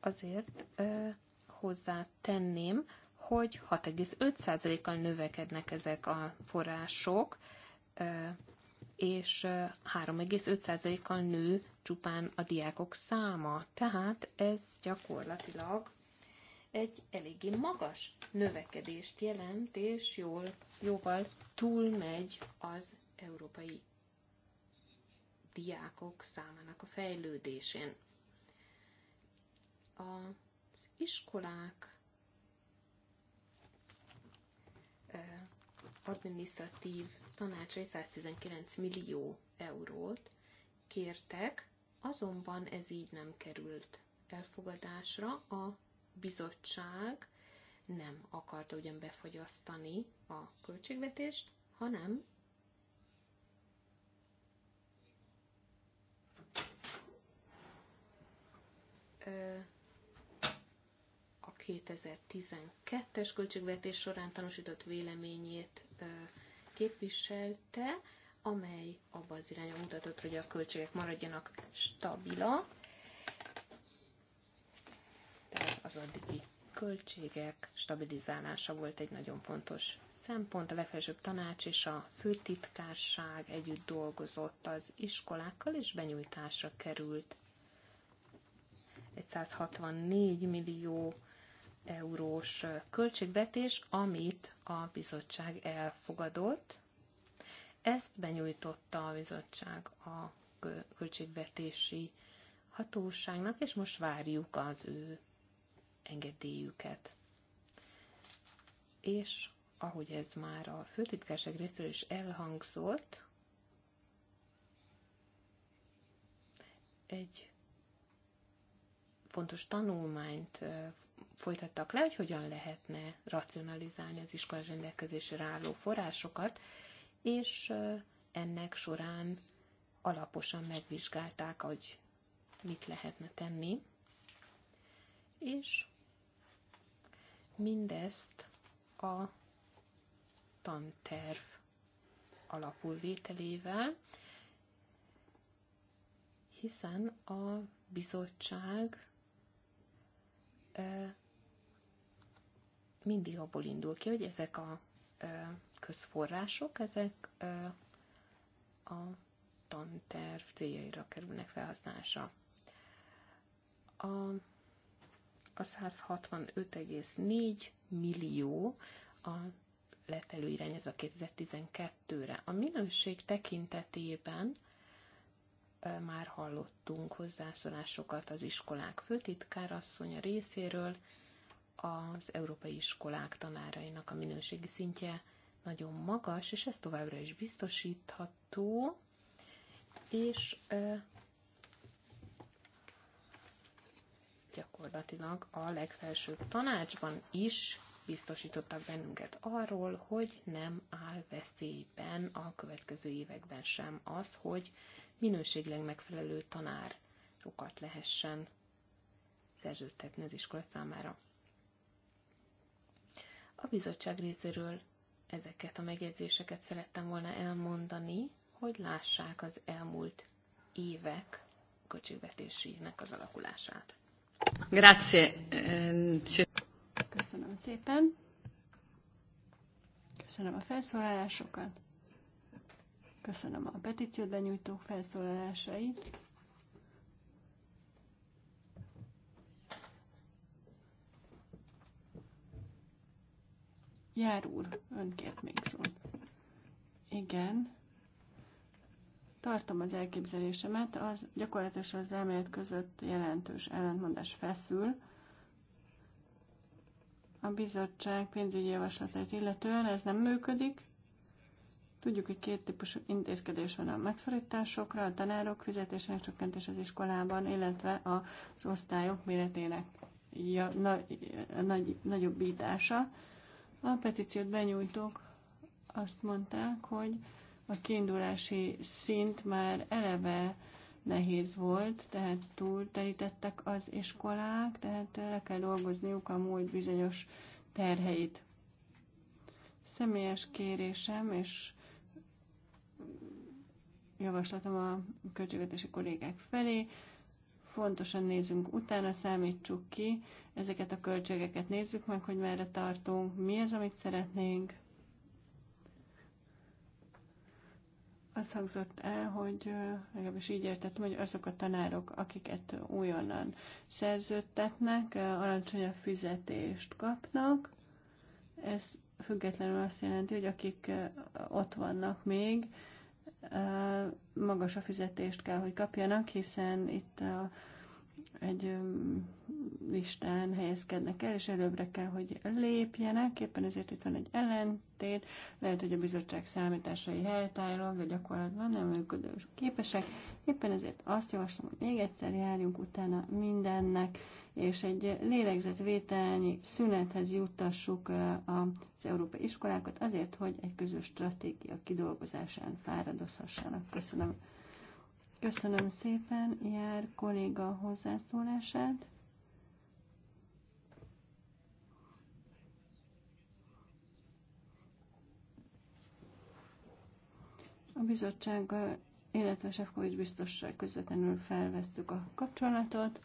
Speaker 4: azért ö, hozzá tenném, hogy 6,5%-kal növekednek ezek a források, ö, és 3,5%-kal nő csupán a diákok száma. Tehát ez gyakorlatilag egy eléggé magas növekedést jelent, és jól, jóval túlmegy az európai diákok számának a fejlődésén. Az iskolák adminisztratív tanácsai 119 millió eurót kértek, azonban ez így nem került elfogadásra. A bizottság nem akarta ugyan befogyasztani a költségvetést, hanem a 2012-es költségvetés során tanúsított véleményét képviselte, amely abban az irányba mutatott, hogy a költségek maradjanak stabilak, tehát az addigi költségek stabilizálása volt egy nagyon fontos szempont. A legfelsőbb tanács és a főtitkárság együtt dolgozott az iskolákkal, és benyújtásra került egy 164 millió eurós költségvetés, amit a bizottság elfogadott. Ezt benyújtotta a bizottság a költségvetési hatóságnak, és most várjuk az ő engedélyüket. És ahogy ez már a főtitkárság részéről is elhangzott, egy fontos tanulmányt folytattak le, hogy hogyan lehetne racionalizálni az iskolás rendelkezésre álló forrásokat, és ennek során alaposan megvizsgálták, hogy mit lehetne tenni, és mindezt a tanterv alapul vételével, hiszen a bizottság mindig abból indul ki, hogy ezek a közforrások, ezek a tanterv céljaira kerülnek felhasználásra. A, a 165,4 millió a lett előirányozva 2012-re. A minőség tekintetében már hallottunk hozzászólásokat az iskolák főtitkárasszonya részéről, az európai iskolák tanárainak a minőségi szintje nagyon magas, és ez továbbra is biztosítható, és gyakorlatilag a legfelsőbb tanácsban is biztosítottak bennünket arról, hogy nem áll veszélyben a következő években sem az, hogy minőségileg megfelelő tanárokat lehessen szerződtetni az iskola számára. A bizottság részéről ezeket a megjegyzéseket szerettem volna elmondani, hogy lássák az elmúlt évek költségvetésének az alakulását.
Speaker 1: Grazie. Köszönöm szépen. Köszönöm a felszólalásokat. Köszönöm a petíciót benyújtók felszólalásait. Jár úr, ön kért még szót. Igen. Tartom az elképzelésemet, az gyakorlatilag az elmélet között jelentős ellentmondás feszül. A bizottság pénzügyi javaslatait illetően ez nem működik, Tudjuk, hogy két típusú intézkedés van a megszorításokra, a tanárok fizetésének csökkentés az iskolában, illetve az osztályok méretének ja, na, nagy, nagyobbítása. A petíciót benyújtók azt mondták, hogy a kiindulási szint már eleve nehéz volt, tehát túl terítettek az iskolák, tehát le kell dolgozniuk a múlt bizonyos terheit. Személyes kérésem és javaslatom a költségvetési kollégák felé. Fontosan nézzünk utána, számítsuk ki ezeket a költségeket, nézzük meg, hogy merre tartunk, mi az, amit szeretnénk. az hangzott el, hogy legalábbis így értettem, hogy azok a tanárok, akiket újonnan szerződtetnek, alacsonyabb fizetést kapnak. Ez függetlenül azt jelenti, hogy akik ott vannak még, magas a fizetést kell, hogy kapjanak, hiszen itt a egy listán helyezkednek el, és előbbre kell, hogy lépjenek, éppen ezért itt van egy ellentét, lehet, hogy a bizottság számításai helytállóak, de gyakorlatban nem működő képesek, éppen ezért azt javaslom, hogy még egyszer járjunk utána mindennek, és egy lélegzetvételnyi szünethez juttassuk az európai iskolákat azért, hogy egy közös stratégia kidolgozásán fáradozhassanak. Köszönöm. Köszönöm szépen, jár kolléga hozzászólását. A bizottsággal, illetve Sefkovics biztossal közvetlenül felvesztük a kapcsolatot,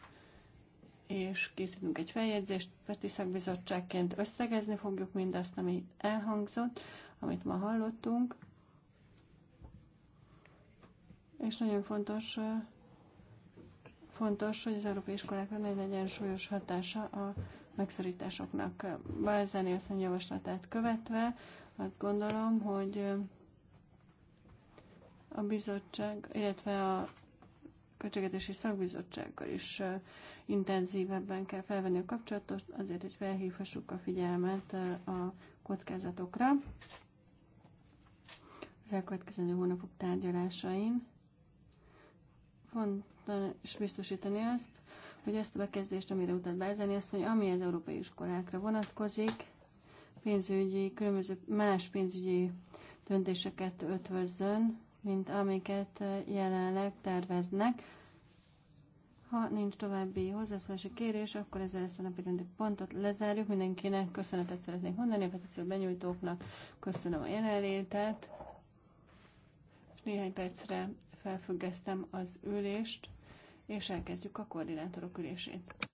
Speaker 1: és készítünk egy feljegyzést, Peti szakbizottságként összegezni fogjuk mindazt, ami elhangzott, amit ma hallottunk, és nagyon fontos, fontos, hogy az európai iskolákra ne legyen súlyos hatása a megszorításoknak. Balzáni asszony javaslatát követve azt gondolom, hogy a bizottság, illetve a költségetési szakbizottsággal is intenzívebben kell felvenni a kapcsolatot, azért, hogy felhívhassuk a figyelmet a kockázatokra az elkövetkező hónapok tárgyalásain fontos biztosítani azt, hogy ezt a bekezdést, amire utat Bázani asszony, ami az európai iskolákra vonatkozik, pénzügyi, különböző más pénzügyi döntéseket ötvözzön, mint amiket jelenleg terveznek. Ha nincs további hozzászólási kérés, akkor ezzel ezt a napi rendi pontot lezárjuk. Mindenkinek köszönetet szeretnék mondani, a petíció benyújtóknak köszönöm a jelenlétet. Néhány percre felfüggesztem az ülést, és elkezdjük a koordinátorok ülését.